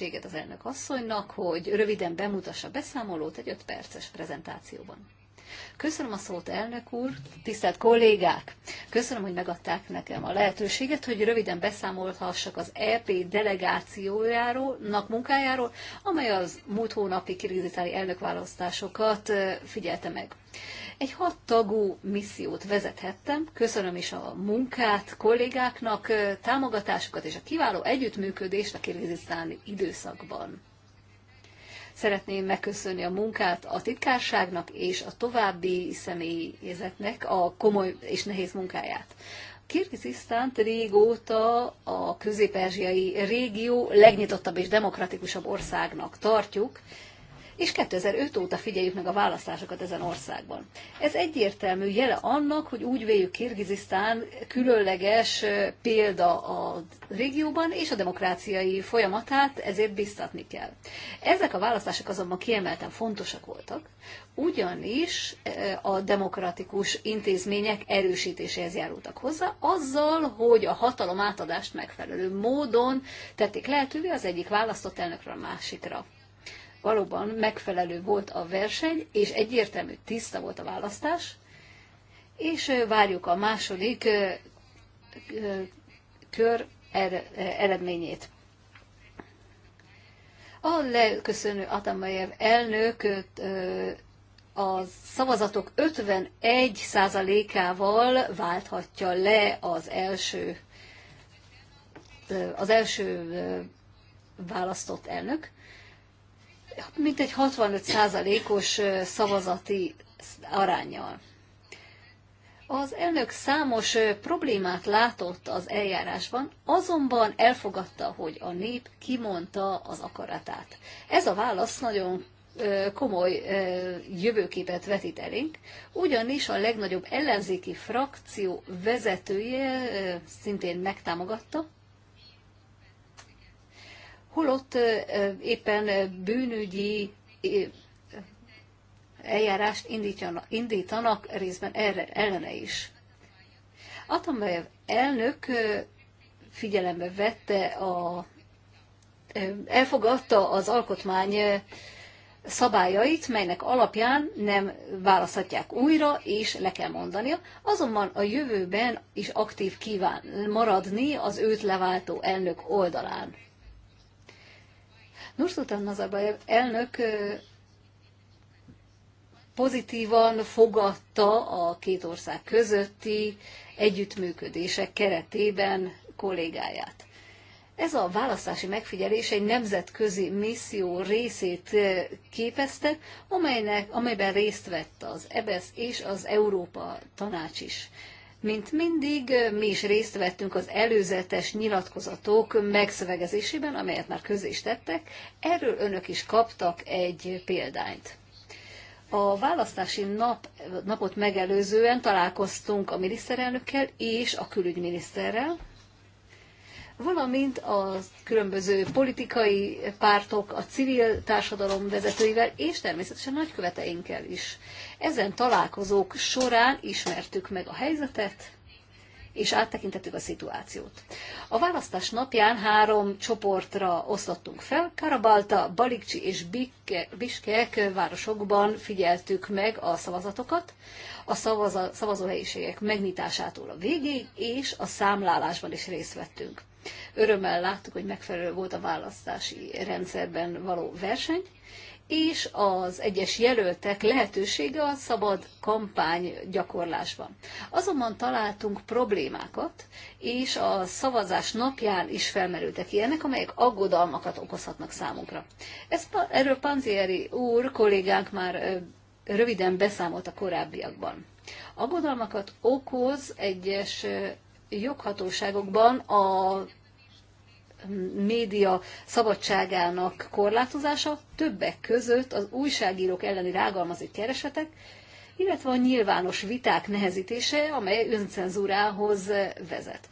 lehetőséget az elnök asszonynak, hogy röviden bemutassa beszámolót egy 5 perces prezentációban. Köszönöm a szót, elnök úr, tisztelt kollégák! Köszönöm, hogy megadták nekem a lehetőséget, hogy röviden beszámolhassak az EP delegációjáról, munkájáról, amely az múlt hónapi kirgizitári elnökválasztásokat figyelte meg. Egy hat tagú missziót vezethettem, köszönöm is a munkát kollégáknak, támogatásukat és a kiváló együttműködést a kirgizisztáni időszakban. Szeretném megköszönni a munkát a titkárságnak és a további személyzetnek a komoly és nehéz munkáját. Kirgizisztánt régóta a közép-ázsiai régió legnyitottabb és demokratikusabb országnak tartjuk, és 2005 óta figyeljük meg a választásokat ezen országban. Ez egyértelmű jele annak, hogy úgy véljük Kirgizisztán különleges példa a régióban, és a demokráciai folyamatát ezért biztatni kell. Ezek a választások azonban kiemelten fontosak voltak, ugyanis a demokratikus intézmények erősítéséhez járultak hozzá, azzal, hogy a hatalom átadást megfelelő módon tették lehetővé az egyik választott elnökről a másikra valóban megfelelő volt a verseny, és egyértelmű, tiszta volt a választás, és várjuk a második kör er-, eredményét. A leköszönő Atamayev elnök a szavazatok 51%-ával válthatja le az első, az első választott elnök mint egy 65%-os szavazati arányjal. Az elnök számos problémát látott az eljárásban, azonban elfogadta, hogy a nép kimondta az akaratát. Ez a válasz nagyon komoly jövőképet vetít elénk, ugyanis a legnagyobb ellenzéki frakció vezetője szintén megtámogatta, holott éppen bűnügyi eljárást indítanak részben erre, ellene is. Atambayev elnök figyelembe vette a elfogadta az alkotmány szabályait, melynek alapján nem választhatják újra, és le kell mondania, azonban a jövőben is aktív kíván maradni az őt leváltó elnök oldalán. Nurszultán Nazarbayev elnök pozitívan fogadta a két ország közötti együttműködések keretében kollégáját. Ez a választási megfigyelés egy nemzetközi misszió részét képezte, amelynek, amelyben részt vett az EBSZ és az Európa Tanács is. Mint mindig, mi is részt vettünk az előzetes nyilatkozatok megszövegezésében, amelyet már közé is tettek. Erről önök is kaptak egy példányt. A választási nap, napot megelőzően találkoztunk a miniszterelnökkel és a külügyminiszterrel, valamint a különböző politikai pártok, a civil társadalom vezetőivel, és természetesen nagyköveteinkkel is. Ezen találkozók során ismertük meg a helyzetet, és áttekintettük a szituációt. A választás napján három csoportra osztottunk fel. Karabalta, Balikcsi és Biskek városokban figyeltük meg a szavazatokat, a szavaz- szavazóhelyiségek megnyitásától a végéig, és a számlálásban is részt vettünk. Örömmel láttuk, hogy megfelelő volt a választási rendszerben való verseny, és az egyes jelöltek lehetősége a szabad kampány gyakorlásban. Azonban találtunk problémákat, és a szavazás napján is felmerültek ilyenek, amelyek aggodalmakat okozhatnak számunkra. Ezt, erről Panzieri úr kollégánk már röviden beszámolt a korábbiakban. Aggodalmakat okoz egyes joghatóságokban a média szabadságának korlátozása, többek között az újságírók elleni rágalmazott keresetek, illetve a nyilvános viták nehezítése, amely öncenzúrához vezet.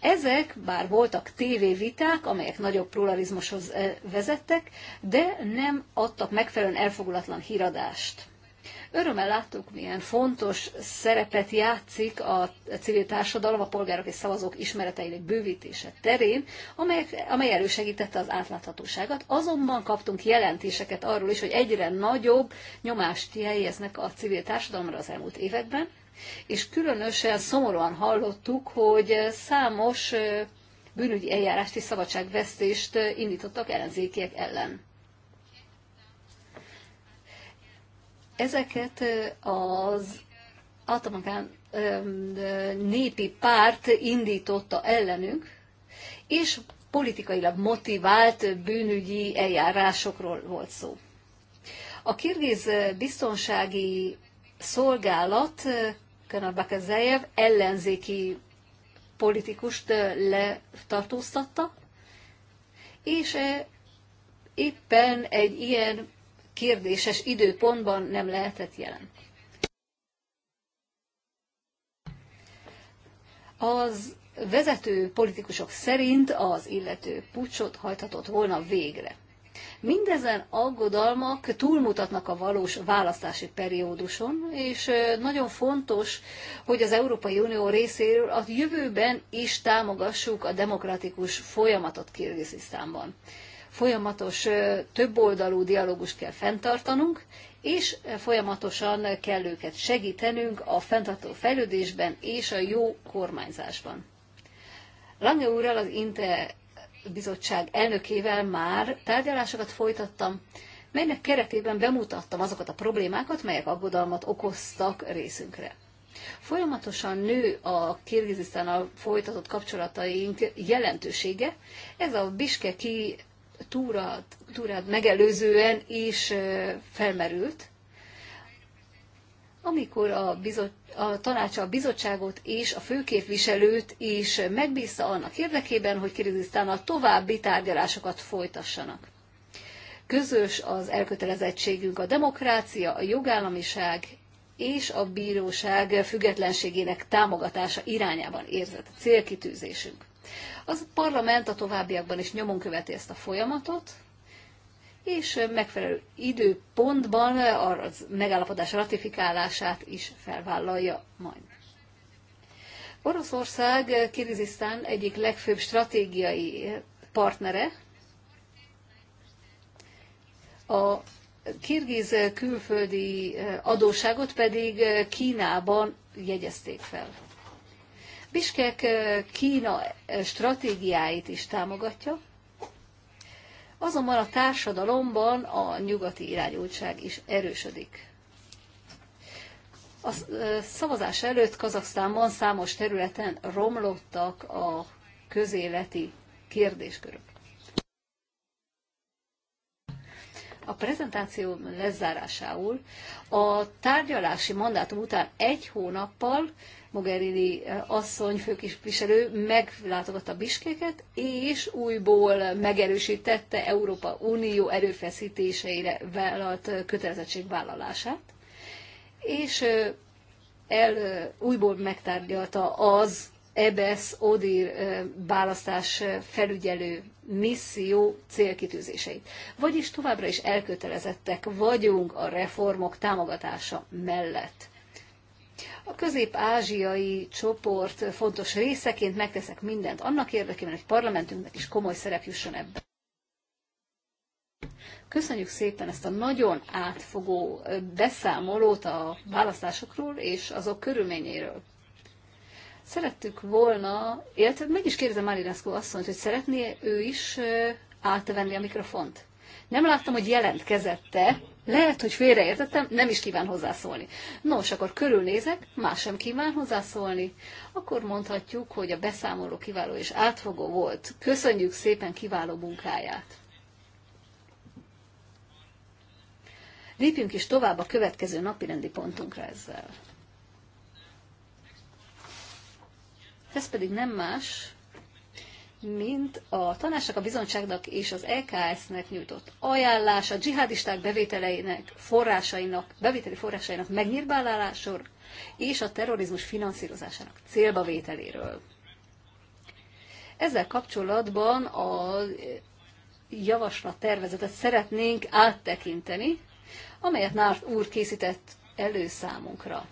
Ezek, bár voltak tévéviták, amelyek nagyobb pluralizmushoz eh, vezettek, de nem adtak megfelelően elfogulatlan híradást. Örömmel láttuk, milyen fontos szerepet játszik a civil társadalom, a polgárok és szavazók ismereteinek bővítése terén, amelyek, amely elősegítette az átláthatóságot. Azonban kaptunk jelentéseket arról is, hogy egyre nagyobb nyomást helyeznek a civil társadalomra az elmúlt években, és különösen szomorúan hallottuk, hogy számos bűnügyi eljárást és szabadságvesztést indítottak ellenzékiek ellen. Ezeket az Atamagán népi párt indította ellenünk, és politikailag motivált bűnügyi eljárásokról volt szó. A kirgiz biztonsági szolgálat Kanabakazejev ellenzéki politikust letartóztatta, és éppen egy ilyen kérdéses időpontban nem lehetett jelen. Az vezető politikusok szerint az illető pucsot hajthatott volna végre. Mindezen aggodalmak túlmutatnak a valós választási perióduson, és nagyon fontos, hogy az Európai Unió részéről a jövőben is támogassuk a demokratikus folyamatot Kirgizisztánban folyamatos többoldalú dialógust kell fenntartanunk, és folyamatosan kell őket segítenünk a fenntartó fejlődésben és a jó kormányzásban. Lange úrral az Inte bizottság elnökével már tárgyalásokat folytattam, melynek keretében bemutattam azokat a problémákat, melyek aggodalmat okoztak részünkre. Folyamatosan nő a Kirgizisztánnal folytatott kapcsolataink jelentősége. Ez a Biskeki túrát, túrát megelőzően is felmerült, amikor a, bizot, a tanácsa a bizottságot és a főképviselőt is megbízta annak érdekében, hogy a további tárgyalásokat folytassanak. Közös az elkötelezettségünk a demokrácia, a jogállamiság és a bíróság függetlenségének támogatása irányában érzett célkitűzésünk. A parlament a továbbiakban is nyomon követi ezt a folyamatot, és megfelelő időpontban a megállapodás ratifikálását is felvállalja majd. Oroszország Kirgizisztán egyik legfőbb stratégiai partnere. A kirgiz külföldi adósságot pedig Kínában jegyezték fel. Biskek Kína stratégiáit is támogatja, azonban a társadalomban a nyugati irányultság is erősödik. A szavazás előtt Kazaksztánban számos területen romlottak a közéleti kérdéskörök. A prezentáció lezárásául a tárgyalási mandátum után egy hónappal Mogherini eh, asszony főkisviselő meglátogatta Biskéket, és újból megerősítette Európa Unió erőfeszítéseire vállalt eh, kötelezettségvállalását, és eh, el újból megtárgyalta az EBS e ODIR választás felügyelő misszió célkitűzéseit. Vagyis továbbra is elkötelezettek vagyunk a reformok támogatása mellett. A közép-ázsiai csoport fontos részeként megteszek mindent annak érdekében, hogy parlamentünknek is komoly szerep jusson ebben. Köszönjük szépen ezt a nagyon átfogó beszámolót a választásokról és azok körülményéről. Szerettük volna, illetve meg is kérdezem Marinescu asszonyt, hogy szeretné ő is átvenni a mikrofont. Nem láttam, hogy jelentkezette, lehet, hogy félreértettem, nem is kíván hozzászólni. Nos, akkor körülnézek, más sem kíván hozzászólni. Akkor mondhatjuk, hogy a beszámoló kiváló és átfogó volt. Köszönjük szépen kiváló munkáját! Lépjünk is tovább a következő napi rendi pontunkra ezzel. Ez pedig nem más, mint a tanácsnak, a bizottságnak és az EKS-nek nyújtott ajánlás a dzsihadisták bevételeinek, forrásainak, bevételi forrásainak megnyírbálásról és a terrorizmus finanszírozásának vételéről. Ezzel kapcsolatban a javaslat tervezetet szeretnénk áttekinteni, amelyet Nárt úr készített elő számunkra.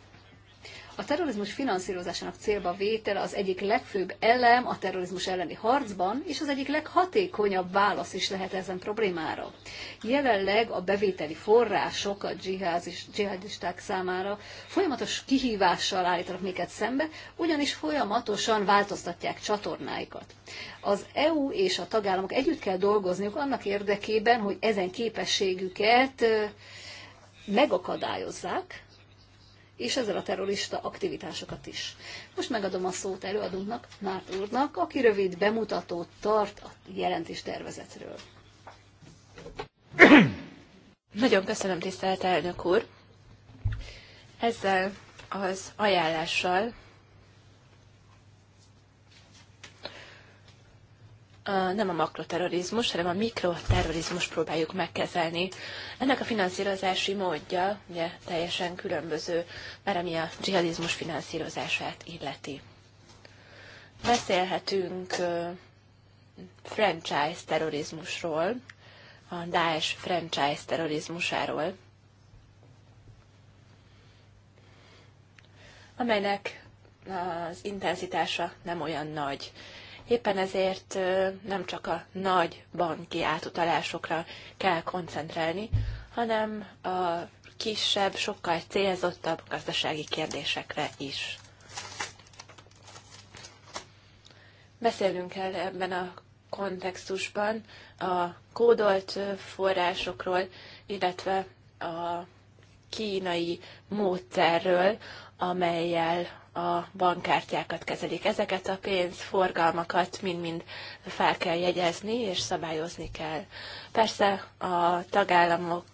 A terrorizmus finanszírozásának célba vétele az egyik legfőbb elem a terrorizmus elleni harcban, és az egyik leghatékonyabb válasz is lehet ezen problémára. Jelenleg a bevételi források a dzsihadisták számára folyamatos kihívással állítanak minket szembe, ugyanis folyamatosan változtatják csatornáikat. Az EU és a tagállamok együtt kell dolgozniuk annak érdekében, hogy ezen képességüket megakadályozzák, és ezzel a terrorista aktivitásokat is. Most megadom a szót előadónak, Márt úrnak, aki rövid bemutatót tart a jelentés tervezetről. Nagyon köszönöm, tisztelt elnök úr! Ezzel az ajánlással, nem a makroterrorizmus, hanem a mikroterrorizmus próbáljuk megkezelni. Ennek a finanszírozási módja ugye teljesen különböző, már ami a dzsihadizmus finanszírozását illeti. Beszélhetünk franchise terrorizmusról, a Daesh franchise terrorizmusáról, amelynek az intenzitása nem olyan nagy Éppen ezért nem csak a nagy banki átutalásokra kell koncentrálni, hanem a kisebb, sokkal célzottabb gazdasági kérdésekre is. Beszélünk el ebben a kontextusban a kódolt forrásokról, illetve a kínai módszerről, amelyel a bankkártyákat kezelik. Ezeket a pénzforgalmakat mind-mind fel kell jegyezni és szabályozni kell. Persze a tagállamok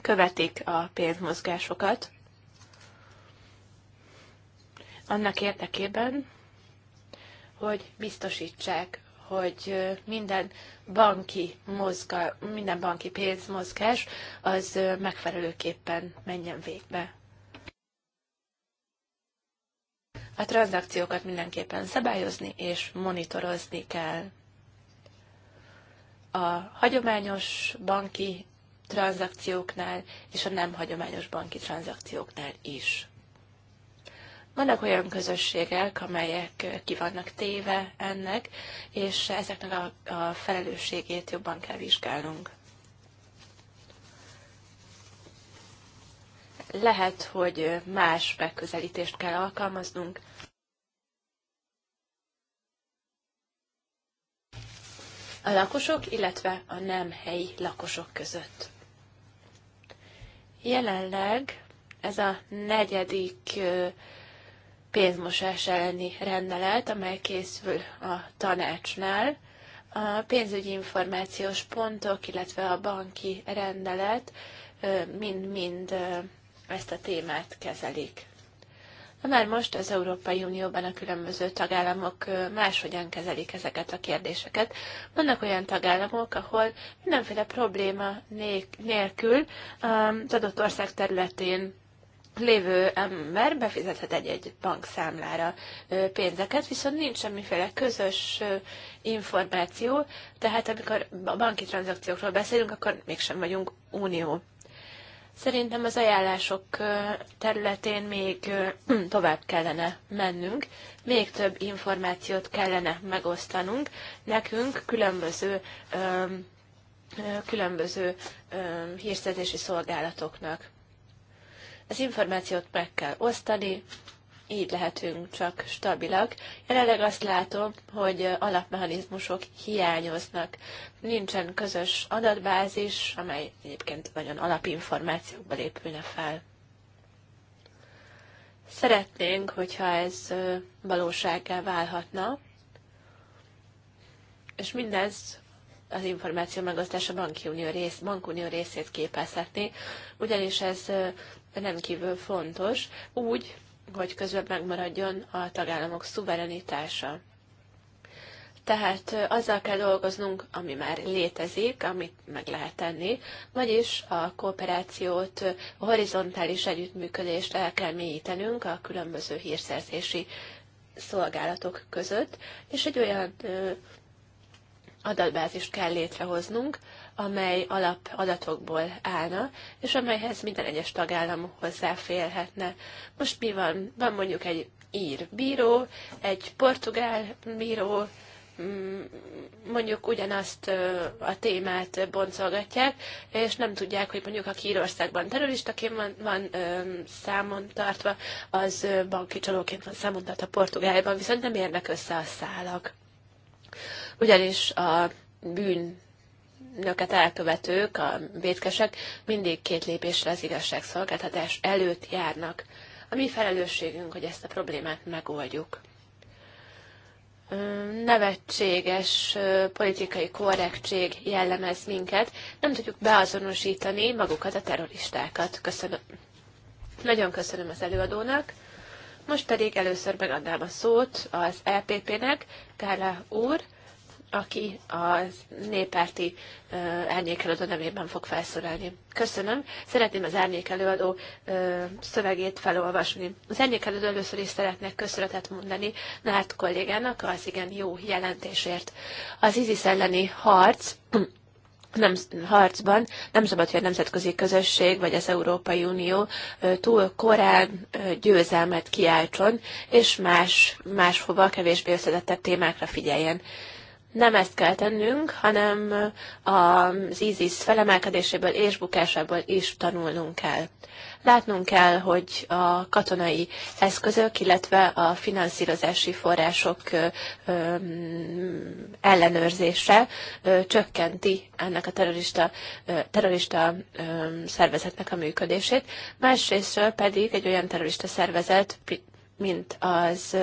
követik a pénzmozgásokat, annak érdekében, hogy biztosítsák, hogy minden banki, mozga, minden banki pénzmozgás az megfelelőképpen menjen végbe. A tranzakciókat mindenképpen szabályozni és monitorozni kell. A hagyományos banki tranzakcióknál és a nem hagyományos banki tranzakcióknál is. Vannak olyan közösségek, amelyek ki vannak téve ennek, és ezeknek a, a felelősségét jobban kell vizsgálnunk. lehet, hogy más megközelítést kell alkalmaznunk. A lakosok, illetve a nem helyi lakosok között. Jelenleg ez a negyedik pénzmosás elleni rendelet, amely készül a tanácsnál. A pénzügyi információs pontok, illetve a banki rendelet mind-mind ezt a témát kezelik. Már most az Európai Unióban a különböző tagállamok máshogyan kezelik ezeket a kérdéseket. Vannak olyan tagállamok, ahol mindenféle probléma nélkül az adott ország területén lévő ember befizethet egy-egy bankszámlára pénzeket, viszont nincs semmiféle közös információ, tehát amikor a banki tranzakciókról beszélünk, akkor mégsem vagyunk unió Szerintem az ajánlások területén még tovább kellene mennünk, még több információt kellene megosztanunk nekünk különböző különböző hírszerzési szolgálatoknak. Az információt meg kell osztani, így lehetünk csak stabilak. Jelenleg azt látom, hogy alapmechanizmusok hiányoznak. Nincsen közös adatbázis, amely egyébként nagyon alapinformációkba lépülne fel. Szeretnénk, hogyha ez valósággá válhatna, és mindez az információ megosztása bankunió, rész, bankunió részét képezhetné, ugyanis ez rendkívül fontos, úgy, hogy közben megmaradjon a tagállamok szuverenitása. Tehát azzal kell dolgoznunk, ami már létezik, amit meg lehet tenni, vagyis a kooperációt, a horizontális együttműködést el kell mélyítenünk a különböző hírszerzési szolgálatok között, és egy olyan adatbázist kell létrehoznunk, amely alapadatokból állna, és amelyhez minden egyes tagállam hozzáférhetne. Most mi van? Van mondjuk egy ír bíró, egy portugál bíró, mm, mondjuk ugyanazt a témát boncolgatják, és nem tudják, hogy mondjuk aki Írországban terroristaként van, van számon tartva, az banki csalóként van számon tartva a Portugáliában, viszont nem érnek össze a szálak. Ugyanis a bűn bűnöket elkövetők, a vétkesek mindig két lépésre az igazságszolgáltatás előtt járnak. A mi felelősségünk, hogy ezt a problémát megoldjuk. Nevetséges politikai korrektség jellemez minket. Nem tudjuk beazonosítani magukat a terroristákat. Köszönöm. Nagyon köszönöm az előadónak. Most pedig először megadnám a szót az LPP-nek, e Kárla úr, aki a néppárti árnyékelődő nevében fog felszólalni. Köszönöm. Szeretném az árnyékelőadó szövegét felolvasni. Az árnyékelődő először is szeretnék köszönetet mondani Nárt kollégának az igen jó jelentésért. Az ISIS elleni harc nem, harcban nem szabad, hogy a nemzetközi közösség vagy az Európai Unió túl korán győzelmet kiáltson, és más, máshova kevésbé összetettebb témákra figyeljen nem ezt kell tennünk, hanem az ISIS felemelkedéséből és bukásából is tanulnunk kell. Látnunk kell, hogy a katonai eszközök, illetve a finanszírozási források ellenőrzése csökkenti ennek a terrorista, terrorista szervezetnek a működését. Másrésztről pedig egy olyan terrorista szervezet, mint az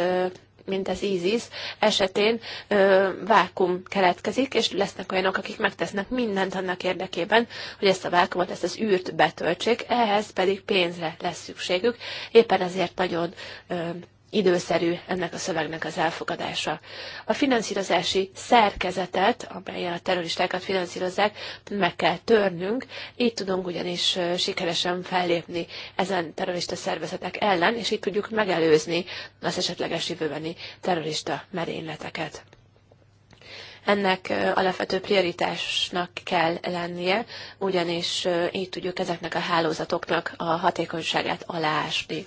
mint az ISIS esetén ö, vákum keletkezik, és lesznek olyanok, akik megtesznek mindent annak érdekében, hogy ezt a vákumot, ezt az űrt betöltsék, ehhez pedig pénzre lesz szükségük, éppen ezért nagyon ö, időszerű ennek a szövegnek az elfogadása. A finanszírozási szerkezetet, amelyen a terroristákat finanszírozzák, meg kell törnünk, így tudunk ugyanis sikeresen fellépni ezen terrorista szervezetek ellen, és így tudjuk megelőzni az esetleges jövőbeni terrorista merényleteket ennek alapvető prioritásnak kell lennie, ugyanis így tudjuk ezeknek a hálózatoknak a hatékonyságát aláásni.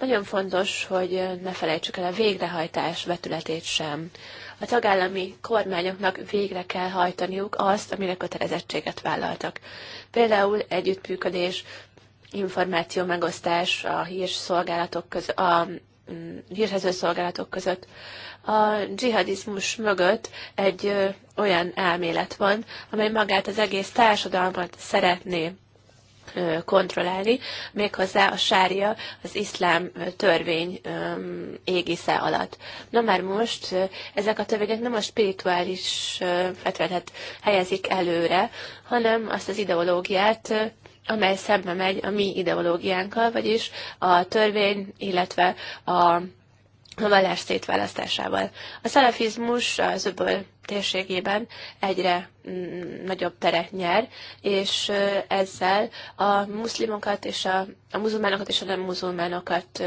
Nagyon fontos, hogy ne felejtsük el a végrehajtás vetületét sem. A tagállami kormányoknak végre kell hajtaniuk azt, amire kötelezettséget vállaltak. Például együttműködés, információ megosztás a hírszolgálatok között, a mm, hírhező szolgálatok között. A dzsihadizmus mögött egy olyan elmélet van, amely magát az egész társadalmat szeretné kontrollálni, méghozzá a sária, az iszlám törvény égisze alatt. Na már most ezek a törvények nem a spirituális fetvedet helyezik előre, hanem azt az ideológiát amely szembe megy a mi ideológiánkkal, vagyis a törvény, illetve a a vallás szétválasztásával. A szalafizmus az öböl térségében egyre mm, nagyobb teret nyer, és ezzel a muszlimokat és a, a muzulmánokat és a nem muzulmánokat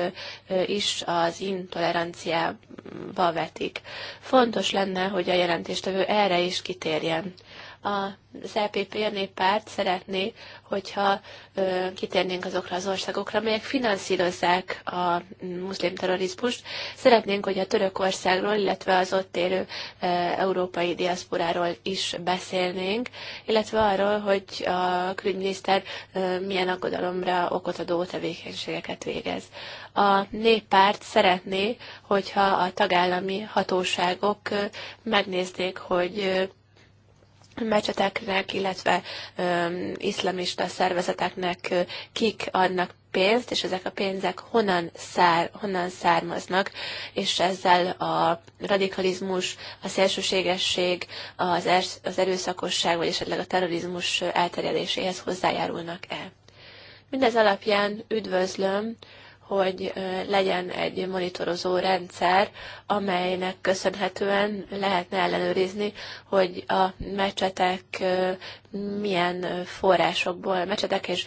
is az intoleranciába vetik. Fontos lenne, hogy a jelentéstevő erre is kitérjen az EPP néppárt szeretné, hogyha ö, kitérnénk azokra az országokra, amelyek finanszírozzák a muszlim terrorizmust. Szeretnénk, hogy a Törökországról, illetve az ott élő ö, európai diaszporáról is beszélnénk, illetve arról, hogy a külügyminiszter milyen aggodalomra okot adó tevékenységeket végez. A néppárt szeretné, hogyha a tagállami hatóságok ö, megnézték, hogy mecseteknek, illetve um, iszlamista szervezeteknek kik adnak pénzt, és ezek a pénzek honnan, szár, honnan származnak, és ezzel a radikalizmus, a szélsőségesség, az, er, az erőszakosság, vagy esetleg a terrorizmus elterjedéséhez hozzájárulnak-e. Mindez alapján üdvözlöm hogy legyen egy monitorozó rendszer, amelynek köszönhetően lehetne ellenőrizni, hogy a mecsetek milyen forrásokból, mecsetek és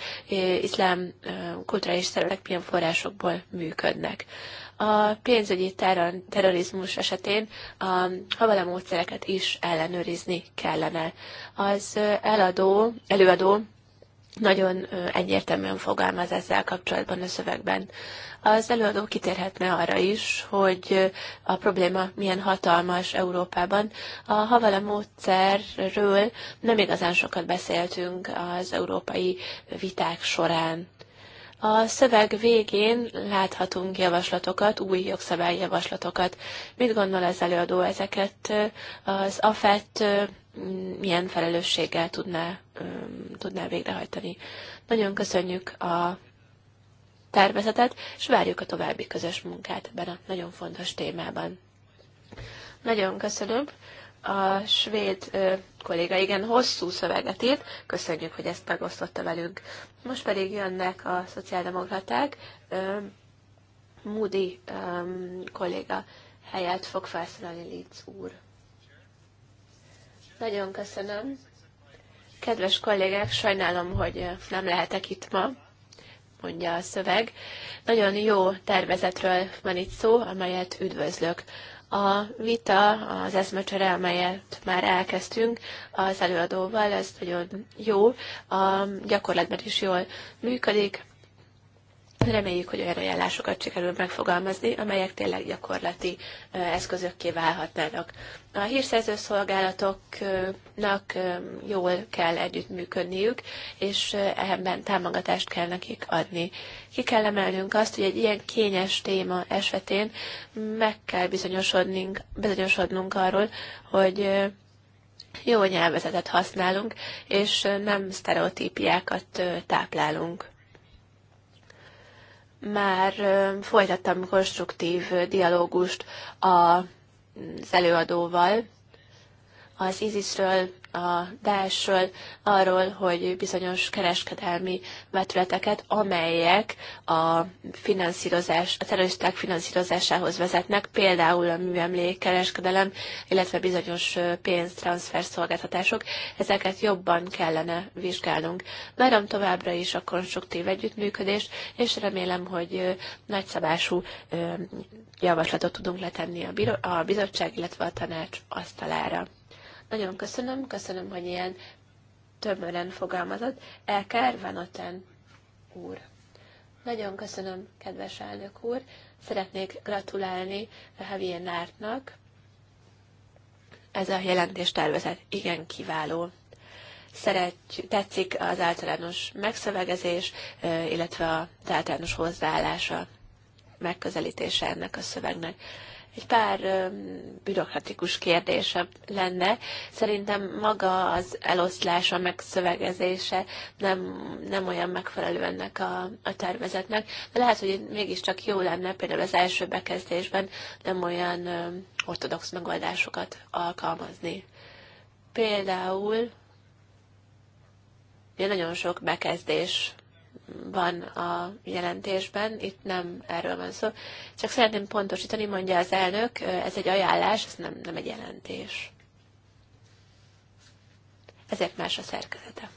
iszlám kulturális szervek milyen forrásokból működnek. A pénzügyi terrorizmus esetén a módszereket is ellenőrizni kellene. Az eladó, előadó nagyon egyértelműen fogalmaz ezzel kapcsolatban a szövegben. Az előadó kitérhetne arra is, hogy a probléma milyen hatalmas Európában. A havala módszerről nem igazán sokat beszéltünk az európai viták során. A szöveg végén láthatunk javaslatokat, új jogszabályjavaslatokat. Mit gondol az előadó ezeket az AFET milyen felelősséggel tudná, tudná végrehajtani. Nagyon köszönjük a tervezetet, és várjuk a további közös munkát ebben a nagyon fontos témában. Nagyon köszönöm. A svéd ö, kolléga igen hosszú szöveget írt, köszönjük, hogy ezt megosztotta velünk. Most pedig jönnek a szociáldemokraták, ö, Moody ö, kolléga helyett fog felszállni Litz úr. Nagyon köszönöm. Kedves kollégák, sajnálom, hogy nem lehetek itt ma, mondja a szöveg. Nagyon jó tervezetről van itt szó, amelyet üdvözlök. A vita, az eszmecsere, amelyet már elkezdtünk az előadóval, ez nagyon jó, a gyakorlatban is jól működik, Reméljük, hogy olyan ajánlásokat sikerül megfogalmazni, amelyek tényleg gyakorlati eszközökké válhatnának. A hírszerző szolgálatoknak jól kell együttműködniük, és ebben támogatást kell nekik adni. Ki kell emelnünk azt, hogy egy ilyen kényes téma esetén meg kell bizonyosodnunk, bizonyosodnunk arról, hogy jó nyelvezetet használunk, és nem sztereotípiákat táplálunk már folytattam konstruktív dialógust az előadóval. Az ISIS-ről a Dásról, arról, hogy bizonyos kereskedelmi vetületeket, amelyek a finanszírozás, a terroristák finanszírozásához vezetnek, például a műemlék kereskedelem, illetve bizonyos pénztranszfer szolgáltatások, ezeket jobban kellene vizsgálnunk. Várom továbbra is a konstruktív együttműködést, és remélem, hogy nagyszabású javaslatot tudunk letenni a bizottság, illetve a tanács asztalára. Nagyon köszönöm, köszönöm, hogy ilyen tömören fogalmazott. Elker Vanoten úr. Nagyon köszönöm, kedves elnök úr. Szeretnék gratulálni Javier Nártnak. Ez a tervezet igen kiváló Szeret, tetszik az általános megszövegezés, illetve az általános hozzáállása, megközelítése ennek a szövegnek. Egy pár bürokratikus kérdése lenne. Szerintem maga az eloszlása, megszövegezése nem, nem olyan megfelelő ennek a, a tervezetnek, de lehet, hogy mégiscsak jó lenne például az első bekezdésben nem olyan ortodox megoldásokat alkalmazni. Például ja, nagyon sok bekezdés van a jelentésben, itt nem erről van szó. Csak szeretném pontosítani, mondja az elnök, ez egy ajánlás, ez nem, nem egy jelentés. Ezért más a szerkezete.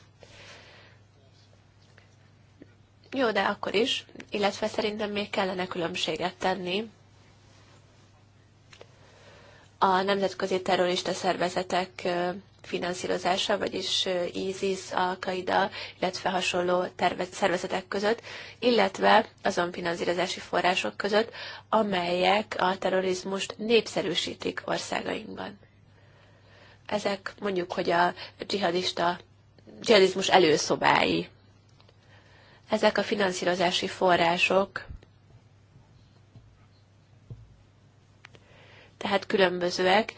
Jó, de akkor is, illetve szerintem még kellene különbséget tenni a nemzetközi terrorista szervezetek finanszírozása, vagyis ISIS, Al-Qaida, illetve hasonló tervet, szervezetek között, illetve azon finanszírozási források között, amelyek a terrorizmust népszerűsítik országainkban. Ezek mondjuk, hogy a dzsihadista, dzsihadizmus előszobái. Ezek a finanszírozási források tehát különbözőek,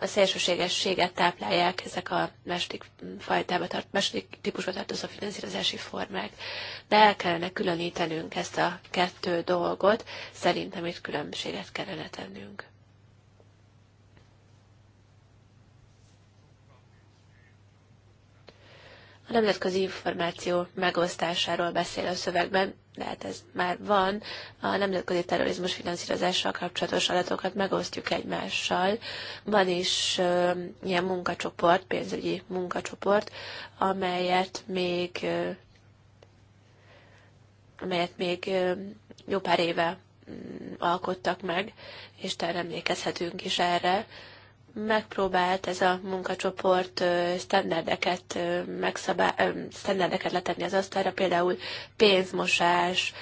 a szélsőségességet táplálják ezek a második fajtába tart, második típusba tartozó finanszírozási formák. De el kellene különítenünk ezt a kettő dolgot, szerintem itt különbséget kellene tennünk. A nemzetközi információ megosztásáról beszél a szövegben, de hát ez már van, a nemzetközi terrorizmus finanszírozással kapcsolatos adatokat megosztjuk egymással. Van is ö, ilyen munkacsoport, pénzügyi munkacsoport, amelyet még ö, amelyet még ö, jó pár éve mm, alkottak meg, és talán emlékezhetünk is erre megpróbált ez a munkacsoport standardeket, megszabá, standardeket letenni az asztalra, például pénzmosás,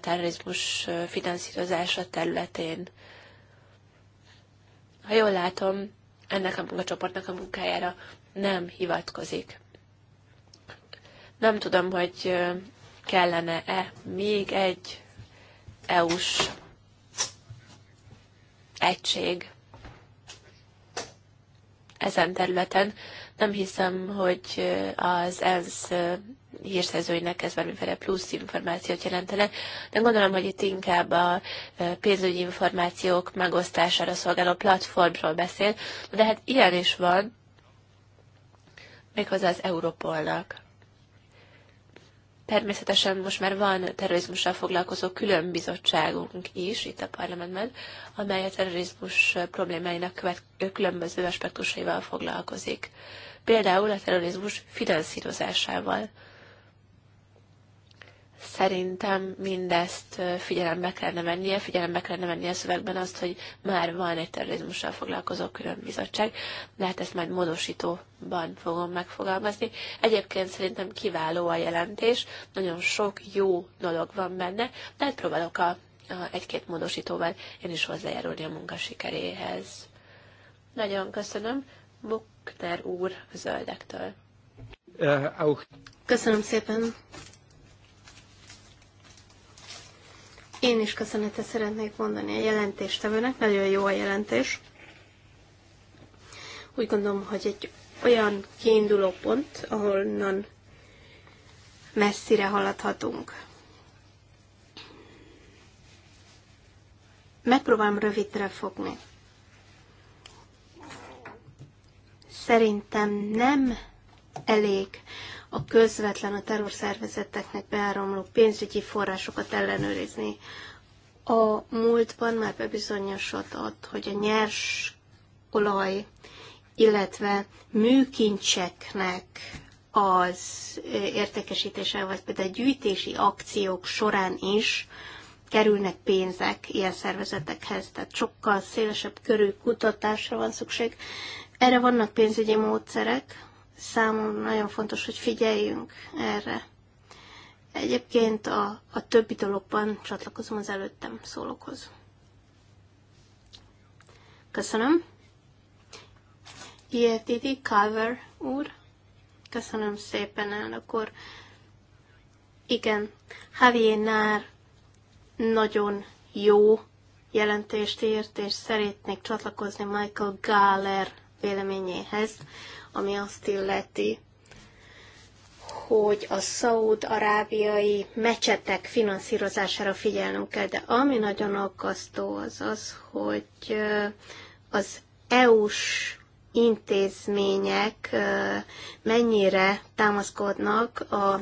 terrorizmus finanszírozása területén. Ha jól látom, ennek a munkacsoportnak a munkájára nem hivatkozik. Nem tudom, hogy kellene-e még egy EU-s egység ezen területen nem hiszem, hogy az ENSZ hírszerzőinek ez valamiféle plusz információt jelentene, de gondolom, hogy itt inkább a pénzügyi információk megosztására szolgáló platformról beszél, de hát ilyen is van, méghozzá az Europolnak. Természetesen most már van terrorizmussal foglalkozó külön bizottságunk is itt a parlamentben, amely a terrorizmus problémáinak követ, különböző aspektusaival foglalkozik. Például a terrorizmus finanszírozásával. Szerintem mindezt figyelembe kellene vennie, figyelembe kellene vennie a szövegben azt, hogy már van egy terrorizmussal foglalkozó külön bizottság, de hát ezt majd módosítóban fogom megfogalmazni. Egyébként szerintem kiváló a jelentés, nagyon sok jó dolog van benne, de hát próbálok a, a egy-két módosítóval én is hozzájárulni a munka sikeréhez. Nagyon köszönöm. Bukner Buckner úr zöldektől. Eh, köszönöm szépen, Én is köszönetet szeretnék mondani a jelentéstevőnek, nagyon jó a jelentés. Úgy gondolom, hogy egy olyan kiinduló pont, ahonnan messzire haladhatunk. Megpróbálom rövidre fogni. Szerintem nem elég a közvetlen a terrorszervezeteknek beáramló pénzügyi forrásokat ellenőrizni. A múltban már bebizonyosodott, hogy a nyers olaj, illetve műkincseknek az értékesítése, vagy például gyűjtési akciók során is kerülnek pénzek ilyen szervezetekhez, tehát sokkal szélesebb körű kutatásra van szükség. Erre vannak pénzügyi módszerek, számomra nagyon fontos, hogy figyeljünk erre. Egyébként a, a többi dologban csatlakozom az előttem szólókhoz. Köszönöm. Ilyetidi Calver úr. Köszönöm szépen, elnök úr. Igen, Javier Nár nagyon jó jelentést írt, és szeretnék csatlakozni Michael Galler véleményéhez, ami azt illeti, hogy a szaúd-arábiai mecsetek finanszírozására figyelnünk kell, de ami nagyon aggasztó az az, hogy az EU-s intézmények mennyire támaszkodnak a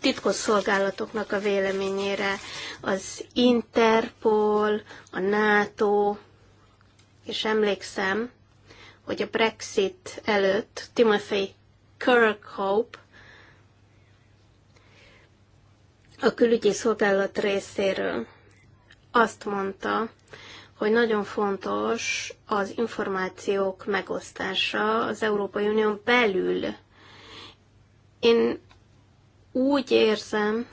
titkos szolgálatoknak a véleményére. Az Interpol, a NATO, és emlékszem, hogy a Brexit előtt Timothy Kirkhope a külügyi szolgálat részéről azt mondta, hogy nagyon fontos az információk megosztása az Európai Unión belül. Én úgy érzem,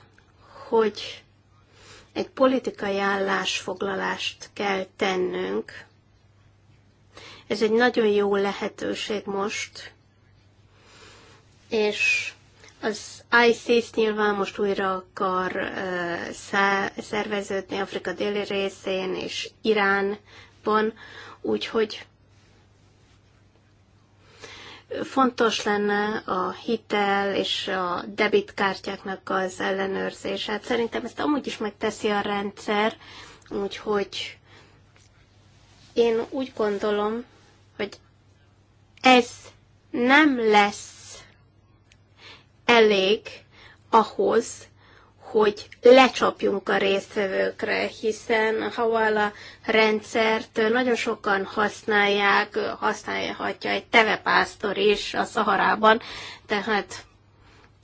hogy egy politikai állásfoglalást kell tennünk, ez egy nagyon jó lehetőség most, és az ISIS nyilván most újra akar uh, szerveződni Afrika déli részén és Iránban, úgyhogy fontos lenne a hitel és a debitkártyáknak az ellenőrzése. Hát szerintem ezt amúgy is megteszi a rendszer, úgyhogy én úgy gondolom, hogy ez nem lesz elég ahhoz, hogy lecsapjunk a résztvevőkre, hiszen a Havala rendszert nagyon sokan használják, használhatja egy tevepásztor is a Szaharában, tehát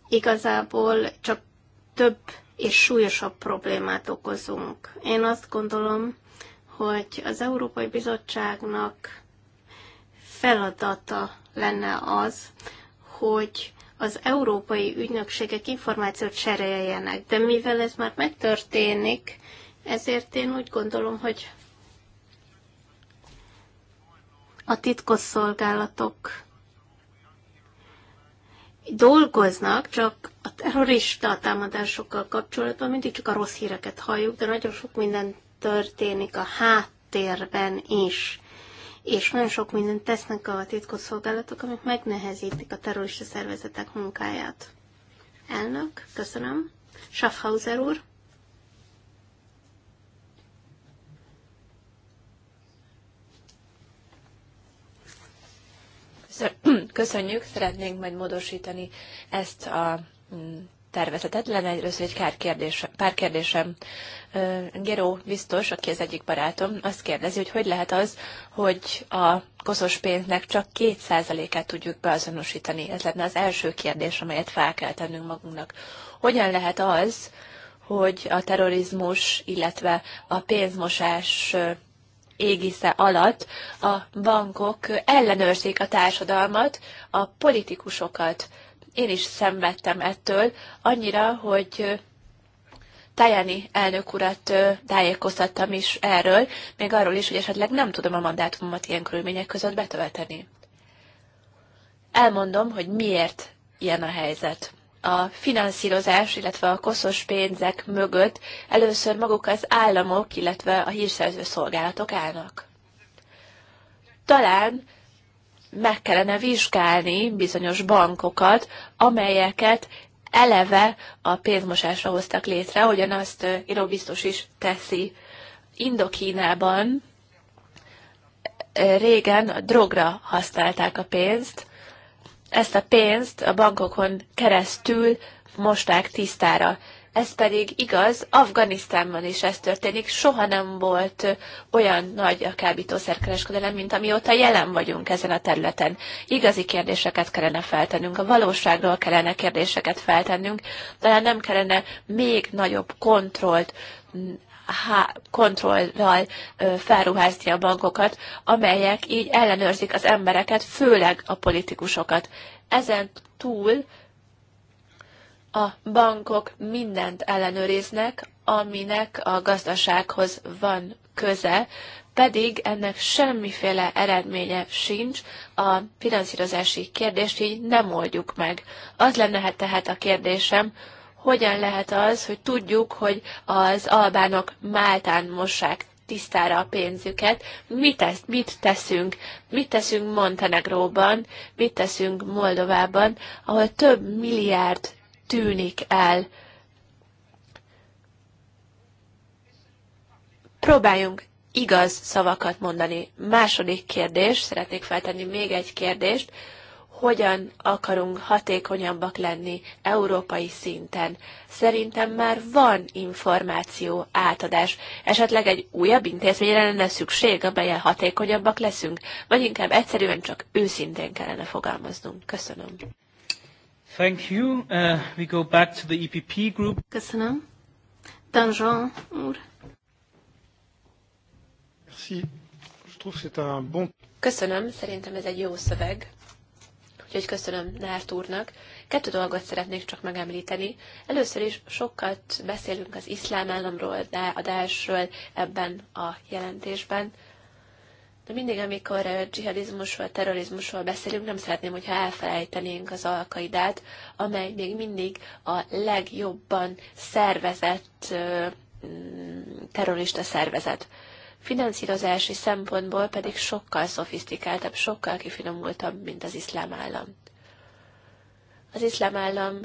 igazából csak több és súlyosabb problémát okozunk. Én azt gondolom, hogy az Európai Bizottságnak feladata lenne az, hogy az európai ügynökségek információt cseréljenek. De mivel ez már megtörténik, ezért én úgy gondolom, hogy a titkosszolgálatok dolgoznak, csak a terrorista támadásokkal kapcsolatban mindig csak a rossz híreket halljuk, de nagyon sok minden történik a háttérben is és nagyon sok mindent tesznek a titkosszolgálatok, amik megnehezítik a terrorista szervezetek munkáját. Elnök, köszönöm. Schaffhauser úr. Köszönjük, szeretnénk majd módosítani ezt a mm, tervezetet. Lenne egyrészt egy kár kérdésem. Pár kérdésem. Geró biztos, aki az egyik barátom, azt kérdezi, hogy hogy lehet az, hogy a koszos pénznek csak 2%-át tudjuk beazonosítani. Ez lenne az első kérdés, amelyet fel kell tennünk magunknak. Hogyan lehet az, hogy a terrorizmus, illetve a pénzmosás égisze alatt a bankok ellenőrzik a társadalmat, a politikusokat, én is szenvedtem ettől, annyira, hogy Tajani elnök urat tájékoztattam is erről, még arról is, hogy esetleg nem tudom a mandátumomat ilyen körülmények között betölteni. Elmondom, hogy miért ilyen a helyzet. A finanszírozás, illetve a koszos pénzek mögött először maguk az államok, illetve a hírszerző szolgálatok állnak. Talán meg kellene vizsgálni bizonyos bankokat, amelyeket eleve a pénzmosásra hoztak létre, ahogyan azt Író eh, biztos is teszi. Indokínában eh, régen a drogra használták a pénzt, ezt a pénzt a bankokon keresztül mosták tisztára. Ez pedig igaz, Afganisztánban is ez történik, soha nem volt olyan nagy a kábítószerkereskedelem, mint amióta jelen vagyunk ezen a területen. Igazi kérdéseket kellene feltennünk, a valóságról kellene kérdéseket feltennünk, talán nem kellene még nagyobb kontrollt há- kontrollral ö, felruházni a bankokat, amelyek így ellenőrzik az embereket, főleg a politikusokat. Ezen túl a bankok mindent ellenőriznek, aminek a gazdasághoz van köze, pedig ennek semmiféle eredménye sincs, a finanszírozási kérdést így nem oldjuk meg. Az lenne hát tehát a kérdésem, hogyan lehet az, hogy tudjuk, hogy az albánok Máltán mossák tisztára a pénzüket, mit, tesz, mit teszünk, mit teszünk Montenegróban, mit teszünk Moldovában, ahol több milliárd tűnik el. Próbáljunk igaz szavakat mondani. Második kérdés, szeretnék feltenni még egy kérdést, hogyan akarunk hatékonyabbak lenni európai szinten. Szerintem már van információ átadás. Esetleg egy újabb intézményre lenne szükség, amelyen hatékonyabbak leszünk, vagy inkább egyszerűen csak őszintén kellene fogalmaznunk. Köszönöm. Thank you. Uh, we go back to the EPP group. Köszönöm. Danjean úr. Merci. Je trouve c'est un bon... Köszönöm, szerintem ez egy jó szöveg. Úgyhogy köszönöm Nárt úrnak. Kettő dolgot szeretnék csak megemlíteni. Először is sokat beszélünk az iszlám államról, de a ebben a jelentésben de mindig, amikor dzsihadizmusról, terrorizmusról beszélünk, nem szeretném, hogyha elfelejtenénk az alkaidát, amely még mindig a legjobban szervezett mm, terrorista szervezet. Finanszírozási szempontból pedig sokkal szofisztikáltabb, sokkal kifinomultabb, mint az iszlám állam az iszlám állam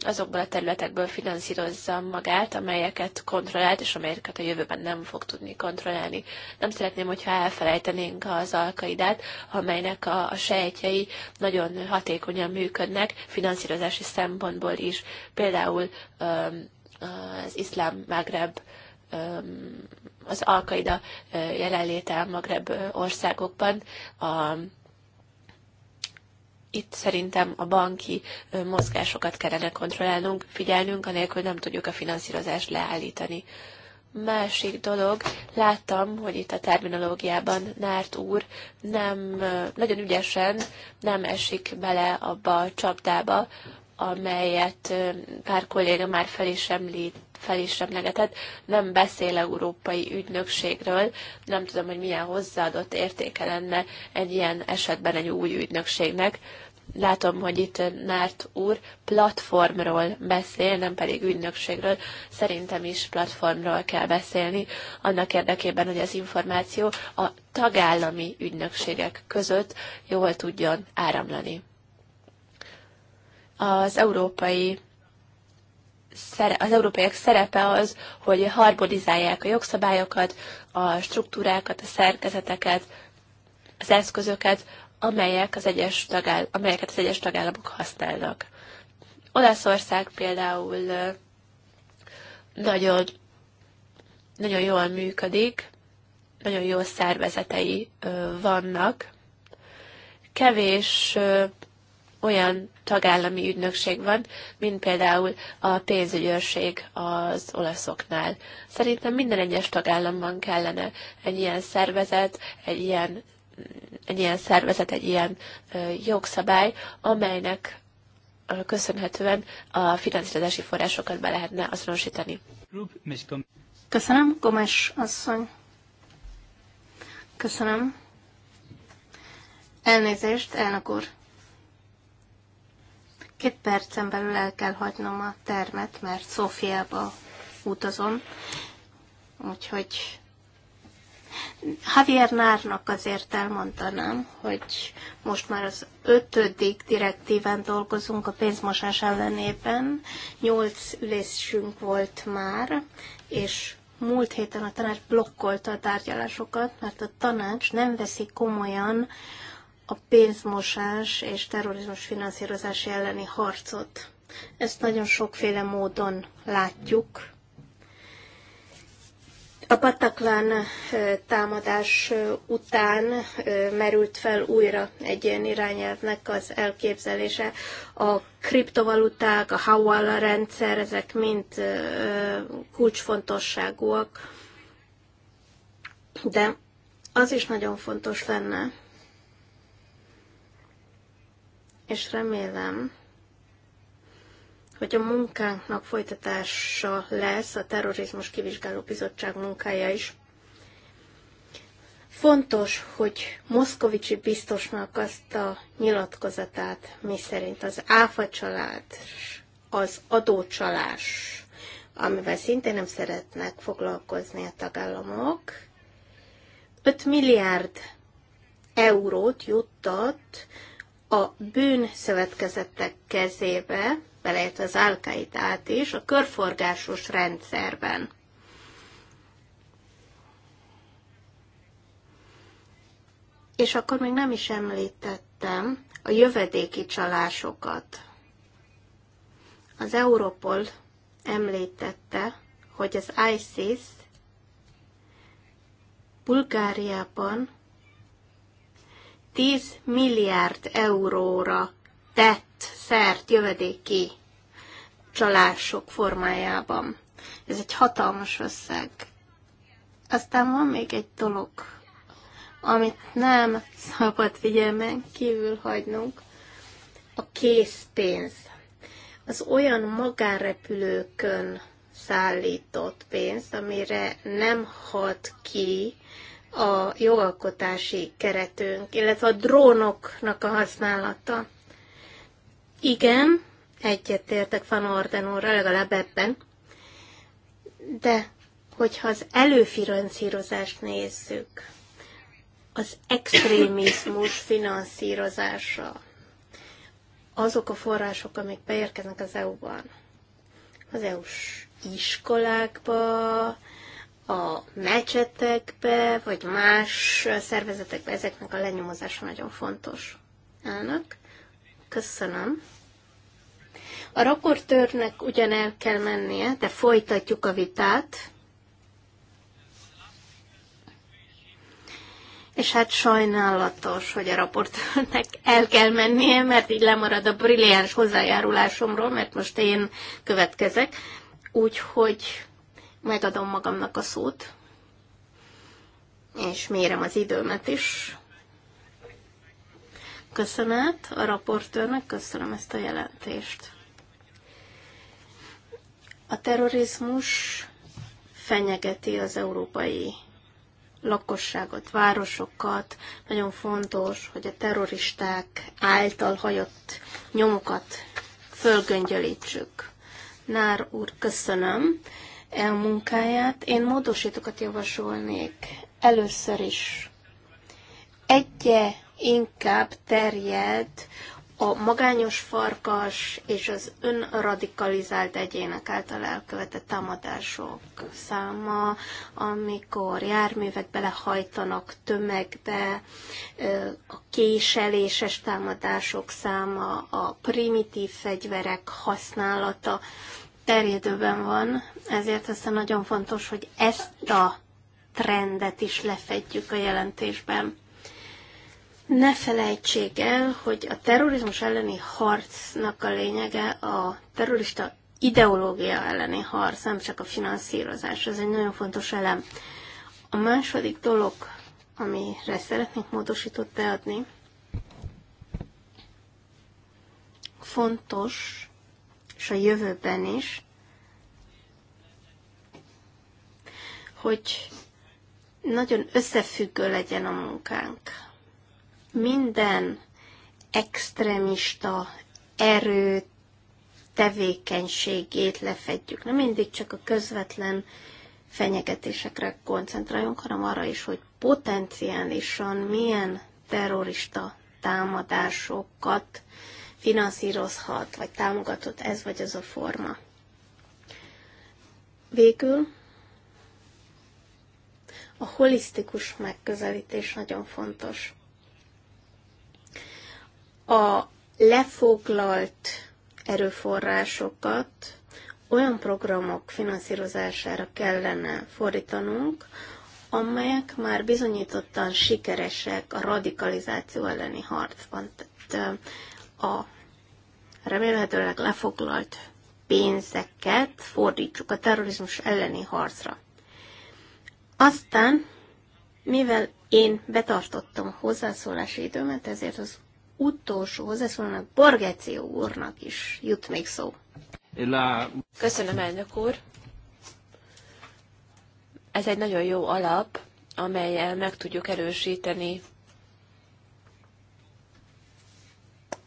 azokból a területekből finanszírozza magát, amelyeket kontrollált, és amelyeket a jövőben nem fog tudni kontrollálni. Nem szeretném, hogyha elfelejtenénk az alkaidát, amelynek a, a sejtjei nagyon hatékonyan működnek, finanszírozási szempontból is. Például az iszlám Magreb az alkaida jelenléte a Magreb országokban, a itt szerintem a banki mozgásokat kellene kontrollálnunk, figyelnünk, anélkül nem tudjuk a finanszírozást leállítani. Másik dolog, láttam, hogy itt a terminológiában Nárt úr nem, nagyon ügyesen nem esik bele abba a csapdába, amelyet pár kolléga már fel is, említ, fel is emlegetett, nem beszél európai ügynökségről, nem tudom, hogy milyen hozzáadott értéke lenne egy ilyen esetben egy új ügynökségnek látom, hogy itt Nárt úr platformról beszél, nem pedig ügynökségről. Szerintem is platformról kell beszélni, annak érdekében, hogy az információ a tagállami ügynökségek között jól tudjon áramlani. Az európai az európaiak szerepe az, hogy harmonizálják a jogszabályokat, a struktúrákat, a szerkezeteket, az eszközöket amelyek az egyes tagáll- amelyeket az egyes tagállamok használnak. Olaszország például nagyon, nagyon jól működik, nagyon jó szervezetei vannak. Kevés olyan tagállami ügynökség van, mint például a pénzügyőrség az olaszoknál. Szerintem minden egyes tagállamban kellene egy ilyen szervezet, egy ilyen egy ilyen szervezet, egy ilyen jogszabály, amelynek köszönhetően a finanszírozási forrásokat be lehetne azonosítani. Köszönöm, Gomes asszony. Köszönöm. Elnézést, elnök úr. Két percen belül el kell hagynom a termet, mert Szófiába utazom, úgyhogy Javier Nárnak azért elmondanám, hogy most már az ötödik direktíven dolgozunk a pénzmosás ellenében. Nyolc ülésünk volt már, és múlt héten a tanács blokkolta a tárgyalásokat, mert a tanács nem veszi komolyan a pénzmosás és terrorizmus finanszírozási elleni harcot. Ezt nagyon sokféle módon látjuk a Pataklán támadás után merült fel újra egy ilyen irányelvnek az elképzelése. A kriptovaluták, a Hawala rendszer, ezek mind kulcsfontosságúak. De az is nagyon fontos lenne, és remélem, hogy a munkánknak folytatása lesz a Terrorizmus Kivizsgáló Bizottság munkája is. Fontos, hogy Moszkovicsi biztosnak azt a nyilatkozatát, mi szerint az áfa család, az adócsalás, amivel szintén nem szeretnek foglalkozni a tagállamok, 5 milliárd eurót juttat a bűnszövetkezetek kezébe, beleértve az al is, a körforgásos rendszerben. És akkor még nem is említettem a jövedéki csalásokat. Az Europol említette, hogy az ISIS Bulgáriában 10 milliárd euróra tett szert jövedéki csalások formájában. Ez egy hatalmas összeg. Aztán van még egy dolog, amit nem szabad figyelmen kívül hagynunk, a készpénz. Az olyan magánrepülőkön szállított pénz, amire nem hat ki a jogalkotási keretünk, illetve a drónoknak a használata. Igen, egyetértek Van Ordenóra, legalább ebben. De hogyha az előfinanszírozást nézzük, az extrémizmus finanszírozása, azok a források, amik beérkeznek az EU-ban, az EU-s iskolákba, a mecsetekbe, vagy más szervezetekbe, ezeknek a lenyomozása nagyon fontos. Elnök. Köszönöm. A raportőrnek ugyan el kell mennie, de folytatjuk a vitát. És hát sajnálatos, hogy a raportőrnek el kell mennie, mert így lemarad a brilliáns hozzájárulásomról, mert most én következek. Úgyhogy megadom magamnak a szót, és mérem az időmet is köszönet a raportőrnek, köszönöm ezt a jelentést. A terrorizmus fenyegeti az európai lakosságot, városokat. Nagyon fontos, hogy a terroristák által hajott nyomokat fölgöngyölítsük. Nár úr, köszönöm el munkáját. Én módosítókat javasolnék először is. Egye inkább terjed a magányos farkas és az önradikalizált egyének által elkövetett támadások száma, amikor járművek belehajtanak tömegbe, a késeléses támadások száma, a primitív fegyverek használata terjedőben van, ezért aztán nagyon fontos, hogy ezt a trendet is lefedjük a jelentésben. Ne felejtsék el, hogy a terrorizmus elleni harcnak a lényege a terrorista ideológia elleni harc, nem csak a finanszírozás. Ez egy nagyon fontos elem. A második dolog, amire szeretnék módosított beadni, fontos, és a jövőben is, hogy nagyon összefüggő legyen a munkánk minden extremista erő tevékenységét lefedjük. Nem mindig csak a közvetlen fenyegetésekre koncentráljunk, hanem arra is, hogy potenciálisan milyen terrorista támadásokat finanszírozhat, vagy támogatott ez vagy az a forma. Végül a holisztikus megközelítés nagyon fontos a lefoglalt erőforrásokat olyan programok finanszírozására kellene fordítanunk, amelyek már bizonyítottan sikeresek a radikalizáció elleni harcban. Tehát a remélhetőleg lefoglalt pénzeket fordítsuk a terrorizmus elleni harcra. Aztán, mivel én betartottam hozzászólási időmet, ezért az utolsó hozzászólónak, Borgeció úrnak is jut még szó. Köszönöm, elnök úr. Ez egy nagyon jó alap, amelyel meg tudjuk erősíteni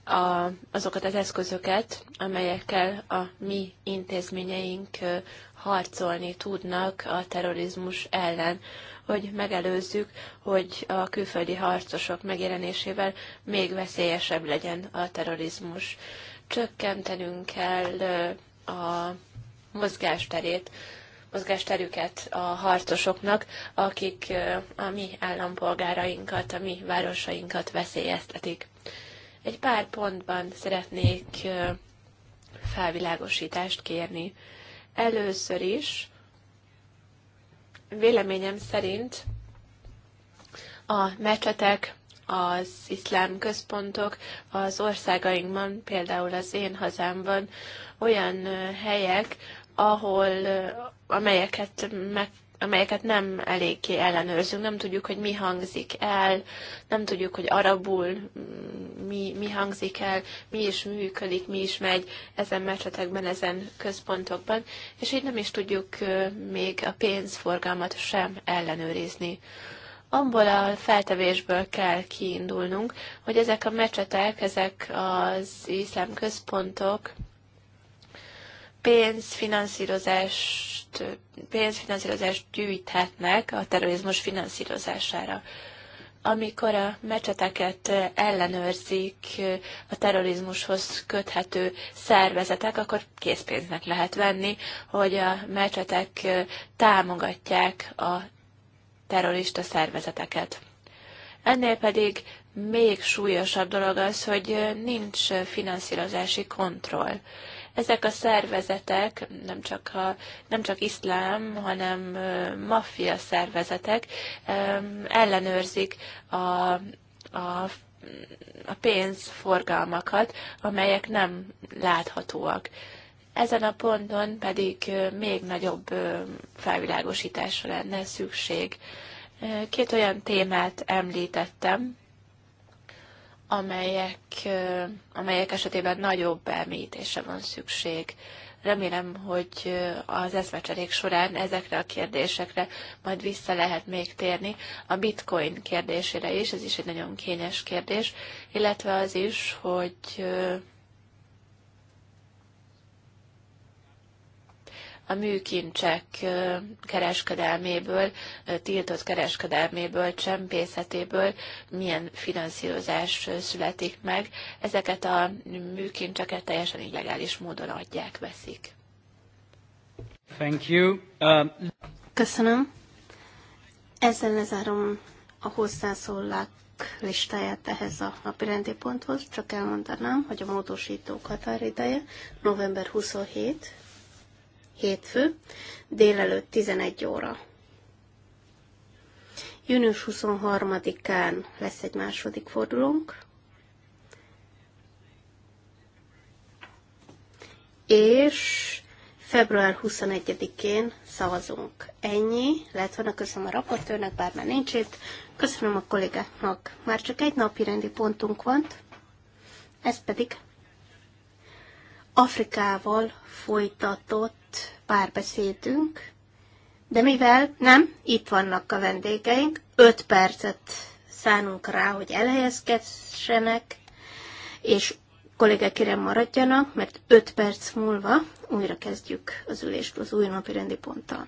a, azokat az eszközöket, amelyekkel a mi intézményeink harcolni tudnak a terrorizmus ellen hogy megelőzzük, hogy a külföldi harcosok megjelenésével még veszélyesebb legyen a terrorizmus. Csökkentenünk kell a mozgásterét, mozgásterüket a harcosoknak, akik a mi állampolgárainkat, a mi városainkat veszélyeztetik. Egy pár pontban szeretnék felvilágosítást kérni. Először is Véleményem szerint a mecsetek, az iszlám központok az országainkban, például az én hazámban olyan helyek, ahol amelyeket meg amelyeket nem eléggé ellenőrzünk, nem tudjuk, hogy mi hangzik el, nem tudjuk, hogy arabul mm, mi, mi hangzik el, mi is működik, mi is megy ezen mecsetekben, ezen központokban, és így nem is tudjuk még a pénzforgalmat sem ellenőrizni. Abból a feltevésből kell kiindulnunk, hogy ezek a mecsetek, ezek az iszlám központok, pénzfinanszírozást, pénzfinanszírozást gyűjthetnek a terrorizmus finanszírozására. Amikor a mecseteket ellenőrzik a terrorizmushoz köthető szervezetek, akkor készpénznek lehet venni, hogy a mecsetek támogatják a terrorista szervezeteket. Ennél pedig még súlyosabb dolog az, hogy nincs finanszírozási kontroll. Ezek a szervezetek nem csak, a, nem csak iszlám, hanem maffia szervezetek ellenőrzik a, a a pénzforgalmakat, amelyek nem láthatóak. Ezen a ponton pedig még nagyobb felvilágosításra lenne szükség. Két olyan témát említettem, amelyek, amelyek esetében nagyobb elmélyítésre van szükség. Remélem, hogy az eszmecserék során ezekre a kérdésekre majd vissza lehet még térni. A bitcoin kérdésére is, ez is egy nagyon kényes kérdés, illetve az is, hogy a műkincsek kereskedelméből, tiltott kereskedelméből, csempészetéből milyen finanszírozás születik meg. Ezeket a műkincseket teljesen illegális módon adják, veszik. Thank you. Um... Köszönöm. Ezzel lezárom a hozzászólók listáját ehhez a napirendi ponthoz, csak elmondanám, hogy a módosítók határideje november 27, hétfő, délelőtt 11 óra. Június 23-án lesz egy második fordulónk, és február 21-én szavazunk. Ennyi, Lehet volna köszönöm a raportőrnek, bár már nincs itt, köszönöm a kollégáknak. Már csak egy napi rendi pontunk van, ez pedig Afrikával folytatott párbeszédünk, de mivel nem, itt vannak a vendégeink, öt percet szánunk rá, hogy elhelyezkedjenek, és kollégák kérem maradjanak, mert öt perc múlva újra kezdjük az ülést az új napi rendi ponttal.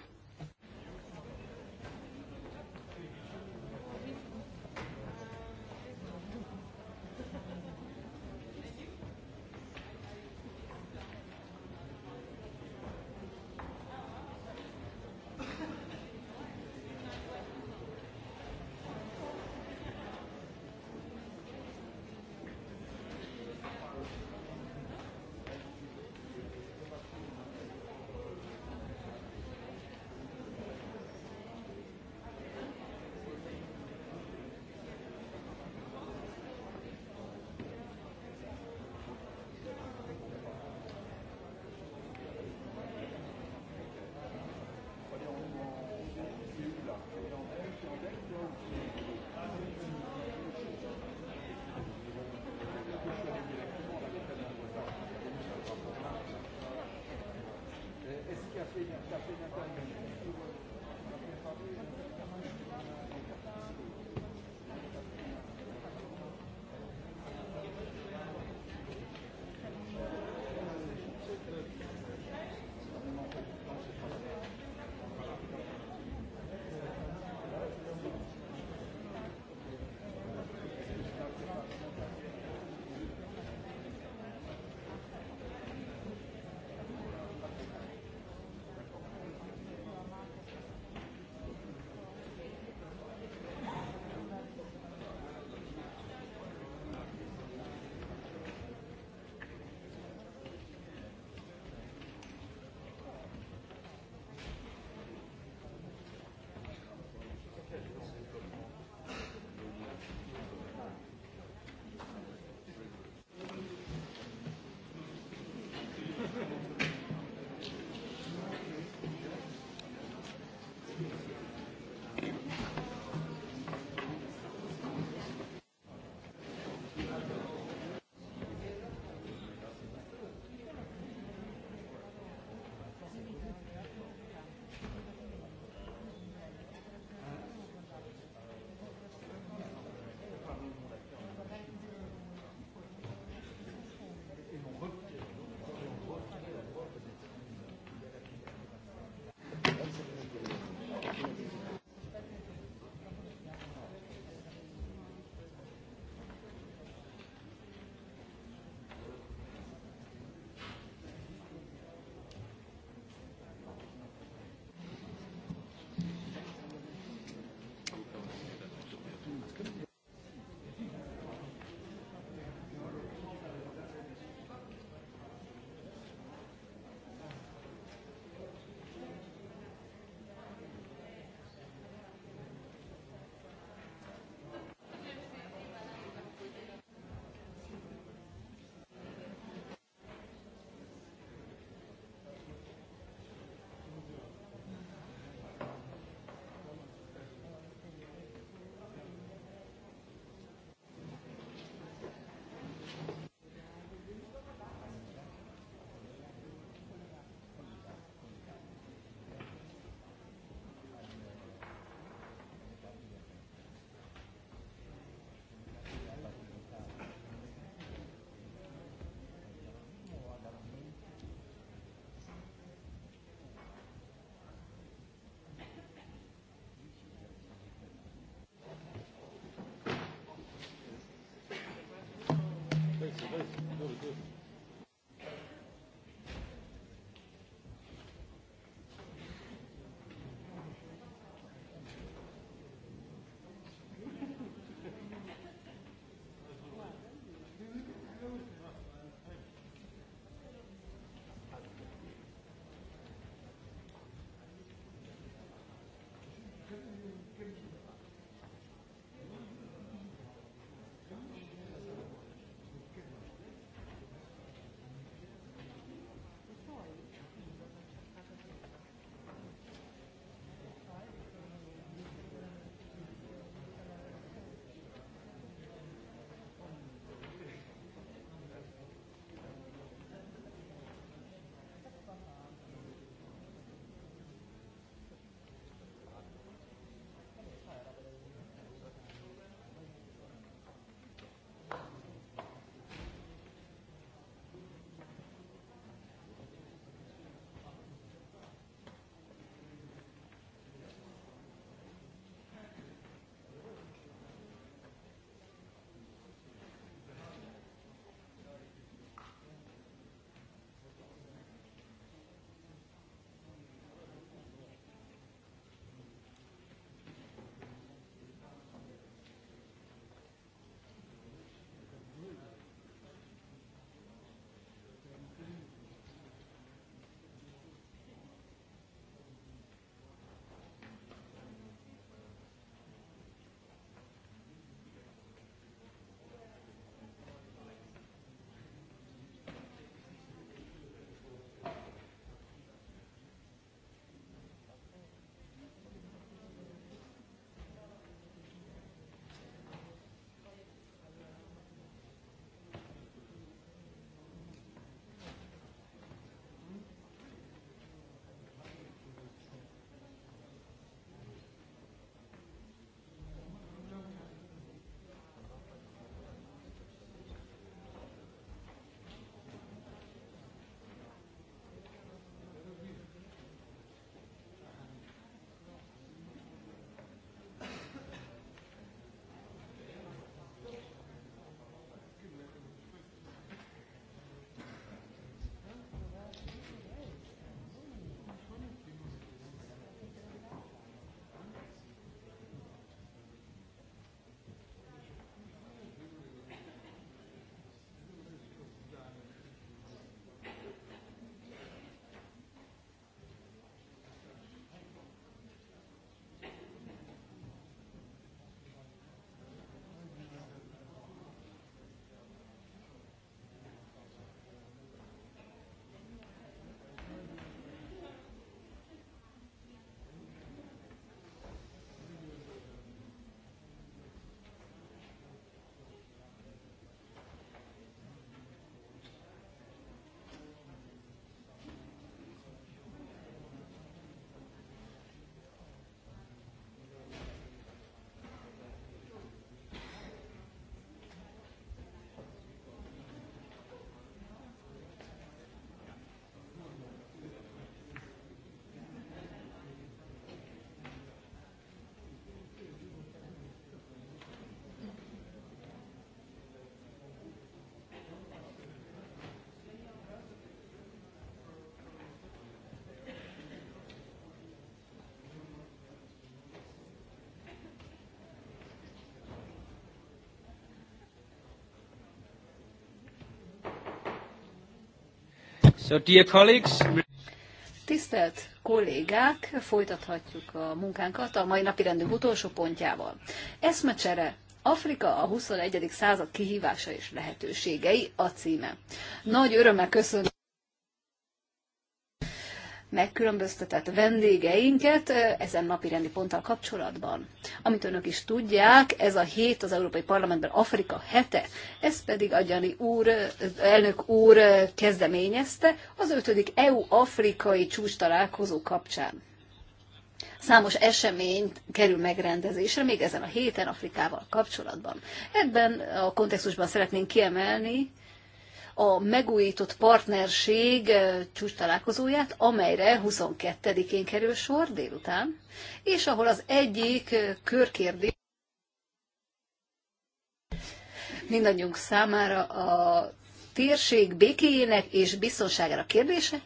So, dear colleagues... Tisztelt kollégák, folytathatjuk a munkánkat a mai napi rendünk utolsó pontjával. Eszmecsere, Afrika a 21. század kihívása és lehetőségei a címe. Nagy örömmel köszönöm megkülönböztetett vendégeinket eh, ezen napi rendi ponttal kapcsolatban. Amit önök is tudják, ez a hét az Európai Parlamentben Afrika hete, ez pedig Agyani úr, elnök úr kezdeményezte az ötödik EU-afrikai csúcs találkozó kapcsán. Számos esemény kerül megrendezésre még ezen a héten Afrikával kapcsolatban. Ebben a kontextusban szeretnénk kiemelni, a megújított partnerség eh, csúcs találkozóját, amelyre 22-én kerül sor délután, és ahol az egyik eh, körkérdés mindannyiunk számára a térség békéjének és biztonságára kérdése,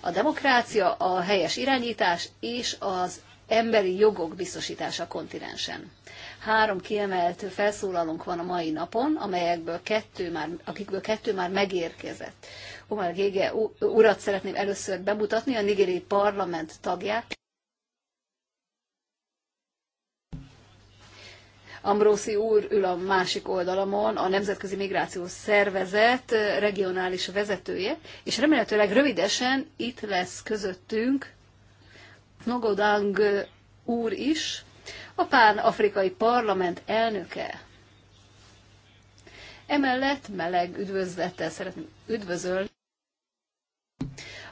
a demokrácia, a helyes irányítás és az emberi jogok biztosítása a kontinensen. Három kiemelt felszólalónk van a mai napon, amelyekből kettő már, akikből kettő már megérkezett. Omar Gége urat szeretném először bemutatni, a nigériai parlament tagját. Ambrósi úr ül a másik oldalamon, a Nemzetközi Migrációs Szervezet regionális vezetője, és remélhetőleg rövidesen itt lesz közöttünk Nogodang úr is, a pán-afrikai parlament elnöke. Emellett meleg üdvözlettel szeretném üdvözölni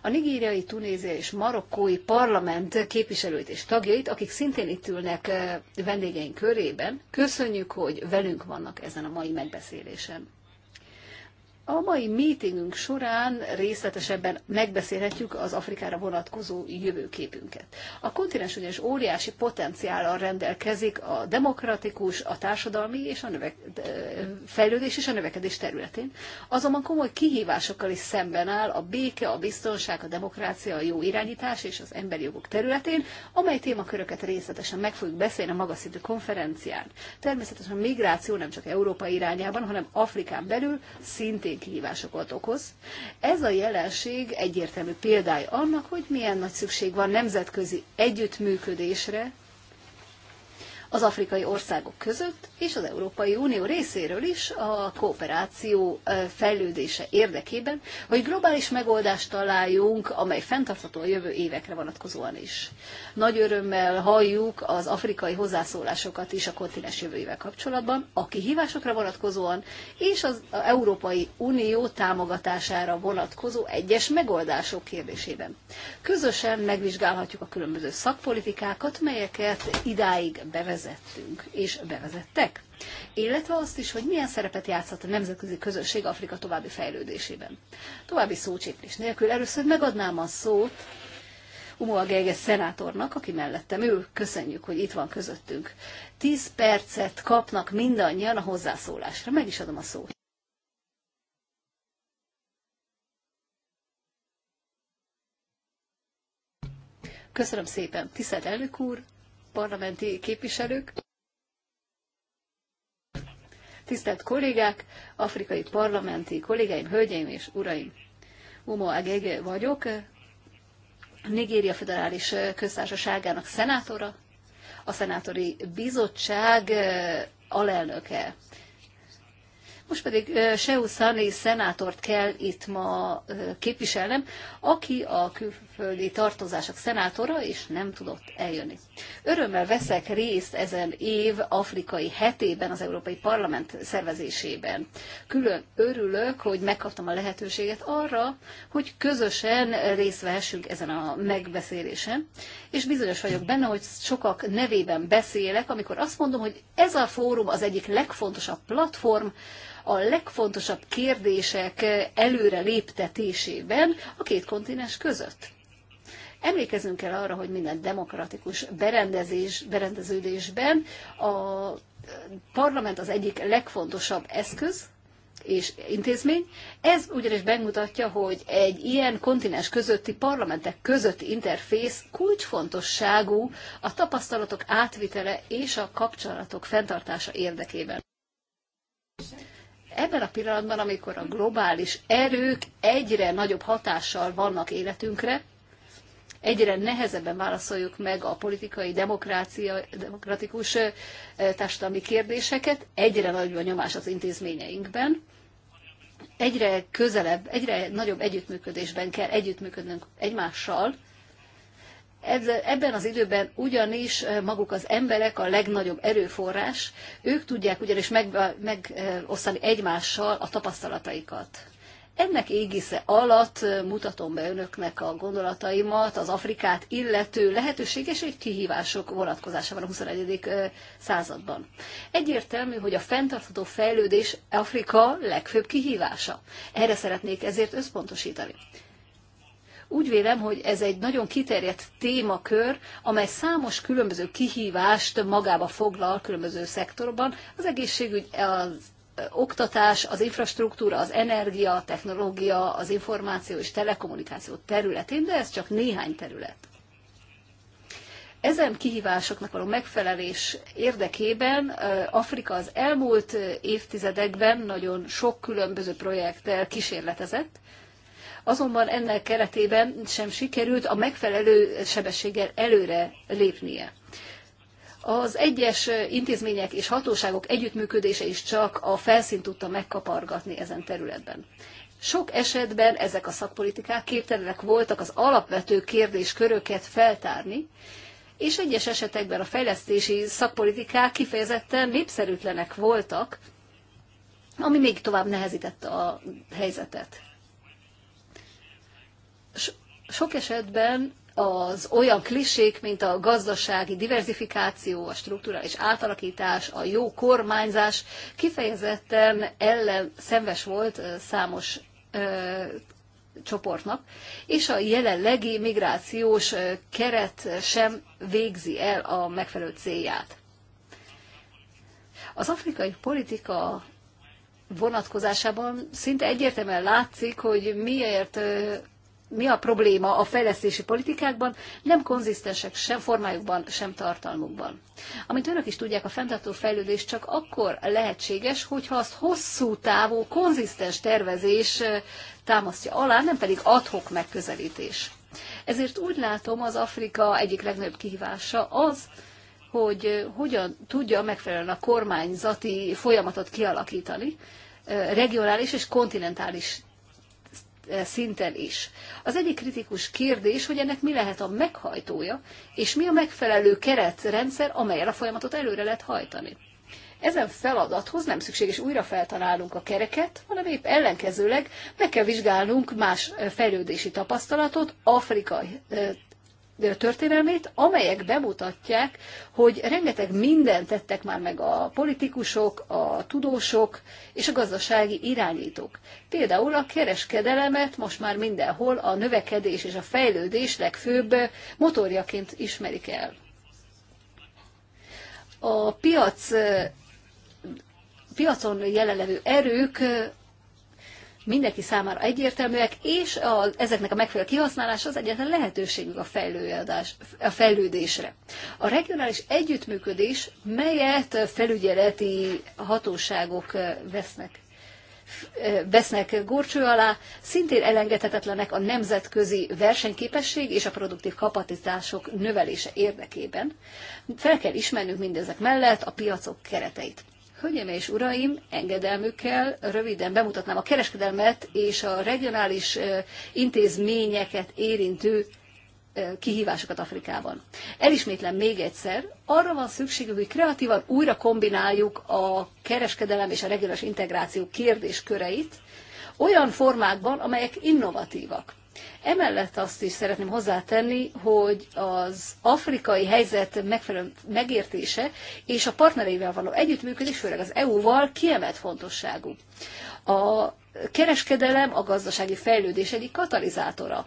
a nigériai, tunéziai és marokkói parlament képviselőit és tagjait, akik szintén itt ülnek eh, vendégeink körében. Köszönjük, hogy velünk vannak ezen a mai megbeszélésen. A mai meetingünk során részletesebben megbeszélhetjük az Afrikára vonatkozó jövőképünket. A kontinens ugyanis óriási potenciállal rendelkezik a demokratikus, a társadalmi és a növek- fejlődés és a növekedés területén, azonban komoly kihívásokkal is szemben áll a béke, a biztonság, a demokrácia, a jó irányítás és az emberi jogok területén, amely témaköröket részletesen meg fogjuk beszélni a magas szintű konferencián. Természetesen a migráció nem csak Európa irányában, hanem Afrikán belül szintén kihívásokat okoz. Ez a jelenség egyértelmű példája annak, hogy milyen nagy szükség van nemzetközi együttműködésre, az afrikai országok között és az Európai Unió részéről is a kooperáció fejlődése érdekében, hogy globális megoldást találjunk, amely fenntartható a jövő évekre vonatkozóan is. Nagy örömmel halljuk az afrikai hozzászólásokat is a kontinens jövőjével kapcsolatban, a kihívásokra vonatkozóan és az Európai Unió támogatására vonatkozó egyes megoldások kérdésében. Közösen megvizsgálhatjuk a különböző szakpolitikákat, melyeket idáig bevezetünk bevezettünk és bevezettek, illetve azt is, hogy milyen szerepet játszhat a nemzetközi közösség Afrika további fejlődésében. További szócsépés nélkül először megadnám a szót Umoa Gege szenátornak, aki mellettem ül, köszönjük, hogy itt van közöttünk. Tíz percet kapnak mindannyian a hozzászólásra. Meg is adom a szót. Köszönöm szépen, tisztelt elnök úr, parlamenti képviselők, tisztelt kollégák, afrikai parlamenti kollégáim, hölgyeim és uraim! Umo Agege vagyok, Nigéria Föderális Köztársaságának szenátora, a szenátori bizottság alelnöke. Most pedig Seu Szani szenátort kell itt ma képviselnem, aki a külföldi tartozások szenátora, és nem tudott eljönni. Örömmel veszek részt ezen év afrikai hetében az Európai Parlament szervezésében. Külön örülök, hogy megkaptam a lehetőséget arra, hogy közösen részt vehessünk ezen a megbeszélésen, és bizonyos vagyok benne, hogy sokak nevében beszélek, amikor azt mondom, hogy ez a fórum az egyik legfontosabb platform, a legfontosabb kérdések előre léptetésében a két kontinens között. Emlékezünk el arra, hogy minden demokratikus berendezés, berendeződésben a parlament az egyik legfontosabb eszköz, és intézmény. Ez ugyanis megmutatja, hogy egy ilyen kontinens közötti, parlamentek közötti interfész kulcsfontosságú a tapasztalatok átvitele és a kapcsolatok fenntartása érdekében ebben a pillanatban, amikor a globális erők egyre nagyobb hatással vannak életünkre, egyre nehezebben válaszoljuk meg a politikai, demokrácia, demokratikus társadalmi kérdéseket, egyre nagyobb a nyomás az intézményeinkben, egyre közelebb, egyre nagyobb együttműködésben kell együttműködnünk egymással, Ebben az időben ugyanis eh, maguk az emberek a legnagyobb erőforrás, ők tudják ugyanis megosztani egymással a tapasztalataikat. Ennek égisze alatt eh, mutatom be önöknek a gondolataimat az Afrikát illető lehetőséges és kihívások vonatkozásában a XXI. Eh, században. Egyértelmű, hogy a fenntartható fejlődés Afrika legfőbb kihívása. Erre szeretnék ezért összpontosítani. Úgy vélem, hogy ez egy nagyon kiterjedt témakör, amely számos különböző kihívást magába foglal különböző szektorban. Az egészségügy, az oktatás, az infrastruktúra, az energia, a technológia, az információ és telekommunikáció területén, de ez csak néhány terület. Ezen kihívásoknak való megfelelés érdekében Afrika az elmúlt évtizedekben nagyon sok különböző projekttel kísérletezett, azonban ennek keretében sem sikerült a megfelelő sebességgel előre lépnie. Az egyes intézmények és hatóságok együttműködése is csak a felszínt tudta megkapargatni ezen területben. Sok esetben ezek a szakpolitikák képtelenek voltak az alapvető kérdésköröket feltárni, és egyes esetekben a fejlesztési szakpolitikák kifejezetten népszerűtlenek voltak, ami még tovább nehezítette a helyzetet. Sok esetben az olyan klisék, mint a gazdasági diversifikáció, a strukturális átalakítás, a jó kormányzás kifejezetten ellen szenves volt számos ö, csoportnak, és a jelenlegi migrációs keret sem végzi el a megfelelő célját. Az afrikai politika vonatkozásában szinte egyértelműen látszik, hogy miért mi a probléma a fejlesztési politikákban, nem konzisztensek sem formájukban, sem tartalmukban. Amint önök is tudják, a fenntartó fejlődés csak akkor lehetséges, hogyha azt hosszú távú, konzisztens tervezés eh, támasztja alá, nem pedig adhok megközelítés. Ezért úgy látom, az Afrika egyik legnagyobb kihívása az, hogy eh, hogyan tudja megfelelően a kormányzati folyamatot kialakítani, eh, regionális és kontinentális szinten is. Az egyik kritikus kérdés, hogy ennek mi lehet a meghajtója, és mi a megfelelő keretrendszer, amelyel a folyamatot előre lehet hajtani. Ezen feladathoz nem szükséges újra feltalálnunk a kereket, hanem épp ellenkezőleg meg kell vizsgálnunk más fejlődési tapasztalatot, Afrika eh, történelmét, amelyek bemutatják, hogy rengeteg mindent tettek már meg a politikusok, a tudósok és a gazdasági irányítók. Például a kereskedelemet most már mindenhol a növekedés és a fejlődés legfőbb motorjaként ismerik el. A piac piacon jelenlevő erők mindenki számára egyértelműek, és a, ezeknek a megfelelő kihasználása az egyetlen lehetőségük a, a fejlődésre. A regionális együttműködés, melyet felügyeleti hatóságok eh, vesznek eh, vesznek górcső alá, szintén elengedhetetlenek a nemzetközi versenyképesség és a produktív kapacitások növelése érdekében. Fel kell ismernünk mindezek mellett a piacok kereteit. Hölgyeim és uraim, engedelmükkel röviden bemutatnám a kereskedelmet és a regionális intézményeket érintő kihívásokat Afrikában. Elismétlem még egyszer, arra van szükségünk, hogy kreatívan újra kombináljuk a kereskedelem és a regionális integráció kérdésköreit olyan formákban, amelyek innovatívak. Emellett azt is szeretném hozzátenni, hogy az afrikai helyzet megfelelő megértése és a partnereivel való együttműködés, főleg az EU-val kiemelt fontosságú. A kereskedelem a gazdasági fejlődés egyik katalizátora.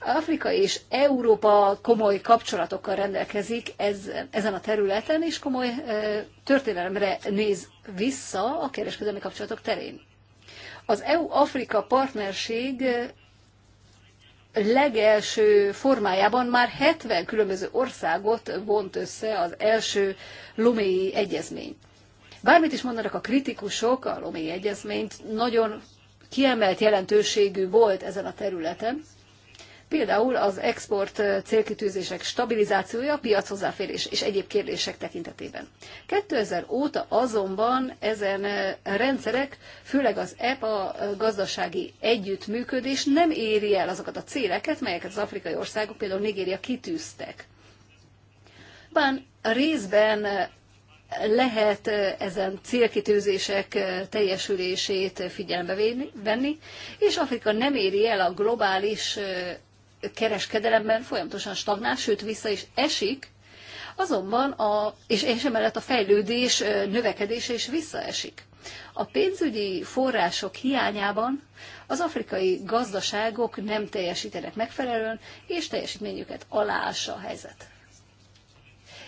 Afrika és Európa komoly kapcsolatokkal rendelkezik ez, ezen a területen, és komoly e, történelemre néz vissza a kereskedelmi kapcsolatok terén. Az EU-Afrika partnerség legelső formájában már 70 különböző országot vont össze az első Loméi Egyezmény. Bármit is mondanak a kritikusok, a Loméi Egyezményt nagyon kiemelt jelentőségű volt ezen a területen, például az export célkitűzések stabilizációja, piachozzáférés és egyéb kérdések tekintetében. 2000 óta azonban ezen rendszerek, főleg az EPA gazdasági együttműködés nem éri el azokat a céleket, melyeket az afrikai országok, például Nigéria kitűztek. Bán részben lehet ezen célkitűzések teljesülését figyelembe venni, és Afrika nem éri el a globális kereskedelemben folyamatosan stagnál, sőt vissza is esik, azonban a, és, és emellett a fejlődés növekedése is visszaesik. A pénzügyi források hiányában az afrikai gazdaságok nem teljesítenek megfelelően, és teljesítményüket aláássa a helyzet.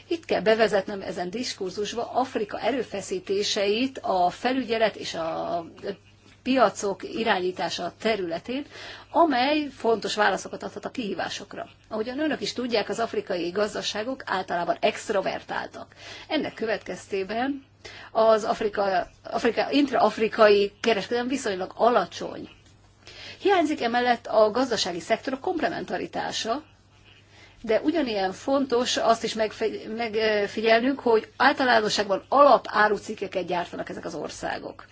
Itt kell bevezetnem ezen diskurzusba Afrika erőfeszítéseit a felügyelet és a piacok irányítása területén, amely fontos válaszokat adhat a kihívásokra. Ahogyan önök is tudják, az afrikai gazdaságok általában extrovertáltak. Ennek következtében az Afrika, Afrika, intra-afrikai kereskedelem viszonylag alacsony. Hiányzik emellett a gazdasági szektor komplementaritása, de ugyanilyen fontos azt is megfigyelnünk, hogy általánosságban alapárucikkeket gyártanak ezek az országok.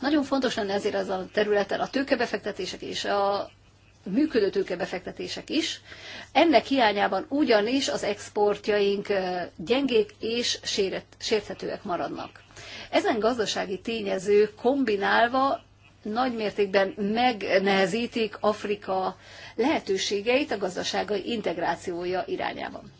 Nagyon fontos lenne ezért az a területen a tőkebefektetések és a működő tőkebefektetések is. Ennek hiányában ugyanis az exportjaink gyengék és sérthetőek maradnak. Ezen gazdasági tényező kombinálva nagy mértékben megnehezítik Afrika lehetőségeit a gazdaságai integrációja irányában.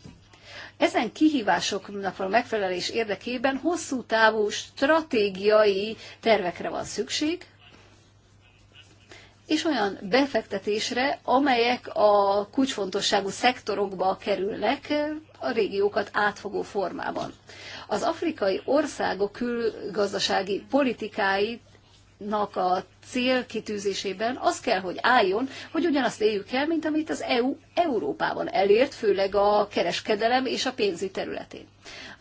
Ezen kihívásoknak a megfelelés érdekében hosszú távú stratégiai tervekre van szükség, és olyan befektetésre, amelyek a kulcsfontosságú szektorokba kerülnek a régiókat átfogó formában. Az afrikai országok külgazdasági politikáit nak a célkitűzésében, az kell, hogy álljon, hogy ugyanazt éljük el, mint amit az EU Európában elért, főleg a kereskedelem és a pénzügy területén.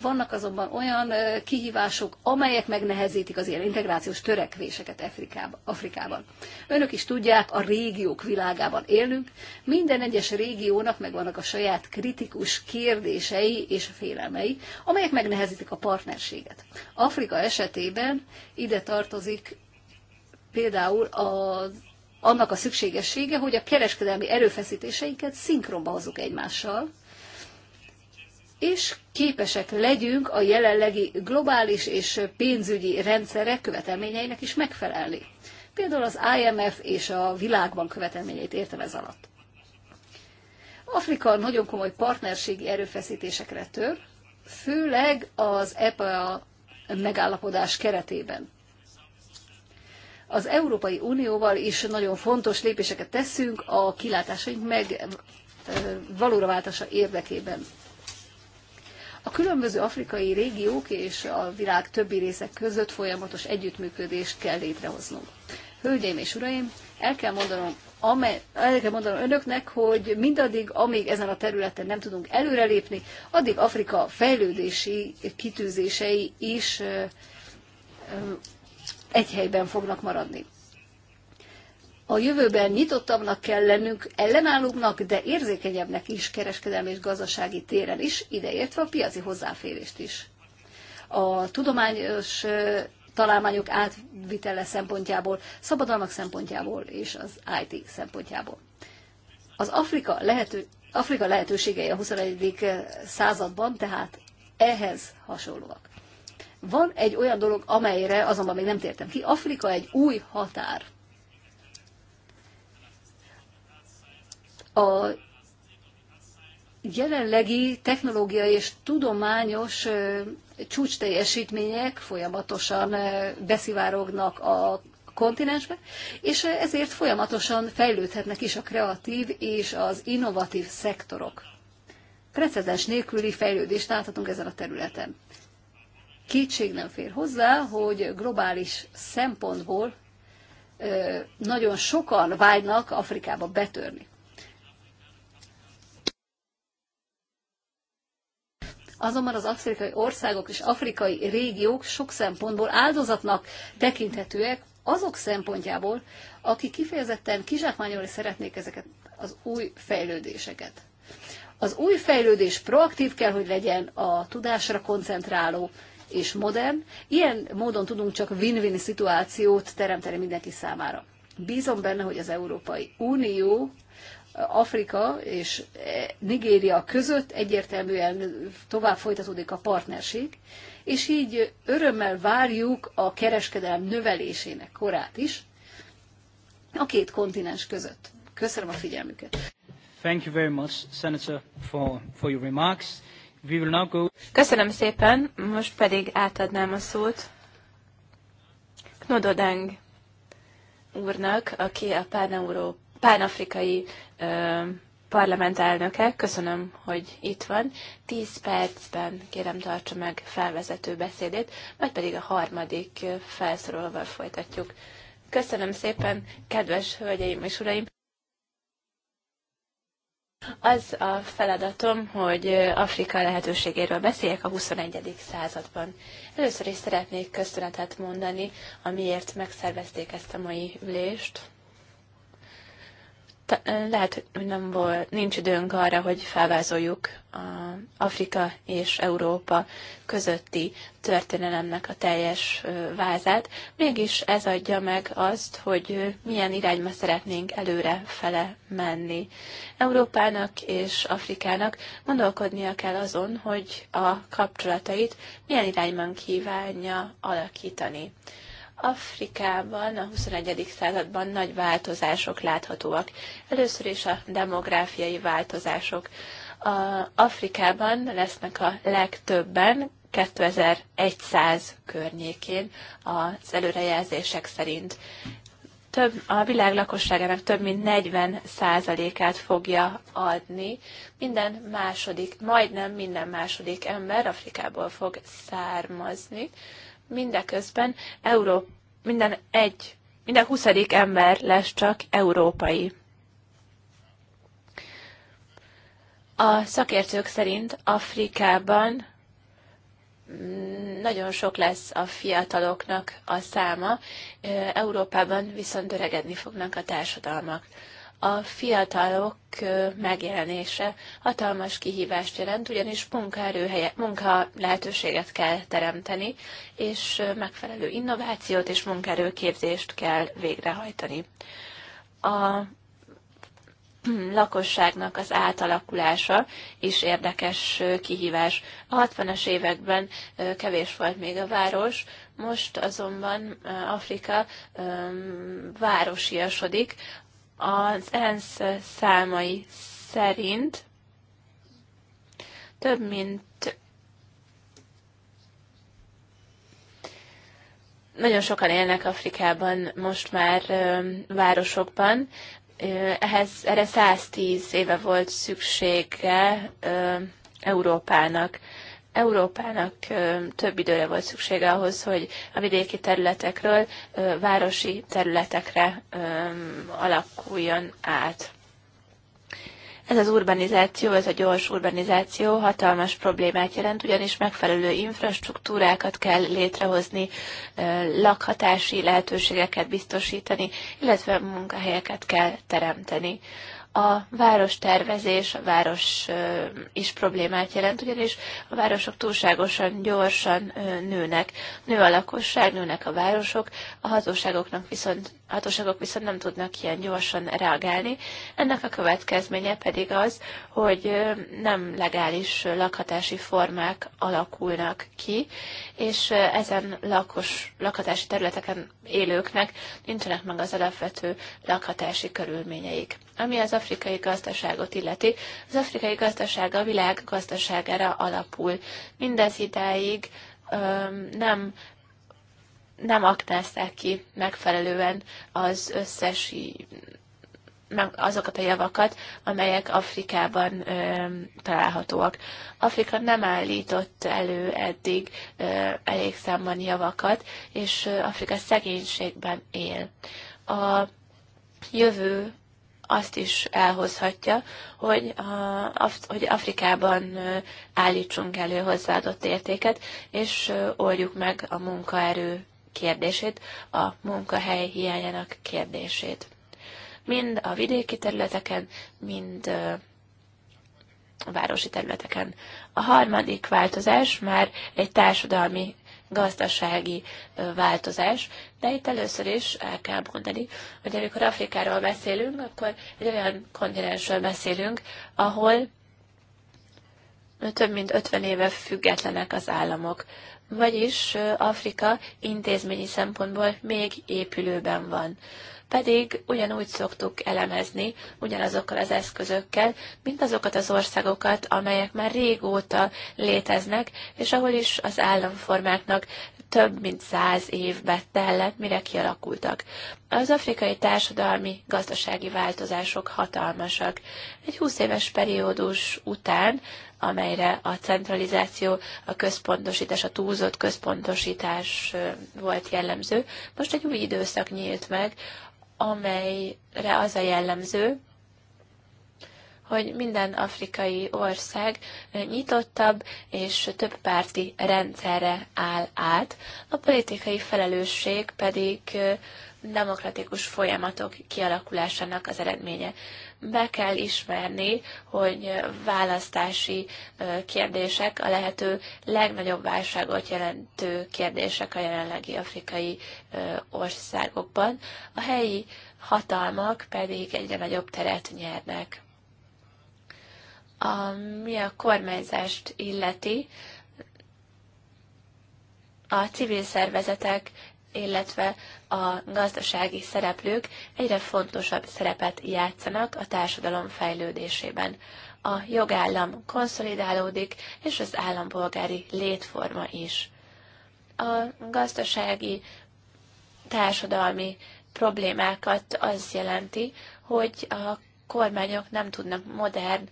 Vannak azonban olyan kihívások, amelyek megnehezítik az ilyen integrációs törekvéseket Afrikában. Önök is tudják, a régiók világában élünk, minden egyes régiónak megvannak a saját kritikus kérdései és félelmei, amelyek megnehezítik a partnerséget. Afrika esetében ide tartozik például a annak a szükségessége, hogy a kereskedelmi erőfeszítéseinket szinkronba hozzuk egymással, és képesek legyünk a jelenlegi globális és pénzügyi rendszerek követelményeinek is megfelelni. Például az IMF és a Világbank követelményeit értem ez alatt. Afrika nagyon komoly partnerségi erőfeszítésekre tör, főleg az EPA megállapodás keretében az Európai Unióval is nagyon fontos lépéseket teszünk a kilátásaink meg valóra váltása érdekében. A különböző afrikai régiók és a világ többi részek között folyamatos együttműködést kell létrehoznunk. Hölgyeim és uraim, el kell mondanom, el kell mondanom önöknek, hogy mindaddig, amíg ezen a területen nem tudunk előrelépni, addig Afrika fejlődési kitűzései is egy helyben fognak maradni. A jövőben nyitottabbnak kell lennünk, ellenállóbbnak, de érzékenyebbnek is kereskedelmi és gazdasági téren is, ideértve a piaci hozzáférést is. A tudományos találmányok átvitele szempontjából, szabadalmak szempontjából és az IT szempontjából. Az Afrika, lehető, Afrika lehetőségei a XXI. században tehát ehhez hasonlóak. Van egy olyan dolog, amelyre azonban még nem tértem ki. Afrika egy új határ. A jelenlegi technológiai és tudományos csúcs teljesítmények folyamatosan beszivárognak a kontinensbe, és ezért folyamatosan fejlődhetnek is a kreatív és az innovatív szektorok. Precedens nélküli fejlődést láthatunk ezen a területen kétség nem fér hozzá, hogy globális szempontból nagyon sokan vágynak Afrikába betörni. Azonban az afrikai országok és afrikai régiók sok szempontból áldozatnak tekinthetőek azok szempontjából, akik kifejezetten kizsákmányolni szeretnék ezeket az új fejlődéseket. Az új fejlődés proaktív kell, hogy legyen a tudásra koncentráló, és modern. Ilyen módon tudunk csak win-win szituációt teremteni mindenki számára. Bízom benne, hogy az Európai Unió Afrika és eh, Nigéria között egyértelműen tovább folytatódik a partnerség, és így örömmel várjuk a kereskedelem növelésének korát is a két kontinens között. Köszönöm a figyelmüket. Thank you very much, Senator, for, for your remarks. Köszönöm szépen, most pedig átadnám a szót Knododeng úrnak, aki a pánafrikai parlament elnöke. Köszönöm, hogy itt van. Tíz percben kérem tartsa meg felvezető beszédét, majd pedig a harmadik felszorolóval folytatjuk. Köszönöm szépen, kedves hölgyeim és uraim! Az a feladatom, hogy Afrika lehetőségéről beszéljek a 21. században. Először is szeretnék köszönetet mondani, amiért megszervezték ezt a mai ülést lehet, hogy nem volt, nincs időnk arra, hogy felvázoljuk a Afrika és Európa közötti történelemnek a teljes vázát, mégis ez adja meg azt, hogy milyen irányba szeretnénk előre fele menni. Európának és Afrikának gondolkodnia kell azon, hogy a kapcsolatait milyen irányban kívánja alakítani. Afrikában a 21. században nagy változások láthatóak. Először is a demográfiai változások. A Afrikában lesznek a legtöbben, 2100 környékén az előrejelzések szerint. Több, a világ lakosságának több mint 40%-át fogja adni. Minden második, majdnem minden második ember Afrikából fog származni mindeközben Euró, minden egy, minden huszadik ember lesz csak európai. A szakértők szerint Afrikában mm, nagyon sok lesz a fiataloknak a száma, Európában viszont öregedni fognak a társadalmak a fiatalok megjelenése hatalmas kihívást jelent, ugyanis munkaerőhelye, munka lehetőséget kell teremteni, és megfelelő innovációt és munkaerőképzést kell végrehajtani. A lakosságnak az átalakulása is érdekes kihívás. A 60-as években kevés volt még a város, most azonban Afrika városiasodik, az ENSZ számai szerint több mint nagyon sokan élnek Afrikában most már ö, városokban. ehhez erre 110 éve volt szüksége ö, Európának. Európának több időre volt szüksége ahhoz, hogy a vidéki területekről városi területekre alakuljon át. Ez az urbanizáció, ez a gyors urbanizáció hatalmas problémát jelent, ugyanis megfelelő infrastruktúrákat kell létrehozni, lakhatási lehetőségeket biztosítani, illetve munkahelyeket kell teremteni. A várostervezés, a város is problémát jelent, ugyanis a városok túlságosan gyorsan nőnek. Nő a lakosság, nőnek a városok, a hatóságoknak viszont, a hatóságok viszont nem tudnak ilyen gyorsan reagálni. Ennek a következménye pedig az, hogy nem legális lakhatási formák alakulnak ki, és ezen lakos, lakhatási területeken élőknek nincsenek meg az alapvető lakhatási körülményeik. Ami az afrikai gazdaságot illeti, az afrikai gazdaság a világ gazdaságára alapul. Mindez idáig nem nem aknázták ki megfelelően az összes azokat a javakat, amelyek Afrikában ö, találhatóak. Afrika nem állított elő eddig ö, elég számban javakat, és ö, Afrika szegénységben él. A jövő azt is elhozhatja, hogy, a, hogy Afrikában állítsunk elő hozzáadott értéket, és oldjuk meg a munkaerő kérdését, a munkahely hiányának kérdését. Mind a vidéki területeken, mind a városi területeken. A harmadik változás már egy társadalmi gazdasági változás, de itt először is el kell mondani, hogy amikor Afrikáról beszélünk, akkor egy olyan kontinensről beszélünk, ahol több mint 50 éve függetlenek az államok. Vagyis Afrika intézményi szempontból még épülőben van pedig ugyanúgy szoktuk elemezni, ugyanazokkal az eszközökkel, mint azokat az országokat, amelyek már régóta léteznek, és ahol is az államformáknak több mint száz évbe tellett, mire kialakultak. Az afrikai társadalmi gazdasági változások hatalmasak. Egy 20 éves periódus után, amelyre a centralizáció, a központosítás, a túlzott központosítás volt jellemző, most egy új időszak nyílt meg, amelyre az a jellemző, hogy minden afrikai ország nyitottabb és több párti rendszerre áll át, a politikai felelősség pedig demokratikus folyamatok kialakulásának az eredménye be kell ismerni, hogy választási kérdések a lehető legnagyobb válságot jelentő kérdések a jelenlegi afrikai országokban, a helyi hatalmak pedig egyre nagyobb teret nyernek. Ami a kormányzást illeti, a civil szervezetek illetve a gazdasági szereplők egyre fontosabb szerepet játszanak a társadalom fejlődésében. A jogállam konszolidálódik, és az állampolgári létforma is. A gazdasági, társadalmi problémákat az jelenti, hogy a kormányok nem tudnak modern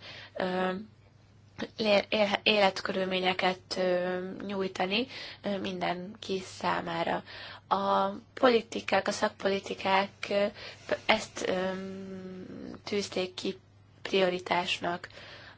életkörülményeket nyújtani mindenki számára a politikák, a szakpolitikák ezt tűzték ki prioritásnak.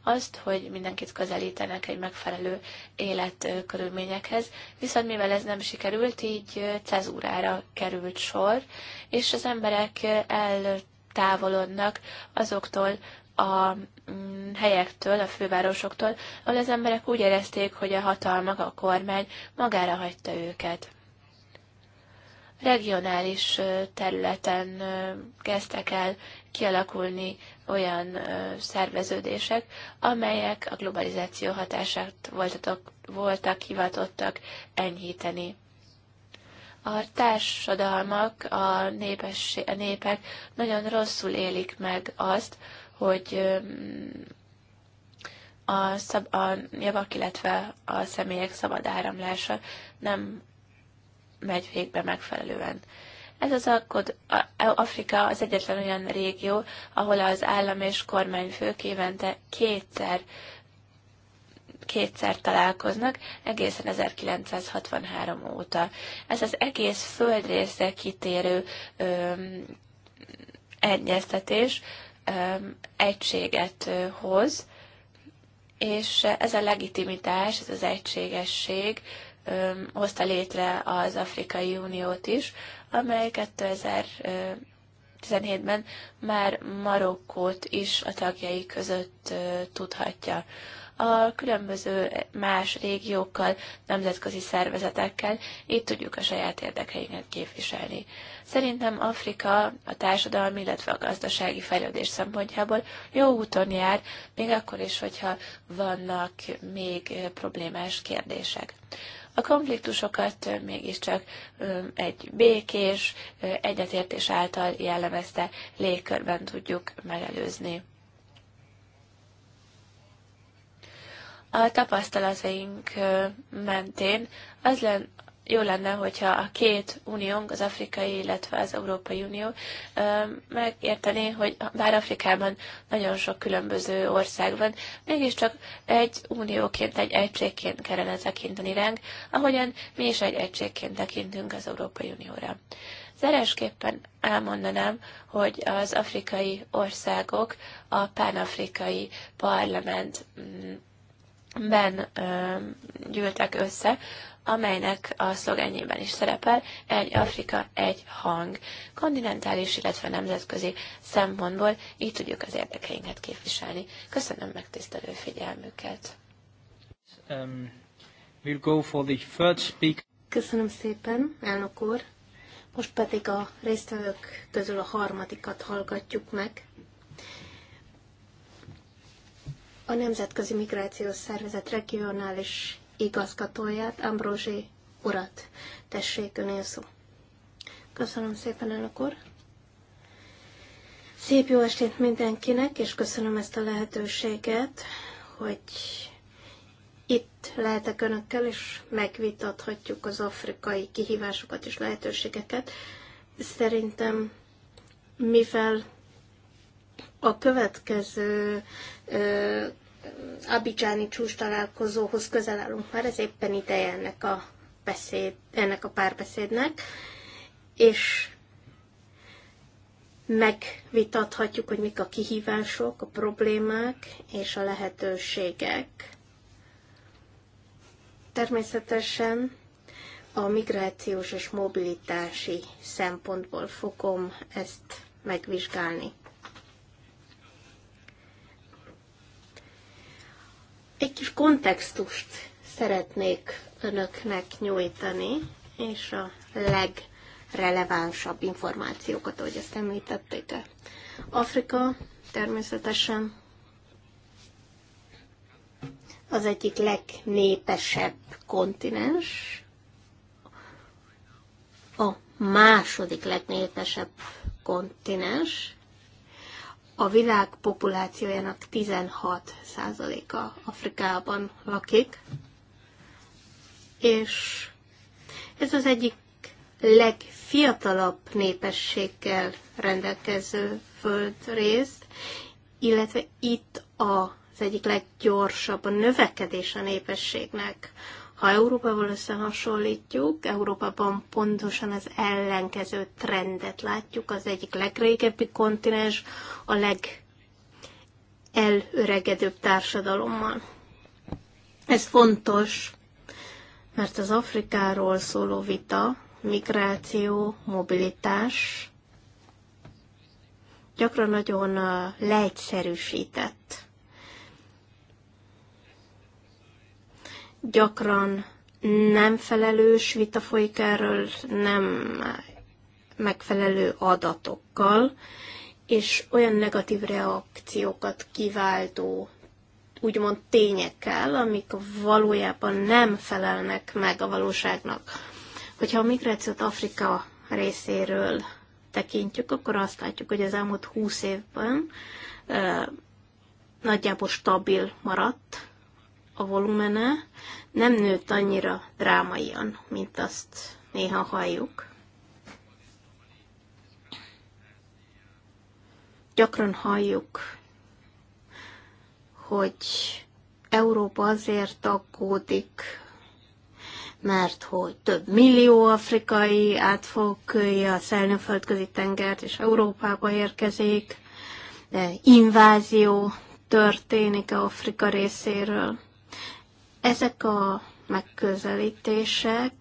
Azt, hogy mindenkit közelítenek egy megfelelő életkörülményekhez, viszont mivel ez nem sikerült, így cezúrára került sor, és az emberek eltávolodnak azoktól a mm, helyektől, a fővárosoktól, ahol az emberek úgy érezték, hogy a hatalmak, a kormány magára hagyta őket regionális területen kezdtek el kialakulni olyan szerveződések, amelyek a globalizáció hatását voltatok, voltak hivatottak enyhíteni. A társadalmak, a, népessé, a népek nagyon rosszul élik meg azt, hogy a, szab, a javak, illetve a személyek szabad áramlása nem megy végbe megfelelően. Ez az akkod, Afrika az egyetlen olyan régió, ahol az állam és kormányfők évente kétszer kétszer találkoznak, egészen 1963 óta. Ez az egész földrészre kitérő öm, egyeztetés öm, egységet ö, hoz, és ez a legitimitás, ez az egységesség, ö, hozta létre az Afrikai Uniót is, amely 2017-ben már Marokkót is a tagjai között tudhatja. A különböző más régiókkal, nemzetközi szervezetekkel itt tudjuk a saját érdekeinket képviselni. Szerintem Afrika a társadalmi, illetve a gazdasági fejlődés szempontjából jó úton jár, még akkor is, hogyha vannak még problémás kérdések. A konfliktusokat mégiscsak egy békés, egyetértés által jellemezte légkörben tudjuk megelőzni. A tapasztalataink mentén az, len, jó lenne, hogyha a két uniónk, az afrikai, illetve az Európai Unió megértené, hogy bár Afrikában nagyon sok különböző ország van, mégiscsak egy unióként, egy egységként kellene tekinteni ránk, ahogyan mi is egy egységként tekintünk az Európai Unióra. Zárásképpen elmondanám, hogy az afrikai országok a pánafrikai parlament ben gyűltek össze, amelynek a szlogenjében is szerepel egy Afrika, egy hang. Kontinentális, illetve nemzetközi szempontból így tudjuk az érdekeinket képviselni. Köszönöm megtisztelő figyelmüket. Um, we'll go for the third speaker. Köszönöm szépen, elnök úr. Most pedig a résztvevők közül a harmadikat hallgatjuk meg. A Nemzetközi Migrációs Szervezet regionális igazgatóját, Ambrózsi urat. Tessék, önél szó. Köszönöm szépen, elnök úr. Szép jó estét mindenkinek, és köszönöm ezt a lehetőséget, hogy itt lehetek önökkel, és megvitathatjuk az afrikai kihívásokat és lehetőségeket. Szerintem, mivel a következő abicsáni csúcs találkozóhoz közel állunk már, ez éppen ideje ennek a, beszéd, ennek a párbeszédnek, és megvitathatjuk, hogy mik a kihívások, a problémák és a lehetőségek. Természetesen a migrációs és mobilitási szempontból fogom ezt megvizsgálni. Egy kis kontextust szeretnék önöknek nyújtani, és a legrelevánsabb információkat, ahogy ezt említették. Afrika természetesen az egyik legnépesebb kontinens, a második legnépesebb kontinens, a világ populációjának 16%-a Afrikában lakik, és ez az egyik legfiatalabb népességgel rendelkező földrészt, illetve itt az egyik leggyorsabb a növekedés a népességnek. Ha Európával összehasonlítjuk, Európában pontosan az ellenkező trendet látjuk, az egyik legrégebbi kontinens, a legelöregedőbb társadalommal. Ez fontos, mert az Afrikáról szóló vita, migráció, mobilitás gyakran nagyon leegyszerűsített. Gyakran nem felelős vita folyik erről, nem megfelelő adatokkal, és olyan negatív reakciókat kiváltó úgymond tényekkel, amik valójában nem felelnek meg a valóságnak. Hogyha a migrációt Afrika részéről tekintjük, akkor azt látjuk, hogy az elmúlt húsz évben ö, nagyjából stabil maradt, a volumene nem nőtt annyira drámaian, mint azt néha halljuk. Gyakran halljuk, hogy Európa azért aggódik, mert hogy több millió afrikai átfogja a szelnőföldközi tengert, és Európába érkezik, de invázió történik Afrika részéről. Ezek a megközelítések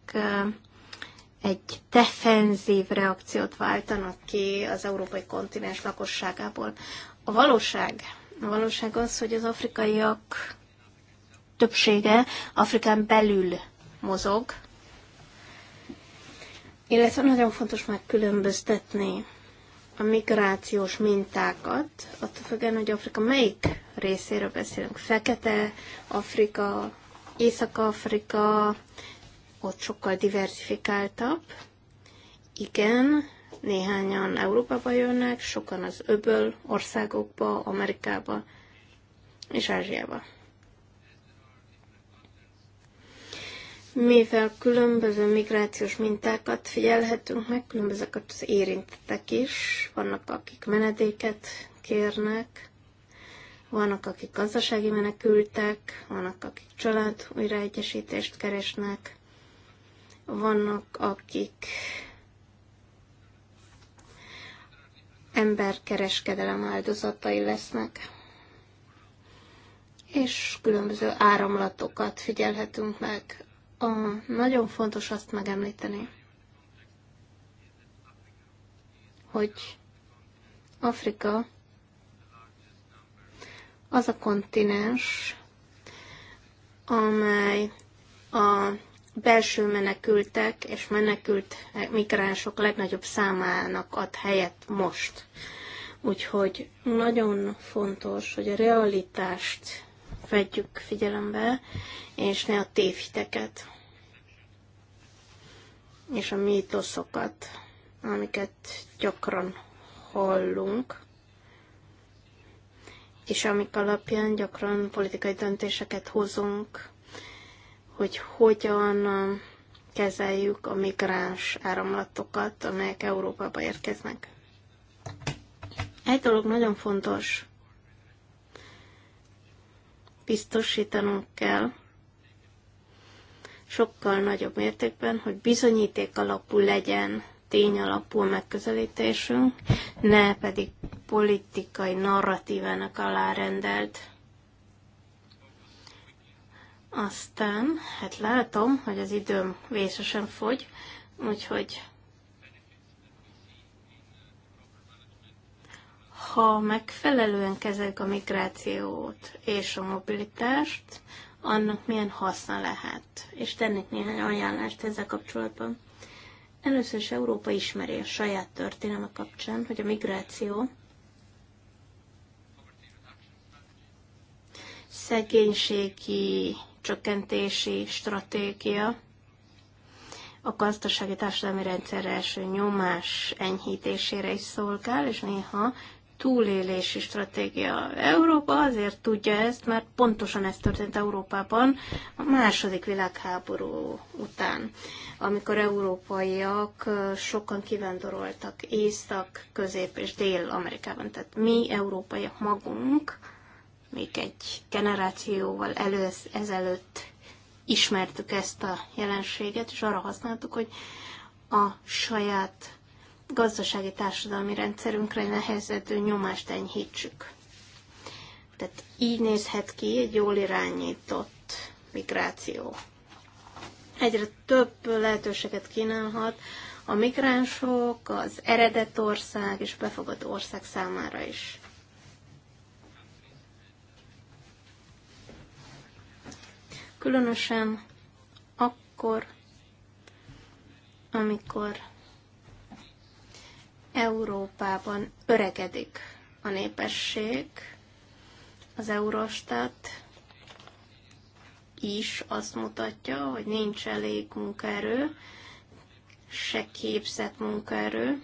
egy defenzív reakciót váltanak ki az európai kontinens lakosságából. A valóság, a valóság az, hogy az afrikaiak többsége Afrikán belül mozog, illetve nagyon fontos megkülönböztetni a migrációs mintákat, attól függően, hogy Afrika melyik részéről beszélünk. Fekete Afrika, Észak-Afrika, ott sokkal diversifikáltabb. Igen, néhányan Európába jönnek, sokan az öböl országokba, Amerikába és Ázsiába. Mivel különböző migrációs mintákat figyelhetünk meg, különbözőket az érintettek is, vannak akik menedéket kérnek, vannak, akik gazdasági menekültek, vannak, akik család újraegyesítést keresnek, vannak, akik emberkereskedelem áldozatai lesznek, és különböző áramlatokat figyelhetünk meg. A, nagyon fontos azt megemlíteni, hogy Afrika az a kontinens, amely a belső menekültek és menekült migránsok legnagyobb számának ad helyet most. Úgyhogy nagyon fontos, hogy a realitást vegyük figyelembe, és ne a tévhiteket, és a mítoszokat, amiket gyakran hallunk és amik alapján gyakran politikai döntéseket hozunk, hogy hogyan kezeljük a migráns áramlatokat, amelyek Európába érkeznek. Egy dolog nagyon fontos. Biztosítanunk kell sokkal nagyobb mértékben, hogy bizonyíték alapú legyen tényalapú megközelítésünk, ne pedig politikai narratívának alárendelt. Aztán, hát látom, hogy az időm vészesen fogy, úgyhogy ha megfelelően kezelik a migrációt és a mobilitást, annak milyen haszna lehet. És tennék néhány ajánlást ezzel kapcsolatban. Először is Európa ismeri a saját történelme kapcsán, hogy a migráció szegénységi csökkentési stratégia, a gazdasági társadalmi rendszer első nyomás enyhítésére is szolgál, és néha túlélési stratégia. Európa azért tudja ezt, mert pontosan ez történt Európában a második világháború után, amikor európaiak sokan kivándoroltak Észak, Közép és Dél-Amerikában. Tehát mi európaiak magunk, még egy generációval elő, ezelőtt ismertük ezt a jelenséget, és arra használtuk, hogy a saját gazdasági társadalmi rendszerünkre nehezedő nyomást enyhítsük. Tehát így nézhet ki egy jól irányított migráció. Egyre több lehetőséget kínálhat a migránsok, az eredet ország és befogadó ország számára is. Különösen akkor, amikor Európában öregedik a népesség, az Eurostat is azt mutatja, hogy nincs elég munkaerő, se képzett munkaerő.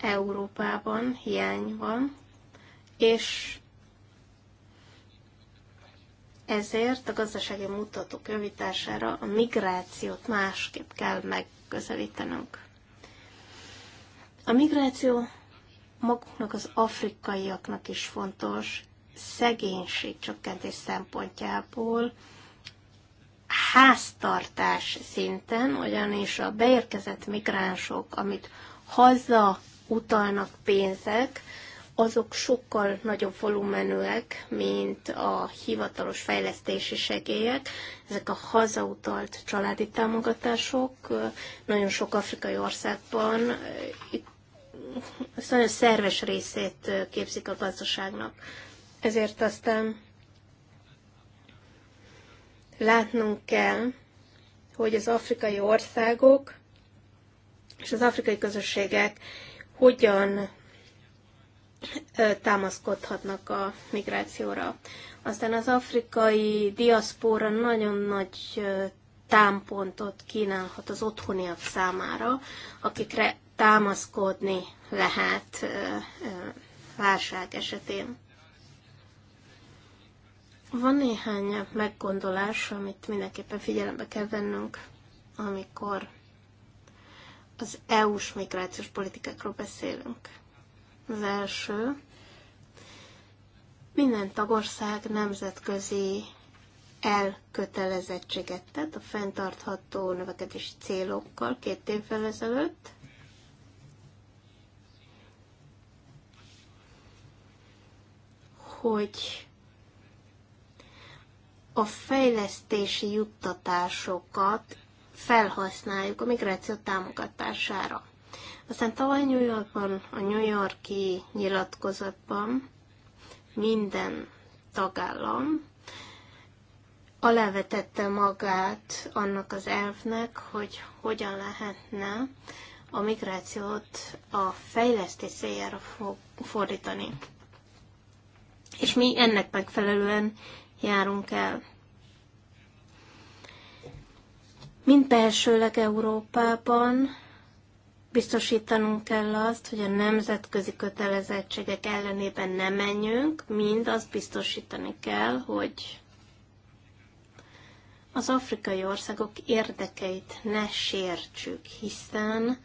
Európában hiány van, és ezért a gazdasági mutatók javítására a migrációt másképp kell megközelítenünk. A migráció maguknak az afrikaiaknak is fontos, szegénység csökkentés szempontjából, háztartás szinten, ugyanis a beérkezett migránsok, amit haza utalnak pénzek, azok sokkal nagyobb volumenűek, mint a hivatalos fejlesztési segélyek. Ezek a hazautalt családi támogatások nagyon sok afrikai országban ezt nagyon szerves részét képzik a gazdaságnak. Ezért aztán látnunk kell, hogy az afrikai országok és az afrikai közösségek hogyan támaszkodhatnak a migrációra. Aztán az afrikai diaszpora nagyon nagy támpontot kínálhat az otthoniak számára, akikre támaszkodni lehet válság esetén. Van néhány meggondolás, amit mindenképpen figyelembe kell vennünk, amikor az EU-s migrációs politikákról beszélünk. Az első, minden tagország nemzetközi elkötelezettséget tett a fenntartható növekedési célokkal két évvel ezelőtt, hogy a fejlesztési juttatásokat felhasználjuk a migráció támogatására. Aztán tavaly New Yorkban, a New Yorki nyilatkozatban minden tagállam alávetette magát annak az elvnek, hogy hogyan lehetne a migrációt a fejlesztés céljára fordítani és mi ennek megfelelően járunk el. Mind belsőleg Európában biztosítanunk kell azt, hogy a nemzetközi kötelezettségek ellenében nem menjünk, mind azt biztosítani kell, hogy az afrikai országok érdekeit ne sértsük, hiszen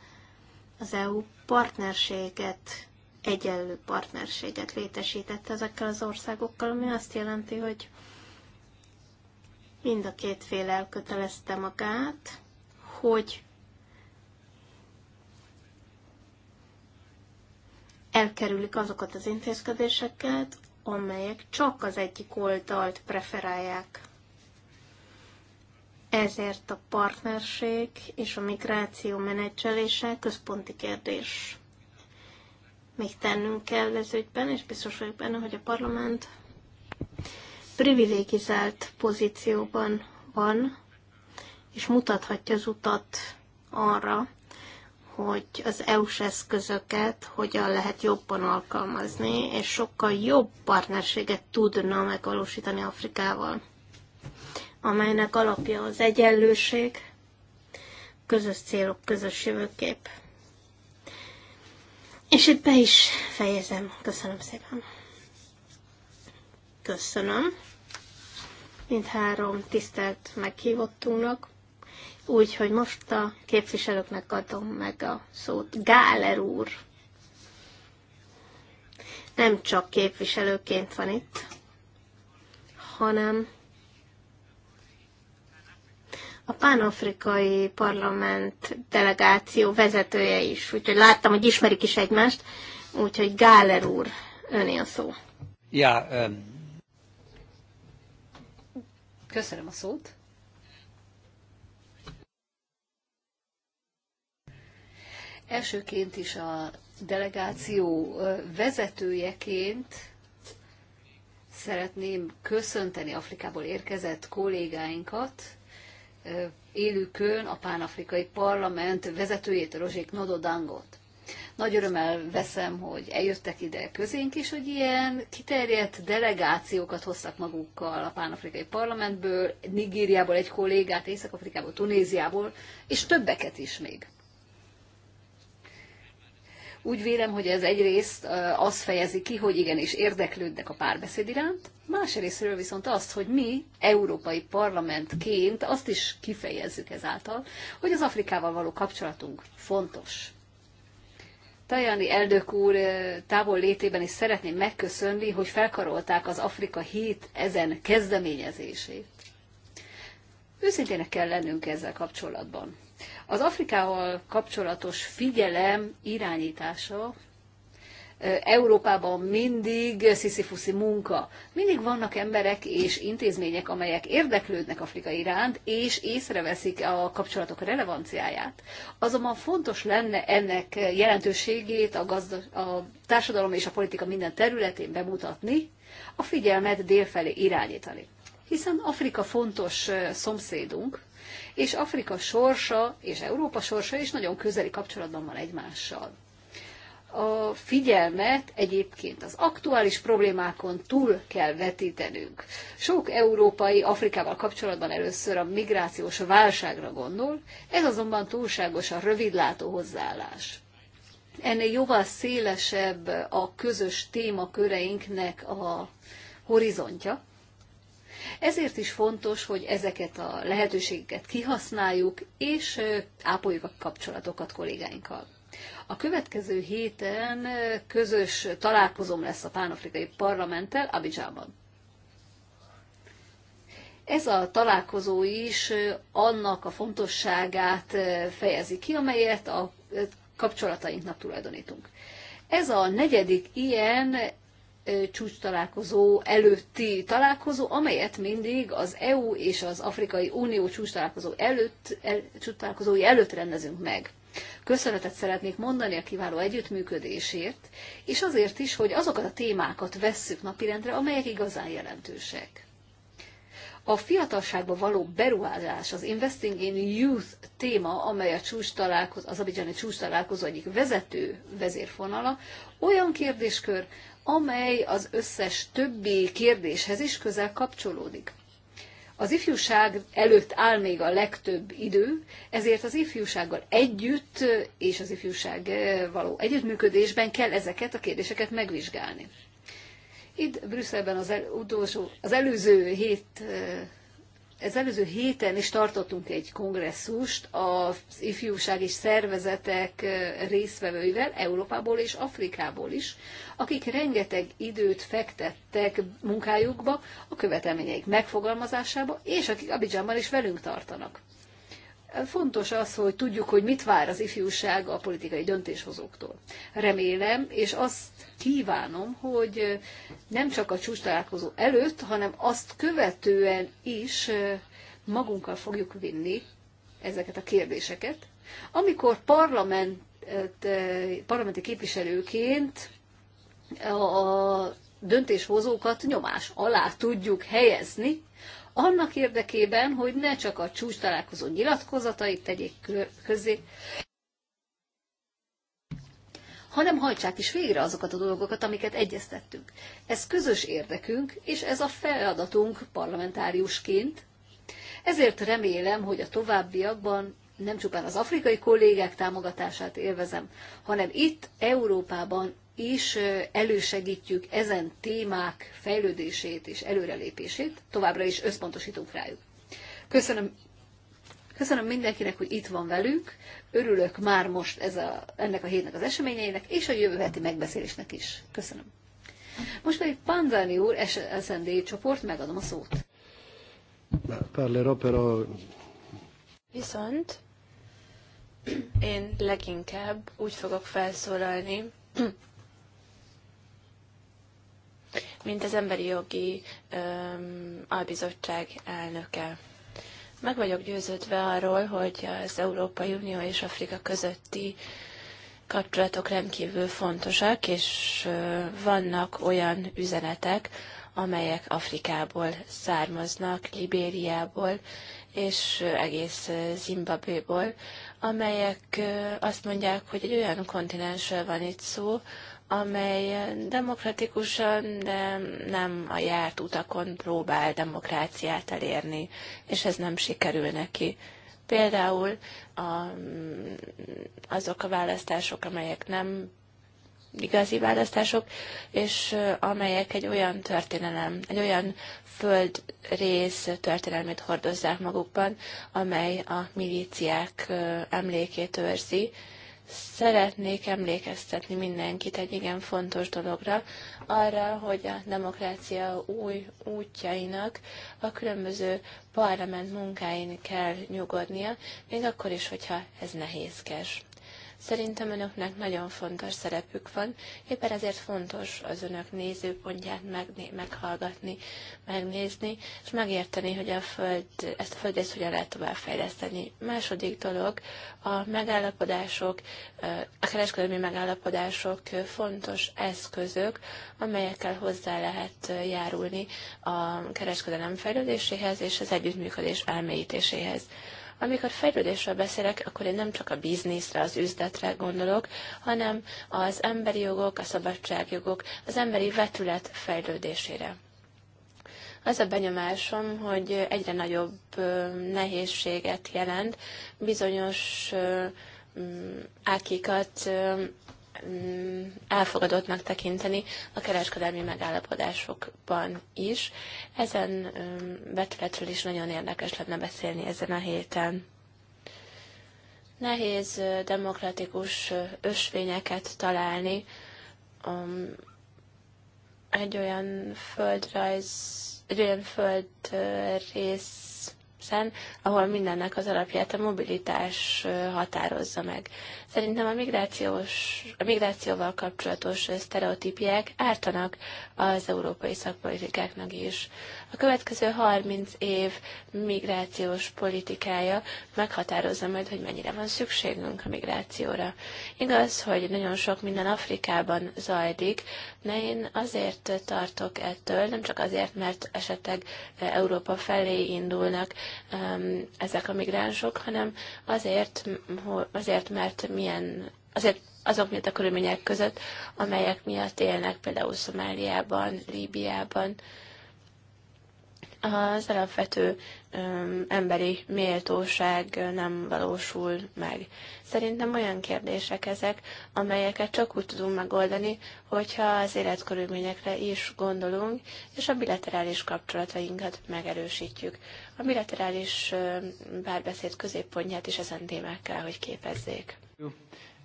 az EU partnerséget egyenlő partnerséget létesített ezekkel az országokkal, ami azt jelenti, hogy mind a két fél elkötelezte magát, hogy elkerülik azokat az intézkedéseket, amelyek csak az egyik oldalt preferálják. Ezért a partnerség és a migráció menedzselése központi kérdés még tennünk kell ez ügyben, és biztos vagyok benne, hogy a parlament privilégizált pozícióban van, és mutathatja az utat arra, hogy az EU-s eszközöket hogyan lehet jobban alkalmazni, és sokkal jobb partnerséget tudna megvalósítani Afrikával, amelynek alapja az egyenlőség, közös célok, közös jövőkép. És itt be is fejezem. Köszönöm szépen. Köszönöm. Mindhárom tisztelt meghívottunknak. Úgyhogy most a képviselőknek adom meg a szót. Gáler úr nem csak képviselőként van itt, hanem a pánafrikai parlament delegáció vezetője is, úgyhogy láttam, hogy ismerik is egymást, úgyhogy Gáler úr, öné a szó. Ja, um... Köszönöm a szót. Elsőként is a delegáció vezetőjeként szeretném köszönteni Afrikából érkezett kollégáinkat, élőkön a pánafrikai parlament vezetőjét, Rozsék Nododangot. Nagy örömmel veszem, hogy eljöttek ide közénk is, hogy ilyen kiterjedt delegációkat hoztak magukkal a pánafrikai parlamentből, Nigériából egy kollégát, Észak-Afrikából, Tunéziából, és többeket is még. Úgy vélem, hogy ez egyrészt azt fejezi ki, hogy igenis érdeklődnek a párbeszéd iránt, másrésztről viszont azt, hogy mi európai parlamentként azt is kifejezzük ezáltal, hogy az Afrikával való kapcsolatunk fontos. Tajani Eldök úr távol létében is szeretném megköszönni, hogy felkarolták az Afrika hét ezen kezdeményezését. Őszintének kell lennünk ezzel kapcsolatban. Az Afrikával kapcsolatos figyelem irányítása Európában mindig sziszifuszi munka. Mindig vannak emberek és intézmények, amelyek érdeklődnek Afrika iránt, és észreveszik a kapcsolatok relevanciáját. Azonban fontos lenne ennek jelentőségét a, gazda, a társadalom és a politika minden területén bemutatni, a figyelmet délfelé irányítani. Hiszen Afrika fontos szomszédunk, és Afrika sorsa és Európa sorsa is nagyon közeli kapcsolatban van egymással. A figyelmet egyébként az aktuális problémákon túl kell vetítenünk. Sok európai Afrikával kapcsolatban először a migrációs válságra gondol, ez azonban túlságosan rövidlátó hozzáállás ennél jóval szélesebb a közös témaköreinknek a horizontja, ezért is fontos, hogy ezeket a lehetőségeket kihasználjuk, és ápoljuk a kapcsolatokat kollégáinkkal. A következő héten közös találkozom lesz a pánafrikai parlamenttel Abidzsában. Ez a találkozó is annak a fontosságát fejezi ki, amelyet a kapcsolatainknak tulajdonítunk. Ez a negyedik ilyen csúcs találkozó előtti találkozó, amelyet mindig az EU és az Afrikai Unió csúcs találkozó előtt, el, csúcs találkozói előtt rendezünk meg. Köszönetet szeretnék mondani a kiváló együttműködésért, és azért is, hogy azokat a témákat vesszük napirendre, amelyek igazán jelentősek. A fiatalságba való beruházás, az Investing in Youth téma, amely a csúcs találkozó, az abidzsani csúcs találkozó egyik vezető vezérfonala, olyan kérdéskör, amely az összes többi kérdéshez is közel kapcsolódik. Az ifjúság előtt áll még a legtöbb idő, ezért az ifjúsággal együtt és az ifjúság eh, való együttműködésben kell ezeket a kérdéseket megvizsgálni. Itt Brüsszelben az, el, utolsó, az előző hét eh, az előző héten is tartottunk egy kongresszust az ifjúság és szervezetek részvevőivel, Európából és Afrikából is, akik rengeteg időt fektettek munkájukba, a követelményeik megfogalmazásába, és akik Abidjanban is velünk tartanak. Fontos az, hogy tudjuk, hogy mit vár az ifjúság a politikai döntéshozóktól. Remélem, és azt kívánom, hogy nem csak a csúcs találkozó előtt, hanem azt követően is magunkkal fogjuk vinni ezeket a kérdéseket, amikor parlament, parlamenti képviselőként a döntéshozókat nyomás alá tudjuk helyezni, annak érdekében, hogy ne csak a csúcs találkozó nyilatkozatait tegyék közé, hanem hajtsák is végre azokat a dolgokat, amiket egyeztettünk. Ez közös érdekünk, és ez a feladatunk parlamentáriusként. Ezért remélem, hogy a továbbiakban nem csupán az afrikai kollégák támogatását élvezem, hanem itt, Európában és elősegítjük ezen témák fejlődését és előrelépését, továbbra is összpontosítunk rájuk. Köszönöm, köszönöm mindenkinek, hogy itt van velünk, örülök már most ez a, ennek a hétnek az eseményeinek, és a jövő heti megbeszélésnek is. Köszönöm. Most pedig Panzani úr, SND csoport, megadom a szót. Viszont én leginkább úgy fogok felszólalni, mint az Emberi Jogi öm, Albizottság elnöke. Meg vagyok győződve arról, hogy az Európai Unió és Afrika közötti kapcsolatok rendkívül fontosak, és vannak olyan üzenetek, amelyek Afrikából származnak, Libériából és egész Zimbabéból, amelyek azt mondják, hogy egy olyan kontinensről van itt szó, amely demokratikusan, de nem a járt utakon próbál demokráciát elérni, és ez nem sikerül neki. Például a, azok a választások, amelyek nem igazi választások, és amelyek egy olyan történelem, egy olyan földrész történelmét hordozzák magukban, amely a milíciák emlékét őrzi, Szeretnék emlékeztetni mindenkit egy igen fontos dologra, arra, hogy a demokrácia új útjainak a különböző parlament munkáin kell nyugodnia, még akkor is, hogyha ez nehézkes. Szerintem önöknek nagyon fontos szerepük van, éppen ezért fontos az önök nézőpontját megné- meghallgatni, megnézni, és megérteni, hogy a föld, ezt a földet hogyan lehet továbbfejleszteni. Második dolog, a megállapodások, eh, a kereskedelmi megállapodások fontos eszközök, amelyekkel hozzá lehet járulni a kereskedelem fejlődéséhez és az együttműködés elmélyítéséhez. Amikor fejlődésről beszélek, akkor én nem csak a bizniszre, az üzletre gondolok, hanem az emberi jogok, a szabadságjogok, az emberi vetület fejlődésére az a benyomásom, hogy egyre nagyobb nehézséget jelent bizonyos ákikat Mm, elfogadottnak tekinteni a kereskedelmi megállapodásokban is. Ezen mm, vetületről is nagyon érdekes lenne beszélni ezen a héten. Nehéz demokratikus ösvényeket találni um, egy olyan földrajz, egy olyan földrészen, ahol mindennek az alapját a mobilitás határozza meg. Szerintem a, migrációs, a migrációval kapcsolatos sztereotípiák ártanak az európai szakpolitikáknak is. A következő 30 év migrációs politikája meghatározza majd, hogy mennyire van szükségünk a migrációra. Igaz, hogy nagyon sok minden Afrikában zajlik, de én azért tartok ettől, nem csak azért, mert esetleg Európa felé indulnak um, ezek a migránsok, hanem azért, azért mert milyen, azért azok miatt a körülmények között, amelyek miatt élnek például Szomáliában, Líbiában. Az alapvető öm, emberi méltóság nem valósul meg. Szerintem olyan kérdések ezek, amelyeket csak úgy tudunk megoldani, hogyha az életkörülményekre is gondolunk, és a bilaterális kapcsolatainkat megerősítjük. A bilaterális párbeszéd középpontját is ezen témákkal, hogy képezzék.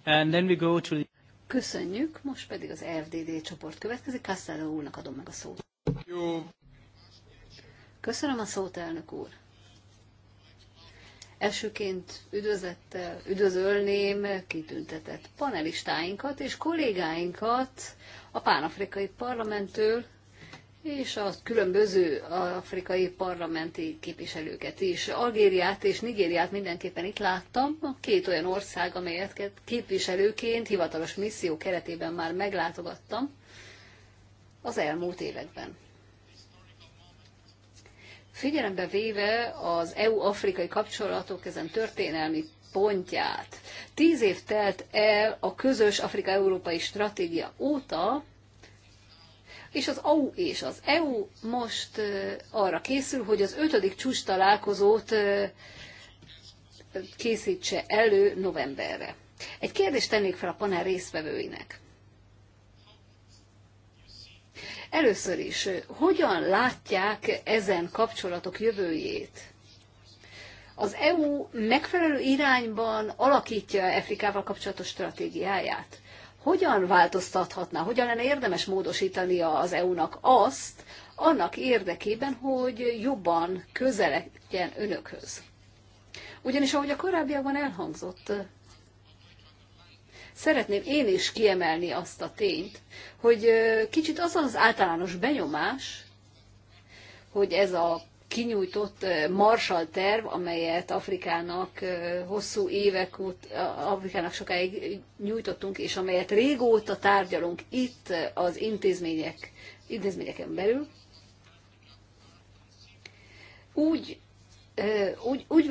And then we go to... Köszönjük, most pedig az FDD csoport következik. Castello úrnak adom meg a szót. Jó. Köszönöm a szót, elnök úr. Elsőként üdvözlettel üdvözölném kitüntetett panelistáinkat és kollégáinkat a Pánafrikai Parlamenttől, és a különböző afrikai parlamenti képviselőket is. Algériát és Nigériát mindenképpen itt láttam, a két olyan ország, amelyet képviselőként hivatalos misszió keretében már meglátogattam az elmúlt években. Figyelembe véve az EU-afrikai kapcsolatok ezen történelmi pontját. Tíz év telt el a közös Afrika-Európai stratégia óta, és az AU és az EU most arra készül, hogy az ötödik csúcs találkozót készítse elő novemberre. Egy kérdést tennék fel a panel résztvevőinek. Először is, hogyan látják ezen kapcsolatok jövőjét? Az EU megfelelő irányban alakítja Afrikával kapcsolatos stratégiáját? hogyan változtathatná, hogyan lenne érdemes módosítani az EU-nak azt, annak érdekében, hogy jobban közeledjen önökhöz. Ugyanis, ahogy a korábbiakban elhangzott, szeretném én is kiemelni azt a tényt, hogy kicsit az az általános benyomás, hogy ez a kinyújtott Marshall terv, amelyet Afrikának hosszú évek út, Afrikának sokáig nyújtottunk, és amelyet régóta tárgyalunk itt az intézmények, intézményeken belül, úgy úgy, úgy,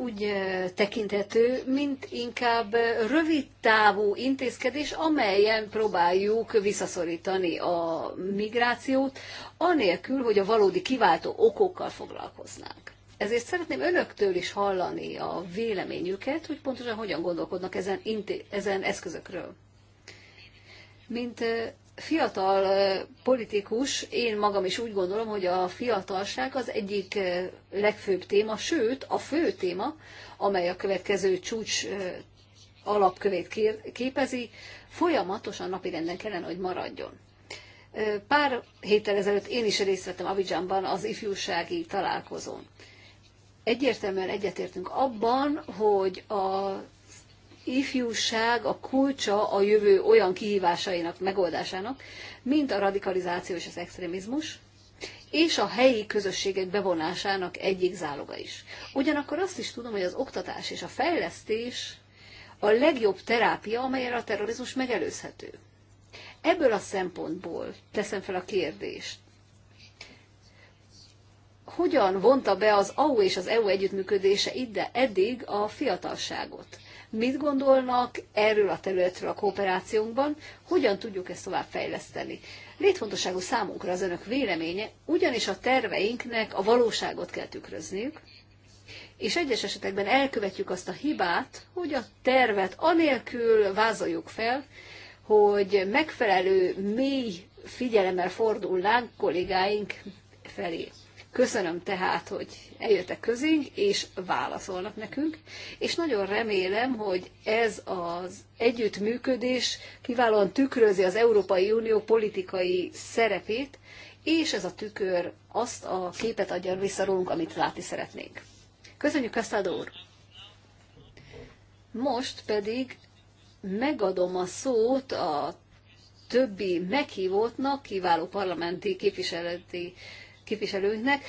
úgy tekinthető, mint inkább rövid távú intézkedés, amelyen próbáljuk visszaszorítani a migrációt, anélkül, hogy a valódi kiváltó okokkal foglalkoznánk. Ezért szeretném önöktől is hallani a véleményüket, hogy pontosan hogyan gondolkodnak ezen, ezen eszközökről. Mint fiatal politikus, én magam is úgy gondolom, hogy a fiatalság az egyik legfőbb téma, sőt a fő téma, amely a következő csúcs alapkövét képezi, folyamatosan napirenden kellene, hogy maradjon. Pár héttel ezelőtt én is részt vettem Abidjanban az ifjúsági találkozón. Egyértelműen egyetértünk abban, hogy a ifjúság a kulcsa a jövő olyan kihívásainak megoldásának, mint a radikalizáció és az extrémizmus, és a helyi közösségek bevonásának egyik záloga is. Ugyanakkor azt is tudom, hogy az oktatás és a fejlesztés a legjobb terápia, amelyre a terrorizmus megelőzhető. Ebből a szempontból teszem fel a kérdést. Hogyan vonta be az AU és az EU együttműködése ide eddig a fiatalságot? Mit gondolnak erről a területről a kooperációnkban, hogyan tudjuk ezt tovább fejleszteni? Létfontosságú számunkra az önök véleménye, ugyanis a terveinknek a valóságot kell tükrözniük, és egyes esetekben elkövetjük azt a hibát, hogy a tervet anélkül vázoljuk fel, hogy megfelelő mély figyelemmel fordulnánk kollégáink felé. Köszönöm tehát, hogy eljöttek közénk, és válaszolnak nekünk, és nagyon remélem, hogy ez az együttműködés kiválóan tükrözi az Európai Unió politikai szerepét, és ez a tükör azt a képet adja vissza rólunk, amit látni szeretnénk. Köszönjük, Kasztádó úr! Most pedig megadom a szót a többi meghívótnak, kiváló parlamenti képviseleti képviselőnknek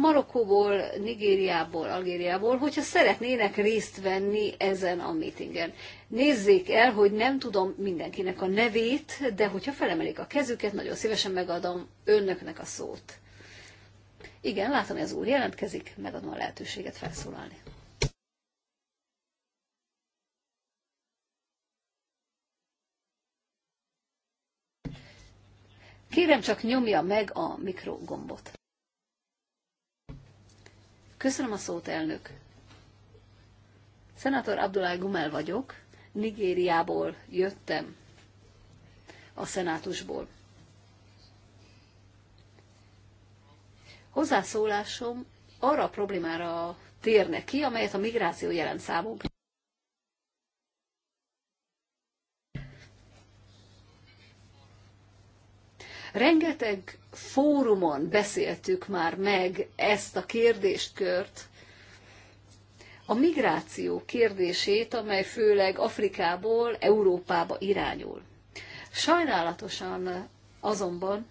Marokkóból, Nigériából, Algériából, hogyha szeretnének részt venni ezen a meetingen. Nézzék el, hogy nem tudom mindenkinek a nevét, de hogyha felemelik a kezüket, nagyon szívesen megadom önöknek a szót. Igen, látom, hogy az úr jelentkezik, megadom a lehetőséget felszólalni. Kérem csak nyomja meg a mikrogombot. Köszönöm a szót, elnök. Szenátor Abdullah Gumel vagyok, Nigériából jöttem a szenátusból. Hozzászólásom arra a problémára térne ki, amelyet a migráció jelent számunkra. Rengeteg fórumon beszéltük már meg ezt a kérdéskört, a migráció kérdését, amely főleg Afrikából Európába irányul. Sajnálatosan azonban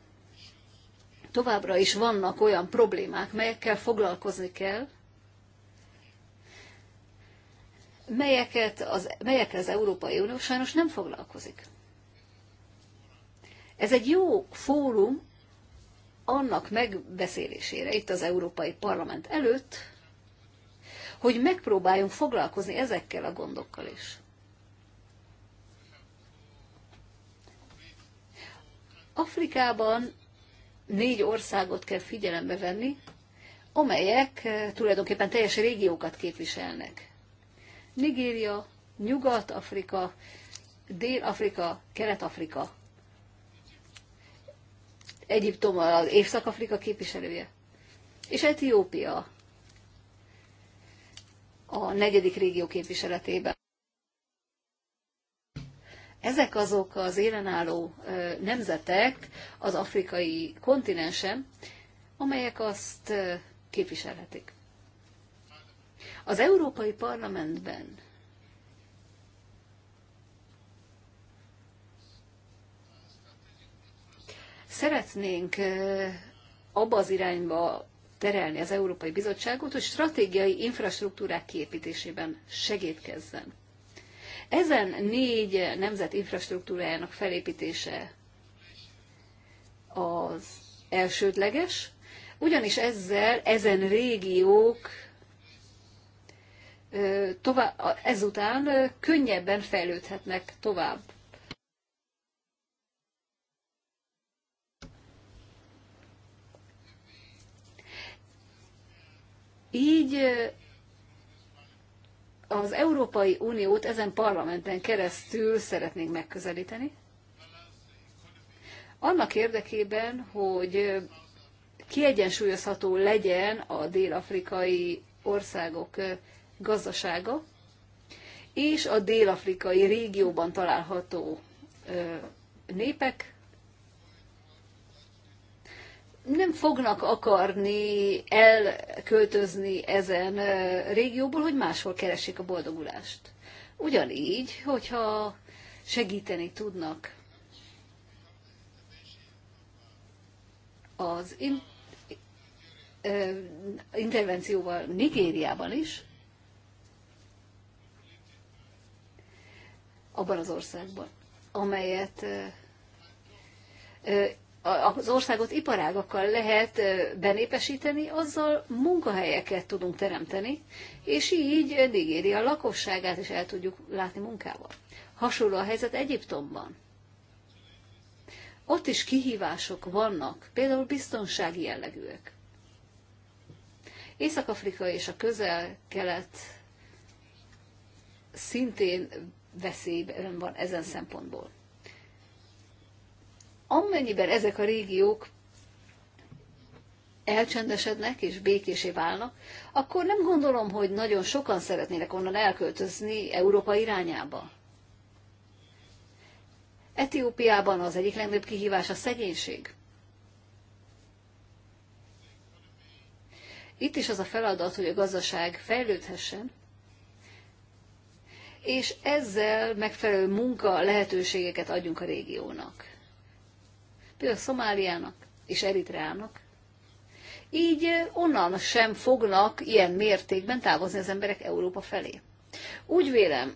továbbra is vannak olyan problémák, melyekkel foglalkozni kell, melyeket az, melyekkel az Európai Unió sajnos nem foglalkozik. Ez egy jó fórum annak megbeszélésére itt az Európai Parlament előtt, hogy megpróbáljunk foglalkozni ezekkel a gondokkal is. Afrikában négy országot kell figyelembe venni, amelyek eh, tulajdonképpen teljes régiókat képviselnek. Nigéria, Nyugat-Afrika, Dél-Afrika, Kelet-Afrika Egyiptom az Észak-Afrika képviselője, és Etiópia a negyedik régió képviseletében. Ezek azok az élenálló nemzetek az afrikai kontinensen, amelyek azt képviselhetik. Az Európai Parlamentben Szeretnénk abba az irányba terelni az Európai Bizottságot, hogy stratégiai infrastruktúrák kiépítésében segítkezzen. Ezen négy nemzet infrastruktúrájának felépítése az elsődleges, ugyanis ezzel ezen régiók tovább, ezután könnyebben fejlődhetnek tovább. Így az Európai Uniót ezen parlamenten keresztül szeretnénk megközelíteni. Annak érdekében, hogy kiegyensúlyozható legyen a dél-afrikai országok gazdasága, és a dél-afrikai régióban található népek nem fognak akarni elköltözni ezen régióból, hogy máshol keressék a boldogulást. Ugyanígy, hogyha segíteni tudnak az in, ö, intervencióval Nigériában is, abban az országban, amelyet ö, ö, az országot iparágakkal lehet benépesíteni, azzal munkahelyeket tudunk teremteni, és így a lakosságát és el tudjuk látni munkával. Hasonló a helyzet Egyiptomban. Ott is kihívások vannak, például biztonsági jellegűek. Észak-Afrika és a közel-kelet szintén veszélyben van ezen szempontból amennyiben ezek a régiók elcsendesednek és békésé válnak, akkor nem gondolom, hogy nagyon sokan szeretnének onnan elköltözni Európa irányába. Etiópiában az egyik legnagyobb kihívás a szegénység. Itt is az a feladat, hogy a gazdaság fejlődhessen, és ezzel megfelelő munka lehetőségeket adjunk a régiónak például Szomáliának és Eritreának, így eh, onnan sem fognak ilyen mértékben távozni az emberek Európa felé. Úgy vélem,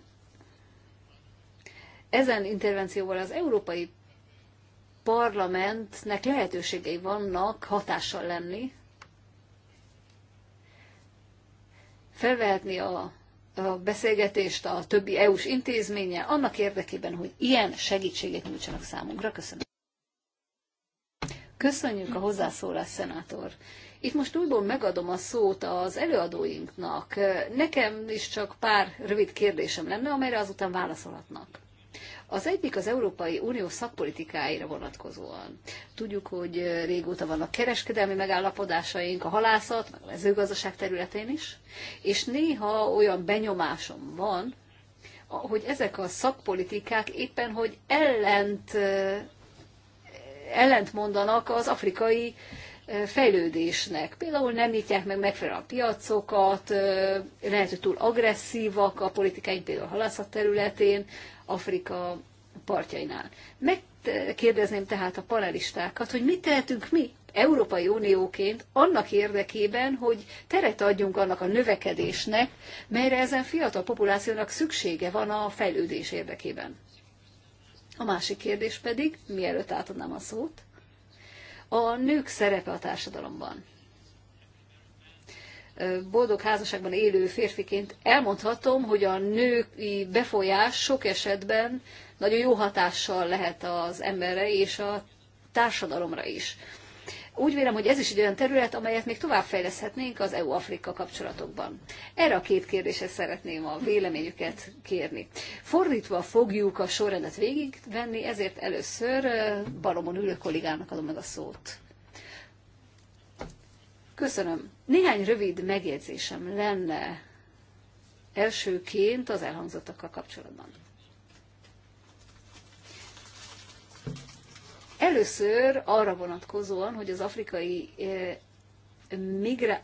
ezen intervencióval az Európai Parlamentnek lehetőségei vannak hatással lenni, felvehetni a, a beszélgetést a többi EU-s intézménye annak érdekében, hogy ilyen segítséget nyújtsanak számunkra. Köszönöm. Köszönjük a hozzászólás, szenátor. Itt most újból megadom a szót az előadóinknak. Nekem is csak pár rövid kérdésem lenne, amelyre azután válaszolhatnak. Az egyik az Európai Unió szakpolitikáira vonatkozóan. Tudjuk, hogy régóta vannak kereskedelmi megállapodásaink a halászat, meg a mezőgazdaság területén is, és néha olyan benyomásom van, hogy ezek a szakpolitikák éppen, hogy ellent ellentmondanak az afrikai fejlődésnek. Például nem nyitják meg megfelelően a piacokat, lehet, hogy túl agresszívak a politikáink, például a halászat területén, Afrika partjainál. Megkérdezném tehát a panelistákat, hogy mit tehetünk mi Európai Unióként annak érdekében, hogy teret adjunk annak a növekedésnek, melyre ezen fiatal populációnak szüksége van a fejlődés érdekében. A másik kérdés pedig, mielőtt átadnám a szót, a nők szerepe a társadalomban. Boldog házasságban élő férfiként elmondhatom, hogy a női befolyás sok esetben nagyon jó hatással lehet az emberre és a társadalomra is. Úgy vélem, hogy ez is egy olyan terület, amelyet még továbbfejleszhetnénk az EU-Afrika kapcsolatokban. Erre a két kérdésre szeretném a véleményüket kérni. Fordítva fogjuk a sorrendet végigvenni, ezért először Baromon ülő kollégának adom meg a szót. Köszönöm. Néhány rövid megjegyzésem lenne elsőként az elhangzottakkal kapcsolatban. Először arra vonatkozóan, hogy az afrikai eh,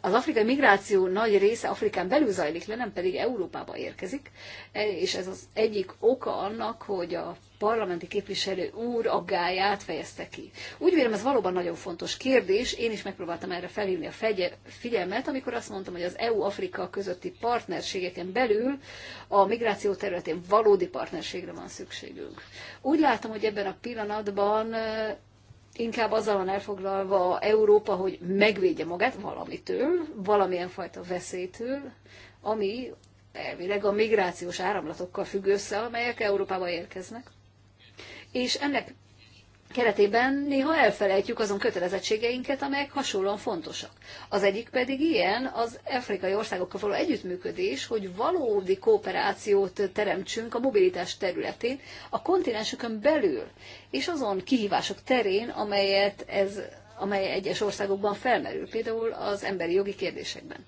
az afrikai migráció nagy része Afrikán belül zajlik le, nem pedig Európába érkezik, e, és ez az egyik oka annak, hogy a parlamenti képviselő úr aggáját fejezte ki. Úgy vélem, ez valóban nagyon fontos kérdés, én is megpróbáltam erre felhívni a figyelmet, amikor azt mondtam, hogy az EU-Afrika közötti partnerségeken belül a migráció területén valódi partnerségre van szükségünk. Úgy látom, hogy ebben a pillanatban inkább azzal van elfoglalva Európa, hogy megvédje magát valamitől, valamilyen fajta veszélytől, ami elvileg a migrációs áramlatokkal függ össze, amelyek Európába érkeznek. És ennek keretében néha elfelejtjük azon kötelezettségeinket, amelyek hasonlóan fontosak. Az egyik pedig ilyen az afrikai országokkal való együttműködés, hogy valódi kooperációt teremtsünk a mobilitás területén, a kontinensükön belül, és azon kihívások terén, amelyet ez, amely egyes országokban felmerül, például az emberi jogi kérdésekben.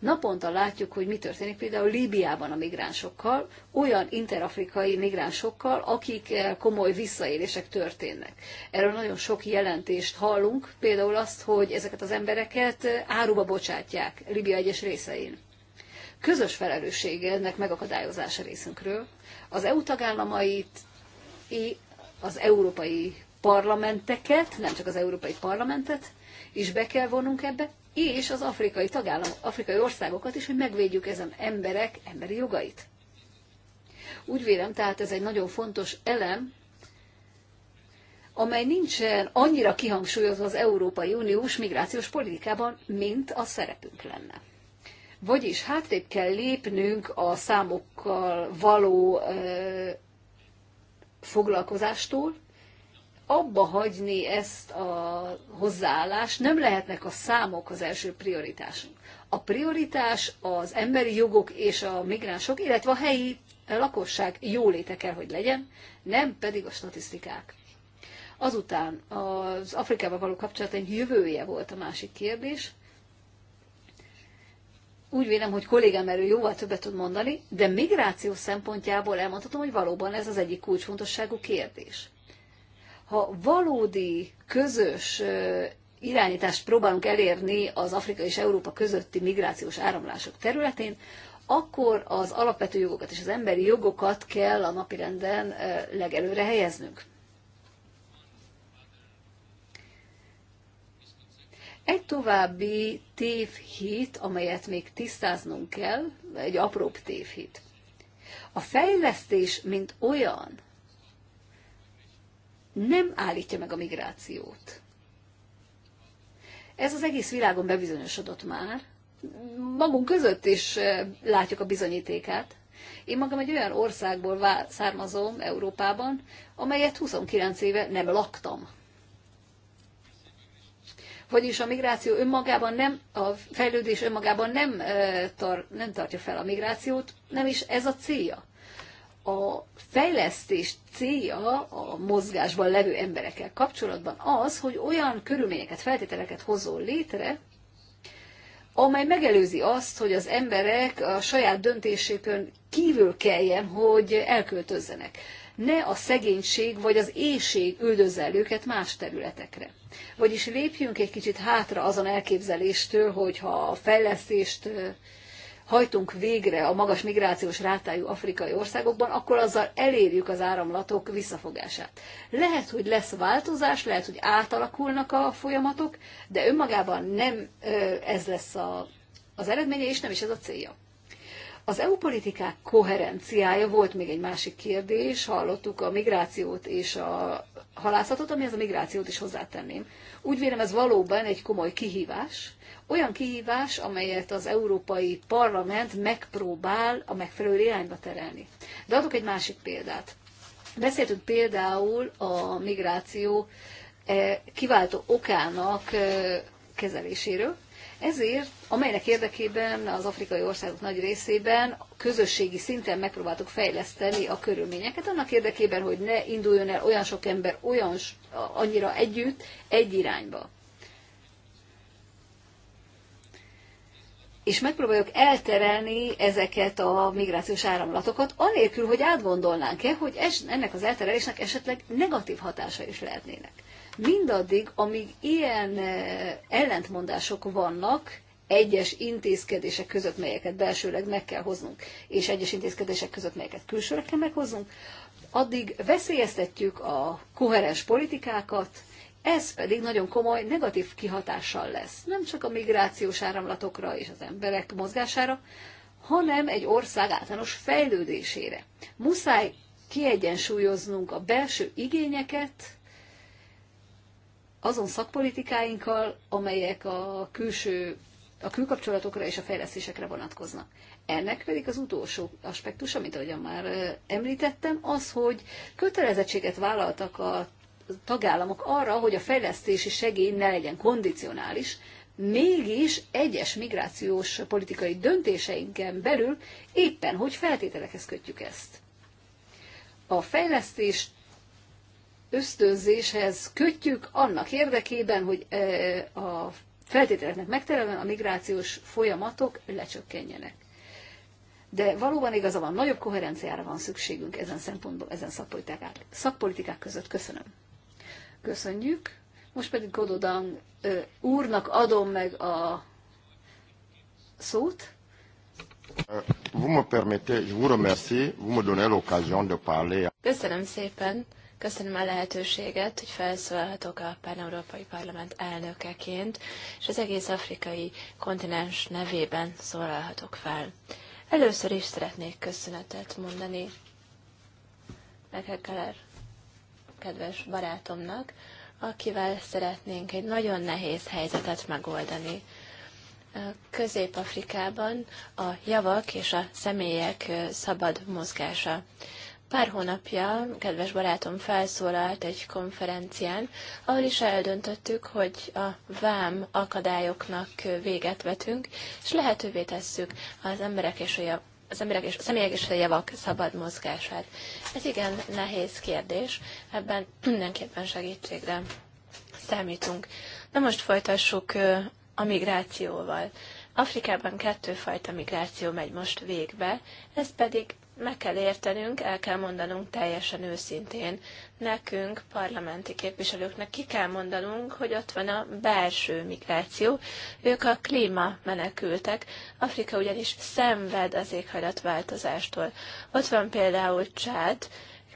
Naponta látjuk, hogy mi történik például Líbiában a migránsokkal, olyan interafrikai migránsokkal, akik eh, komoly visszaélések történnek. Erről nagyon sok jelentést hallunk, például azt, hogy ezeket az embereket eh, áruba bocsátják Líbia egyes részein. Közös felelőssége ennek megakadályozása részünkről. Az EU tagállamait, az európai parlamenteket, nem csak az európai parlamentet, is be kell vonnunk ebbe, és az afrikai tagállam, afrikai országokat is, hogy megvédjük ezen emberek emberi jogait. Úgy vélem, tehát ez egy nagyon fontos elem, amely nincsen annyira kihangsúlyozva az Európai Uniós migrációs politikában, mint a szerepünk lenne. Vagyis hátrébb kell lépnünk a számokkal való ö, foglalkozástól, abba hagyni ezt a hozzáállást, nem lehetnek a számok az első prioritásunk. A prioritás az emberi jogok és a migránsok, illetve a helyi lakosság jóléte kell, hogy legyen, nem pedig a statisztikák. Azután az Afrikával való egy jövője volt a másik kérdés. Úgy vélem, hogy kollégám erről jóval többet tud mondani, de migráció szempontjából elmondhatom, hogy valóban ez az egyik kulcsfontosságú kérdés ha valódi közös irányítást próbálunk elérni az Afrika és Európa közötti migrációs áramlások területén, akkor az alapvető jogokat és az emberi jogokat kell a napirenden legelőre helyeznünk. Egy további tévhit, amelyet még tisztáznunk kell, egy apróbb tévhit. A fejlesztés, mint olyan, nem állítja meg a migrációt. Ez az egész világon bebizonyosodott már. Magunk között is eh, látjuk a bizonyítékát. Én magam egy olyan országból származom Európában, amelyet 29 éve nem laktam. Vagyis a migráció önmagában nem, a fejlődés önmagában nem, eh, tar, nem tartja fel a migrációt, nem is ez a célja a fejlesztés célja a mozgásban levő emberekkel kapcsolatban az, hogy olyan körülményeket, feltételeket hozol létre, amely megelőzi azt, hogy az emberek a saját döntésükön kívül kelljen, hogy elköltözzenek. Ne a szegénység vagy az éjség üldözze el őket más területekre. Vagyis lépjünk egy kicsit hátra azon elképzeléstől, hogyha a fejlesztést hajtunk végre a magas migrációs rátájú afrikai országokban, akkor azzal elérjük az áramlatok visszafogását. Lehet, hogy lesz változás, lehet, hogy átalakulnak a folyamatok, de önmagában nem ez lesz a, az eredménye, és nem is ez a célja. Az EU politikák koherenciája volt még egy másik kérdés, hallottuk a migrációt és a halászatot, amihez a migrációt is hozzátenném. Úgy vélem ez valóban egy komoly kihívás, olyan kihívás, amelyet az Európai Parlament megpróbál a megfelelő irányba terelni. De adok egy másik példát. Beszéltünk például a migráció eh, kiváltó okának eh, kezeléséről, ezért, amelynek érdekében az afrikai országok nagy részében közösségi szinten megpróbáltuk fejleszteni a körülményeket, annak érdekében, hogy ne induljon el olyan sok ember olyan annyira együtt egy irányba. és megpróbáljuk elterelni ezeket a migrációs áramlatokat, anélkül, hogy átgondolnánk-e, hogy ennek az elterelésnek esetleg negatív hatása is lehetnének. Mindaddig, amíg ilyen eh, ellentmondások vannak, egyes intézkedések között, melyeket belsőleg meg kell hoznunk, és egyes intézkedések között, melyeket külsőleg kell meghoznunk, addig veszélyeztetjük a koherens politikákat, ez pedig nagyon komoly negatív kihatással lesz, nem csak a migrációs áramlatokra és az emberek mozgására, hanem egy ország általános fejlődésére. Muszáj kiegyensúlyoznunk a belső igényeket azon szakpolitikáinkkal, amelyek a külső a külkapcsolatokra és a fejlesztésekre vonatkoznak. Ennek pedig az utolsó aspektus, amit ahogyan már említettem, az, hogy kötelezettséget vállaltak a tagállamok arra, hogy a fejlesztési segély ne legyen kondicionális, mégis egyes migrációs politikai döntéseinken belül éppen hogy feltételekhez kötjük ezt. A fejlesztés ösztönzéshez kötjük annak érdekében, hogy e, a feltételeknek megfelelően a migrációs folyamatok lecsökkenjenek. De valóban igaza van, nagyobb koherenciára van szükségünk ezen szempontból, ezen szakpolitikák, szakpolitikák között. Köszönöm. Köszönjük. Most pedig Gododang úrnak adom meg a szót. Vous me permettez, je vous remercie, vous me donnez l'occasion de parler. Köszönöm szépen Köszönöm a lehetőséget, hogy felszólalhatok a Pán-Európai Parlament elnökeként, és az egész afrikai kontinens nevében szólalhatok fel. Először is szeretnék köszönetet mondani Mekekeler kedves barátomnak, akivel szeretnénk egy nagyon nehéz helyzetet megoldani. Közép-Afrikában a javak és a személyek szabad mozgása Pár hónapja kedves barátom felszólalt egy konferencián, ahol is eldöntöttük, hogy a vám akadályoknak véget vetünk, és lehetővé tesszük az emberek és a jav az emberek és a személyek és a javak szabad mozgását. Ez igen nehéz kérdés, ebben mindenképpen segítségre számítunk. Na most folytassuk a migrációval. Afrikában kettőfajta migráció megy most végbe, ez pedig meg kell értenünk, el kell mondanunk teljesen őszintén. Nekünk, parlamenti képviselőknek ki kell mondanunk, hogy ott van a belső migráció. Ők a klíma menekültek. Afrika ugyanis szenved az éghajlatváltozástól. Ott van például Csád,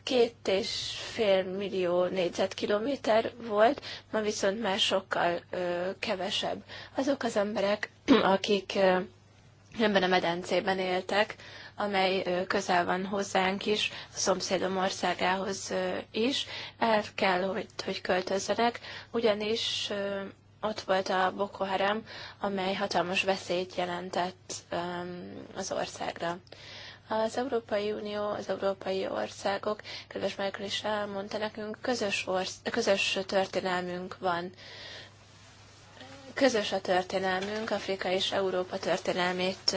két és fél millió négyzetkilométer volt, ma viszont már sokkal ö, kevesebb. Azok az emberek, akik ö, ebben a medencében éltek, amely közel van hozzánk is, a szomszédom országához is, el kell, hogy, hogy költözzenek, ugyanis ott volt a Boko Haram, amely hatalmas veszélyt jelentett az országra. Az Európai Unió, az európai országok, kedves Michael is elmondta nekünk, közös, orsz, közös történelmünk van közös a történelmünk, Afrika és Európa történelmét,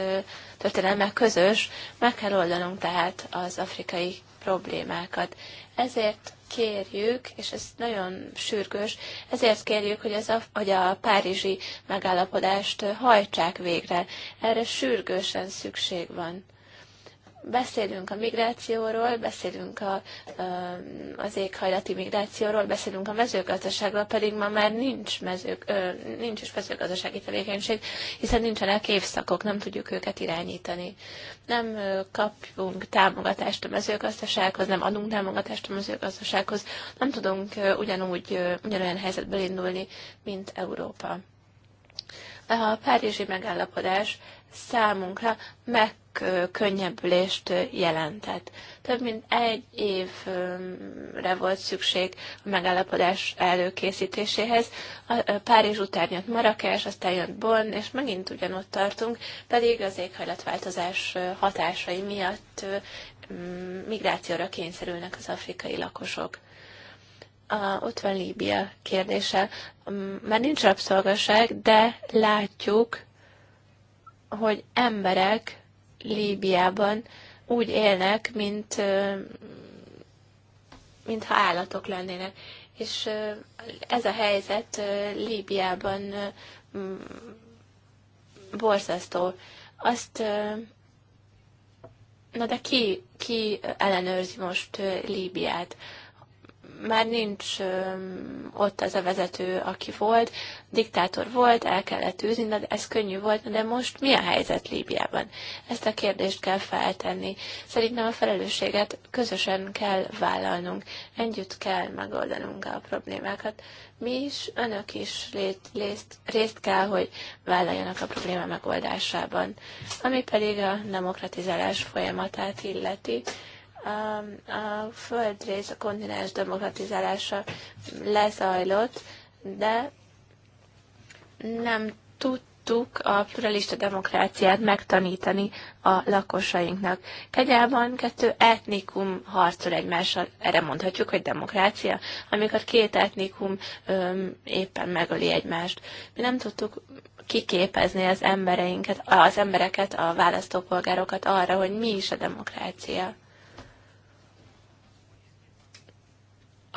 történelme közös, meg kell oldanunk tehát az afrikai problémákat. Ezért kérjük, és ez nagyon sürgős, ezért kérjük, hogy, az a, hogy a párizsi megállapodást hajtsák végre. Erre sürgősen szükség van beszélünk a migrációról, beszélünk a, az éghajlati migrációról, beszélünk a mezőgazdaságról, pedig ma már nincs, mezők, nincs is mezőgazdasági tevékenység, hiszen nincsenek évszakok, nem tudjuk őket irányítani. Nem kapunk támogatást a mezőgazdasághoz, nem adunk támogatást a mezőgazdasághoz, nem tudunk ugyanúgy, ugyanolyan helyzetből indulni, mint Európa. A párizsi megállapodás számunkra meg könnyebbülést jelentett. Több mint egy évre volt szükség a megállapodás előkészítéséhez. A Párizs után jött Marrakes, aztán jött Bonn, és megint ugyanott tartunk, pedig az éghajlatváltozás hatásai miatt migrációra kényszerülnek az afrikai lakosok a, ott van Líbia kérdése. Már nincs rabszolgaság, de látjuk, hogy emberek Líbiában úgy élnek, mint, mintha állatok lennének. És ez a helyzet Líbiában borzasztó. Azt, na de ki, ki ellenőrzi most Líbiát? már nincs ott az a vezető, aki volt, diktátor volt, el kellett űzni, de ez könnyű volt, de most mi a helyzet Líbiában? Ezt a kérdést kell feltenni. Szerintem a felelősséget közösen kell vállalnunk, együtt kell megoldanunk a problémákat. Mi is, önök is lét, lészt, részt kell, hogy vállaljanak a probléma megoldásában. Ami pedig a demokratizálás folyamatát illeti, a földrész, a kontinens demokratizálása lezajlott, de nem tudtuk a pluralista demokráciát megtanítani a lakosainknak. Kegyában kettő etnikum harcol egymással, erre mondhatjuk, hogy demokrácia, amikor két etnikum öm, éppen megöli egymást. Mi nem tudtuk kiképezni az embereinket, az embereket, a választópolgárokat arra, hogy mi is a demokrácia.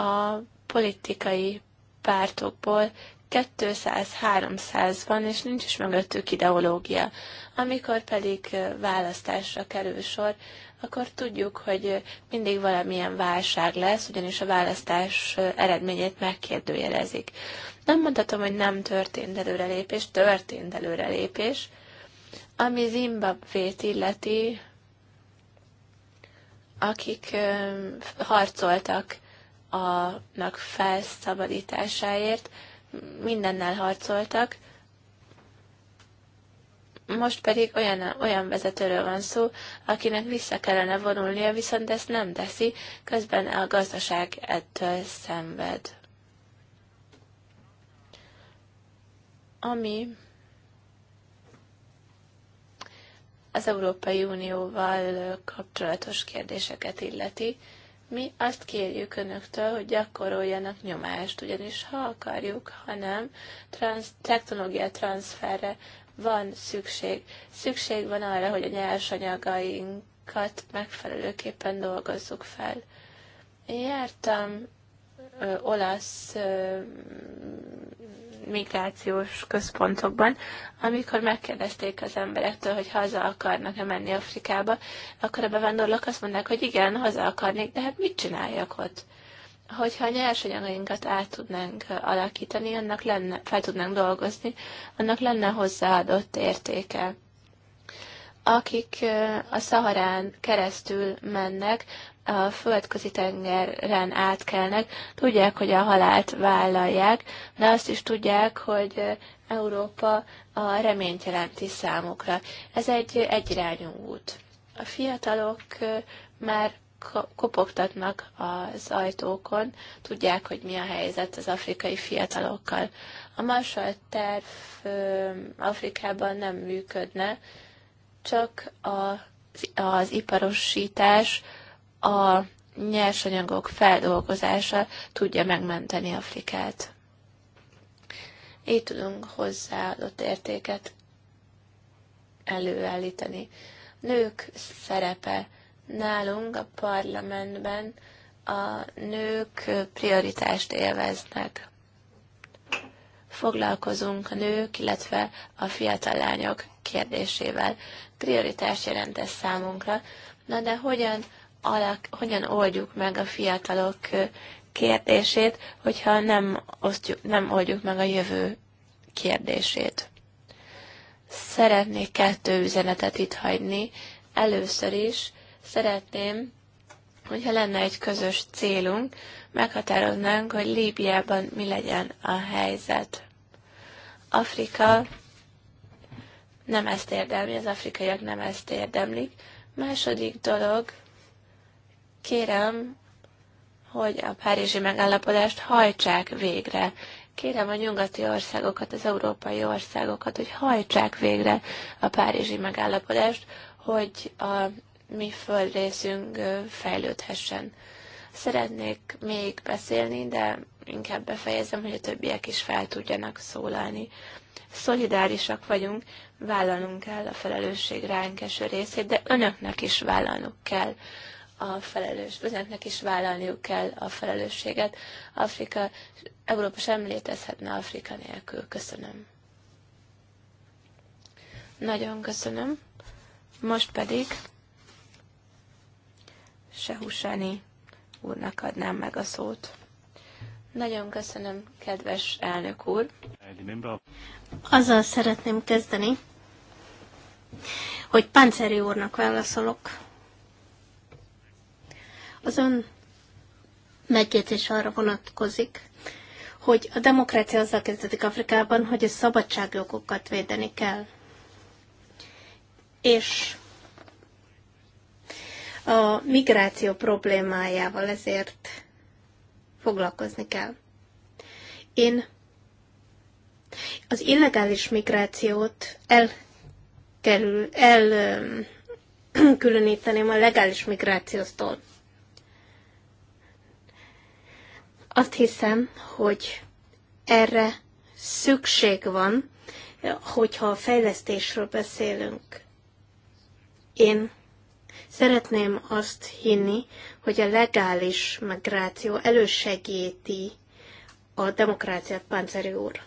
a politikai pártokból 200-300 van, és nincs is mögöttük ideológia. Amikor pedig választásra kerül sor, akkor tudjuk, hogy mindig valamilyen válság lesz, ugyanis a választás eredményét megkérdőjelezik. Nem mondhatom, hogy nem történt előrelépés, történt előrelépés. Ami Zimbabvét illeti, akik harcoltak annak felszabadításáért mindennel harcoltak, most pedig olyan, olyan vezetőről van szó, akinek vissza kellene vonulnia, viszont ezt nem teszi, közben a gazdaság ettől szenved. Ami az Európai Unióval kapcsolatos kérdéseket illeti, mi azt kérjük önöktől, hogy gyakoroljanak nyomást, ugyanis ha akarjuk, ha nem, trans, technológia transferre van szükség. Szükség van arra, hogy a nyersanyagainkat megfelelőképpen dolgozzuk fel. Én jártam ö, olasz ö, migrációs központokban, amikor megkérdezték az emberektől, hogy haza akarnak-e menni Afrikába, akkor a bevándorlók azt mondták, hogy igen, haza akarnék, de hát mit csináljak ott? Hogyha a nyersanyagainkat át tudnánk alakítani, annak lenne, fel tudnánk dolgozni, annak lenne hozzáadott értéke akik a Szaharán keresztül mennek, a földközi tengeren átkelnek, tudják, hogy a halált vállalják, de azt is tudják, hogy Európa a reményt jelenti számukra. Ez egy egyirányú út. A fiatalok már kopogtatnak az ajtókon, tudják, hogy mi a helyzet az afrikai fiatalokkal. A Marshall terv Afrikában nem működne, csak a, az iparosítás, a nyersanyagok feldolgozása tudja megmenteni Afrikát. Így tudunk hozzáadott értéket előállítani. Nők szerepe nálunk a parlamentben a nők prioritást élveznek. Foglalkozunk a nők, illetve a fiatal lányok kérdésével. Prioritást jelent ez számunkra. Na de hogyan alak, hogyan oldjuk meg a fiatalok kérdését, hogyha nem, osztjuk, nem oldjuk meg a jövő kérdését. Szeretnék kettő üzenetet itt hagyni. Először is szeretném, hogyha lenne egy közös célunk, meghatároznánk, hogy Líbiában mi legyen a helyzet. Afrika nem ezt érdemli, az afrikaiak nem ezt érdemlik. Második dolog, Kérem, hogy a párizsi megállapodást hajtsák végre. Kérem a nyugati országokat, az európai országokat, hogy hajtsák végre a párizsi megállapodást, hogy a mi földrészünk fejlődhessen. Szeretnék még beszélni, de inkább befejezem, hogy a többiek is fel tudjanak szólalni. Szolidárisak vagyunk, vállalnunk kell a felelősség ránk eső részét, de önöknek is vállalnunk kell a felelős, üzenetnek is vállalniuk kell a felelősséget. Afrika, Európa sem létezhetne Afrika nélkül. Köszönöm. Nagyon köszönöm. Most pedig Sehusani úrnak adnám meg a szót. Nagyon köszönöm, kedves elnök úr. Azzal szeretném kezdeni, hogy Panceri úrnak válaszolok az ön megjegyzés arra vonatkozik, hogy a demokrácia azzal kezdődik Afrikában, hogy a szabadságjogokat védeni kell. És a migráció problémájával ezért foglalkozni kell. Én az illegális migrációt elkerül, különíteném a legális migrációtól. Azt hiszem, hogy erre szükség van, hogyha a fejlesztésről beszélünk. Én szeretném azt hinni, hogy a legális migráció elősegíti a demokráciát, Pánzeri úr.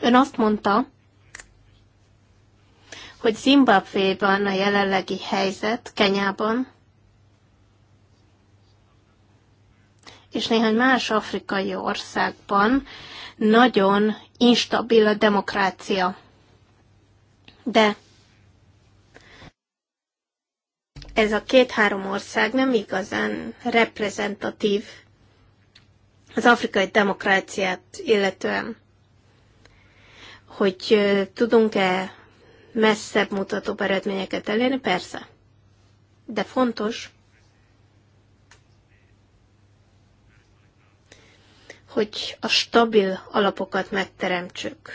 Ön azt mondta, hogy Zimbabvéban a jelenlegi helyzet, Kenyában, és néhány más afrikai országban nagyon instabil a demokrácia. De ez a két-három ország nem igazán reprezentatív az afrikai demokráciát illetően, hogy tudunk-e messzebb mutatóbb eredményeket elérni, persze. De fontos, hogy a stabil alapokat megteremtsük.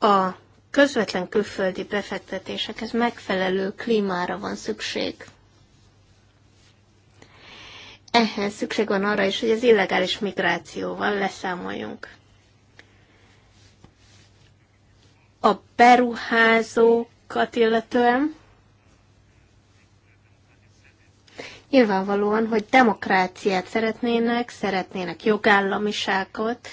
A közvetlen külföldi befektetésekhez megfelelő klímára van szükség. Ehhez szükség van arra is, hogy az illegális migrációval leszámoljunk. A beruházókat illetően nyilvánvalóan, hogy demokráciát szeretnének, szeretnének jogállamiságot,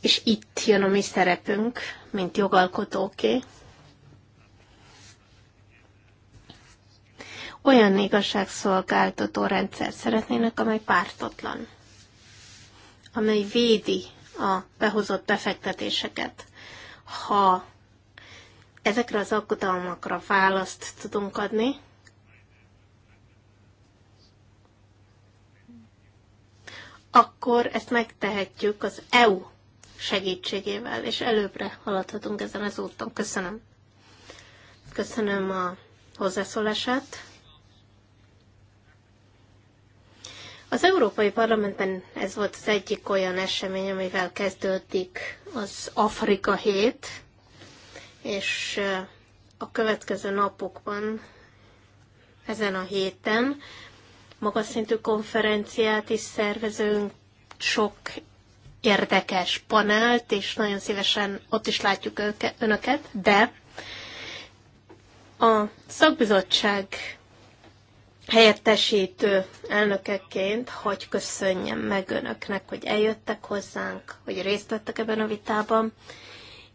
és itt jön a mi szerepünk, mint jogalkotóké. Olyan igazságszolgáltató rendszer szeretnének, amely pártotlan, amely védi a behozott befektetéseket. Ha ezekre az aggodalmakra választ tudunk adni, akkor ezt megtehetjük az EU segítségével, és előbbre haladhatunk ezen az úton. Köszönöm. Köszönöm a hozzászólását. Az Európai Parlamentben ez volt az egyik olyan esemény, amivel kezdődik az Afrika hét, és a következő napokban, ezen a héten magas szintű konferenciát is szervezünk, sok érdekes panelt, és nagyon szívesen ott is látjuk őke, önöket, de a szakbizottság helyettesítő elnökeként, hogy köszönjem meg önöknek, hogy eljöttek hozzánk, hogy részt vettek ebben a vitában,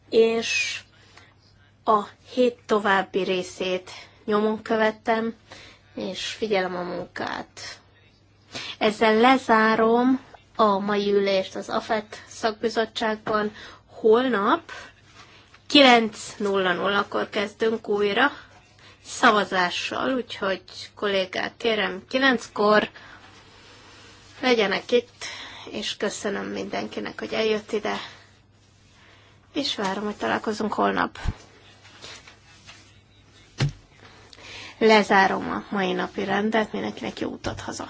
és a hét további részét nyomon követtem, és figyelem a munkát. Ezzel lezárom a mai ülést az AFET szakbizottságban. Holnap 9.00-kor kezdünk újra szavazással, úgyhogy kollégát kérem, 9-kor legyenek itt, és köszönöm mindenkinek, hogy eljött ide, és várom, hogy találkozunk holnap. Lezárom a mai napi rendet, mindenkinek jó utat haza!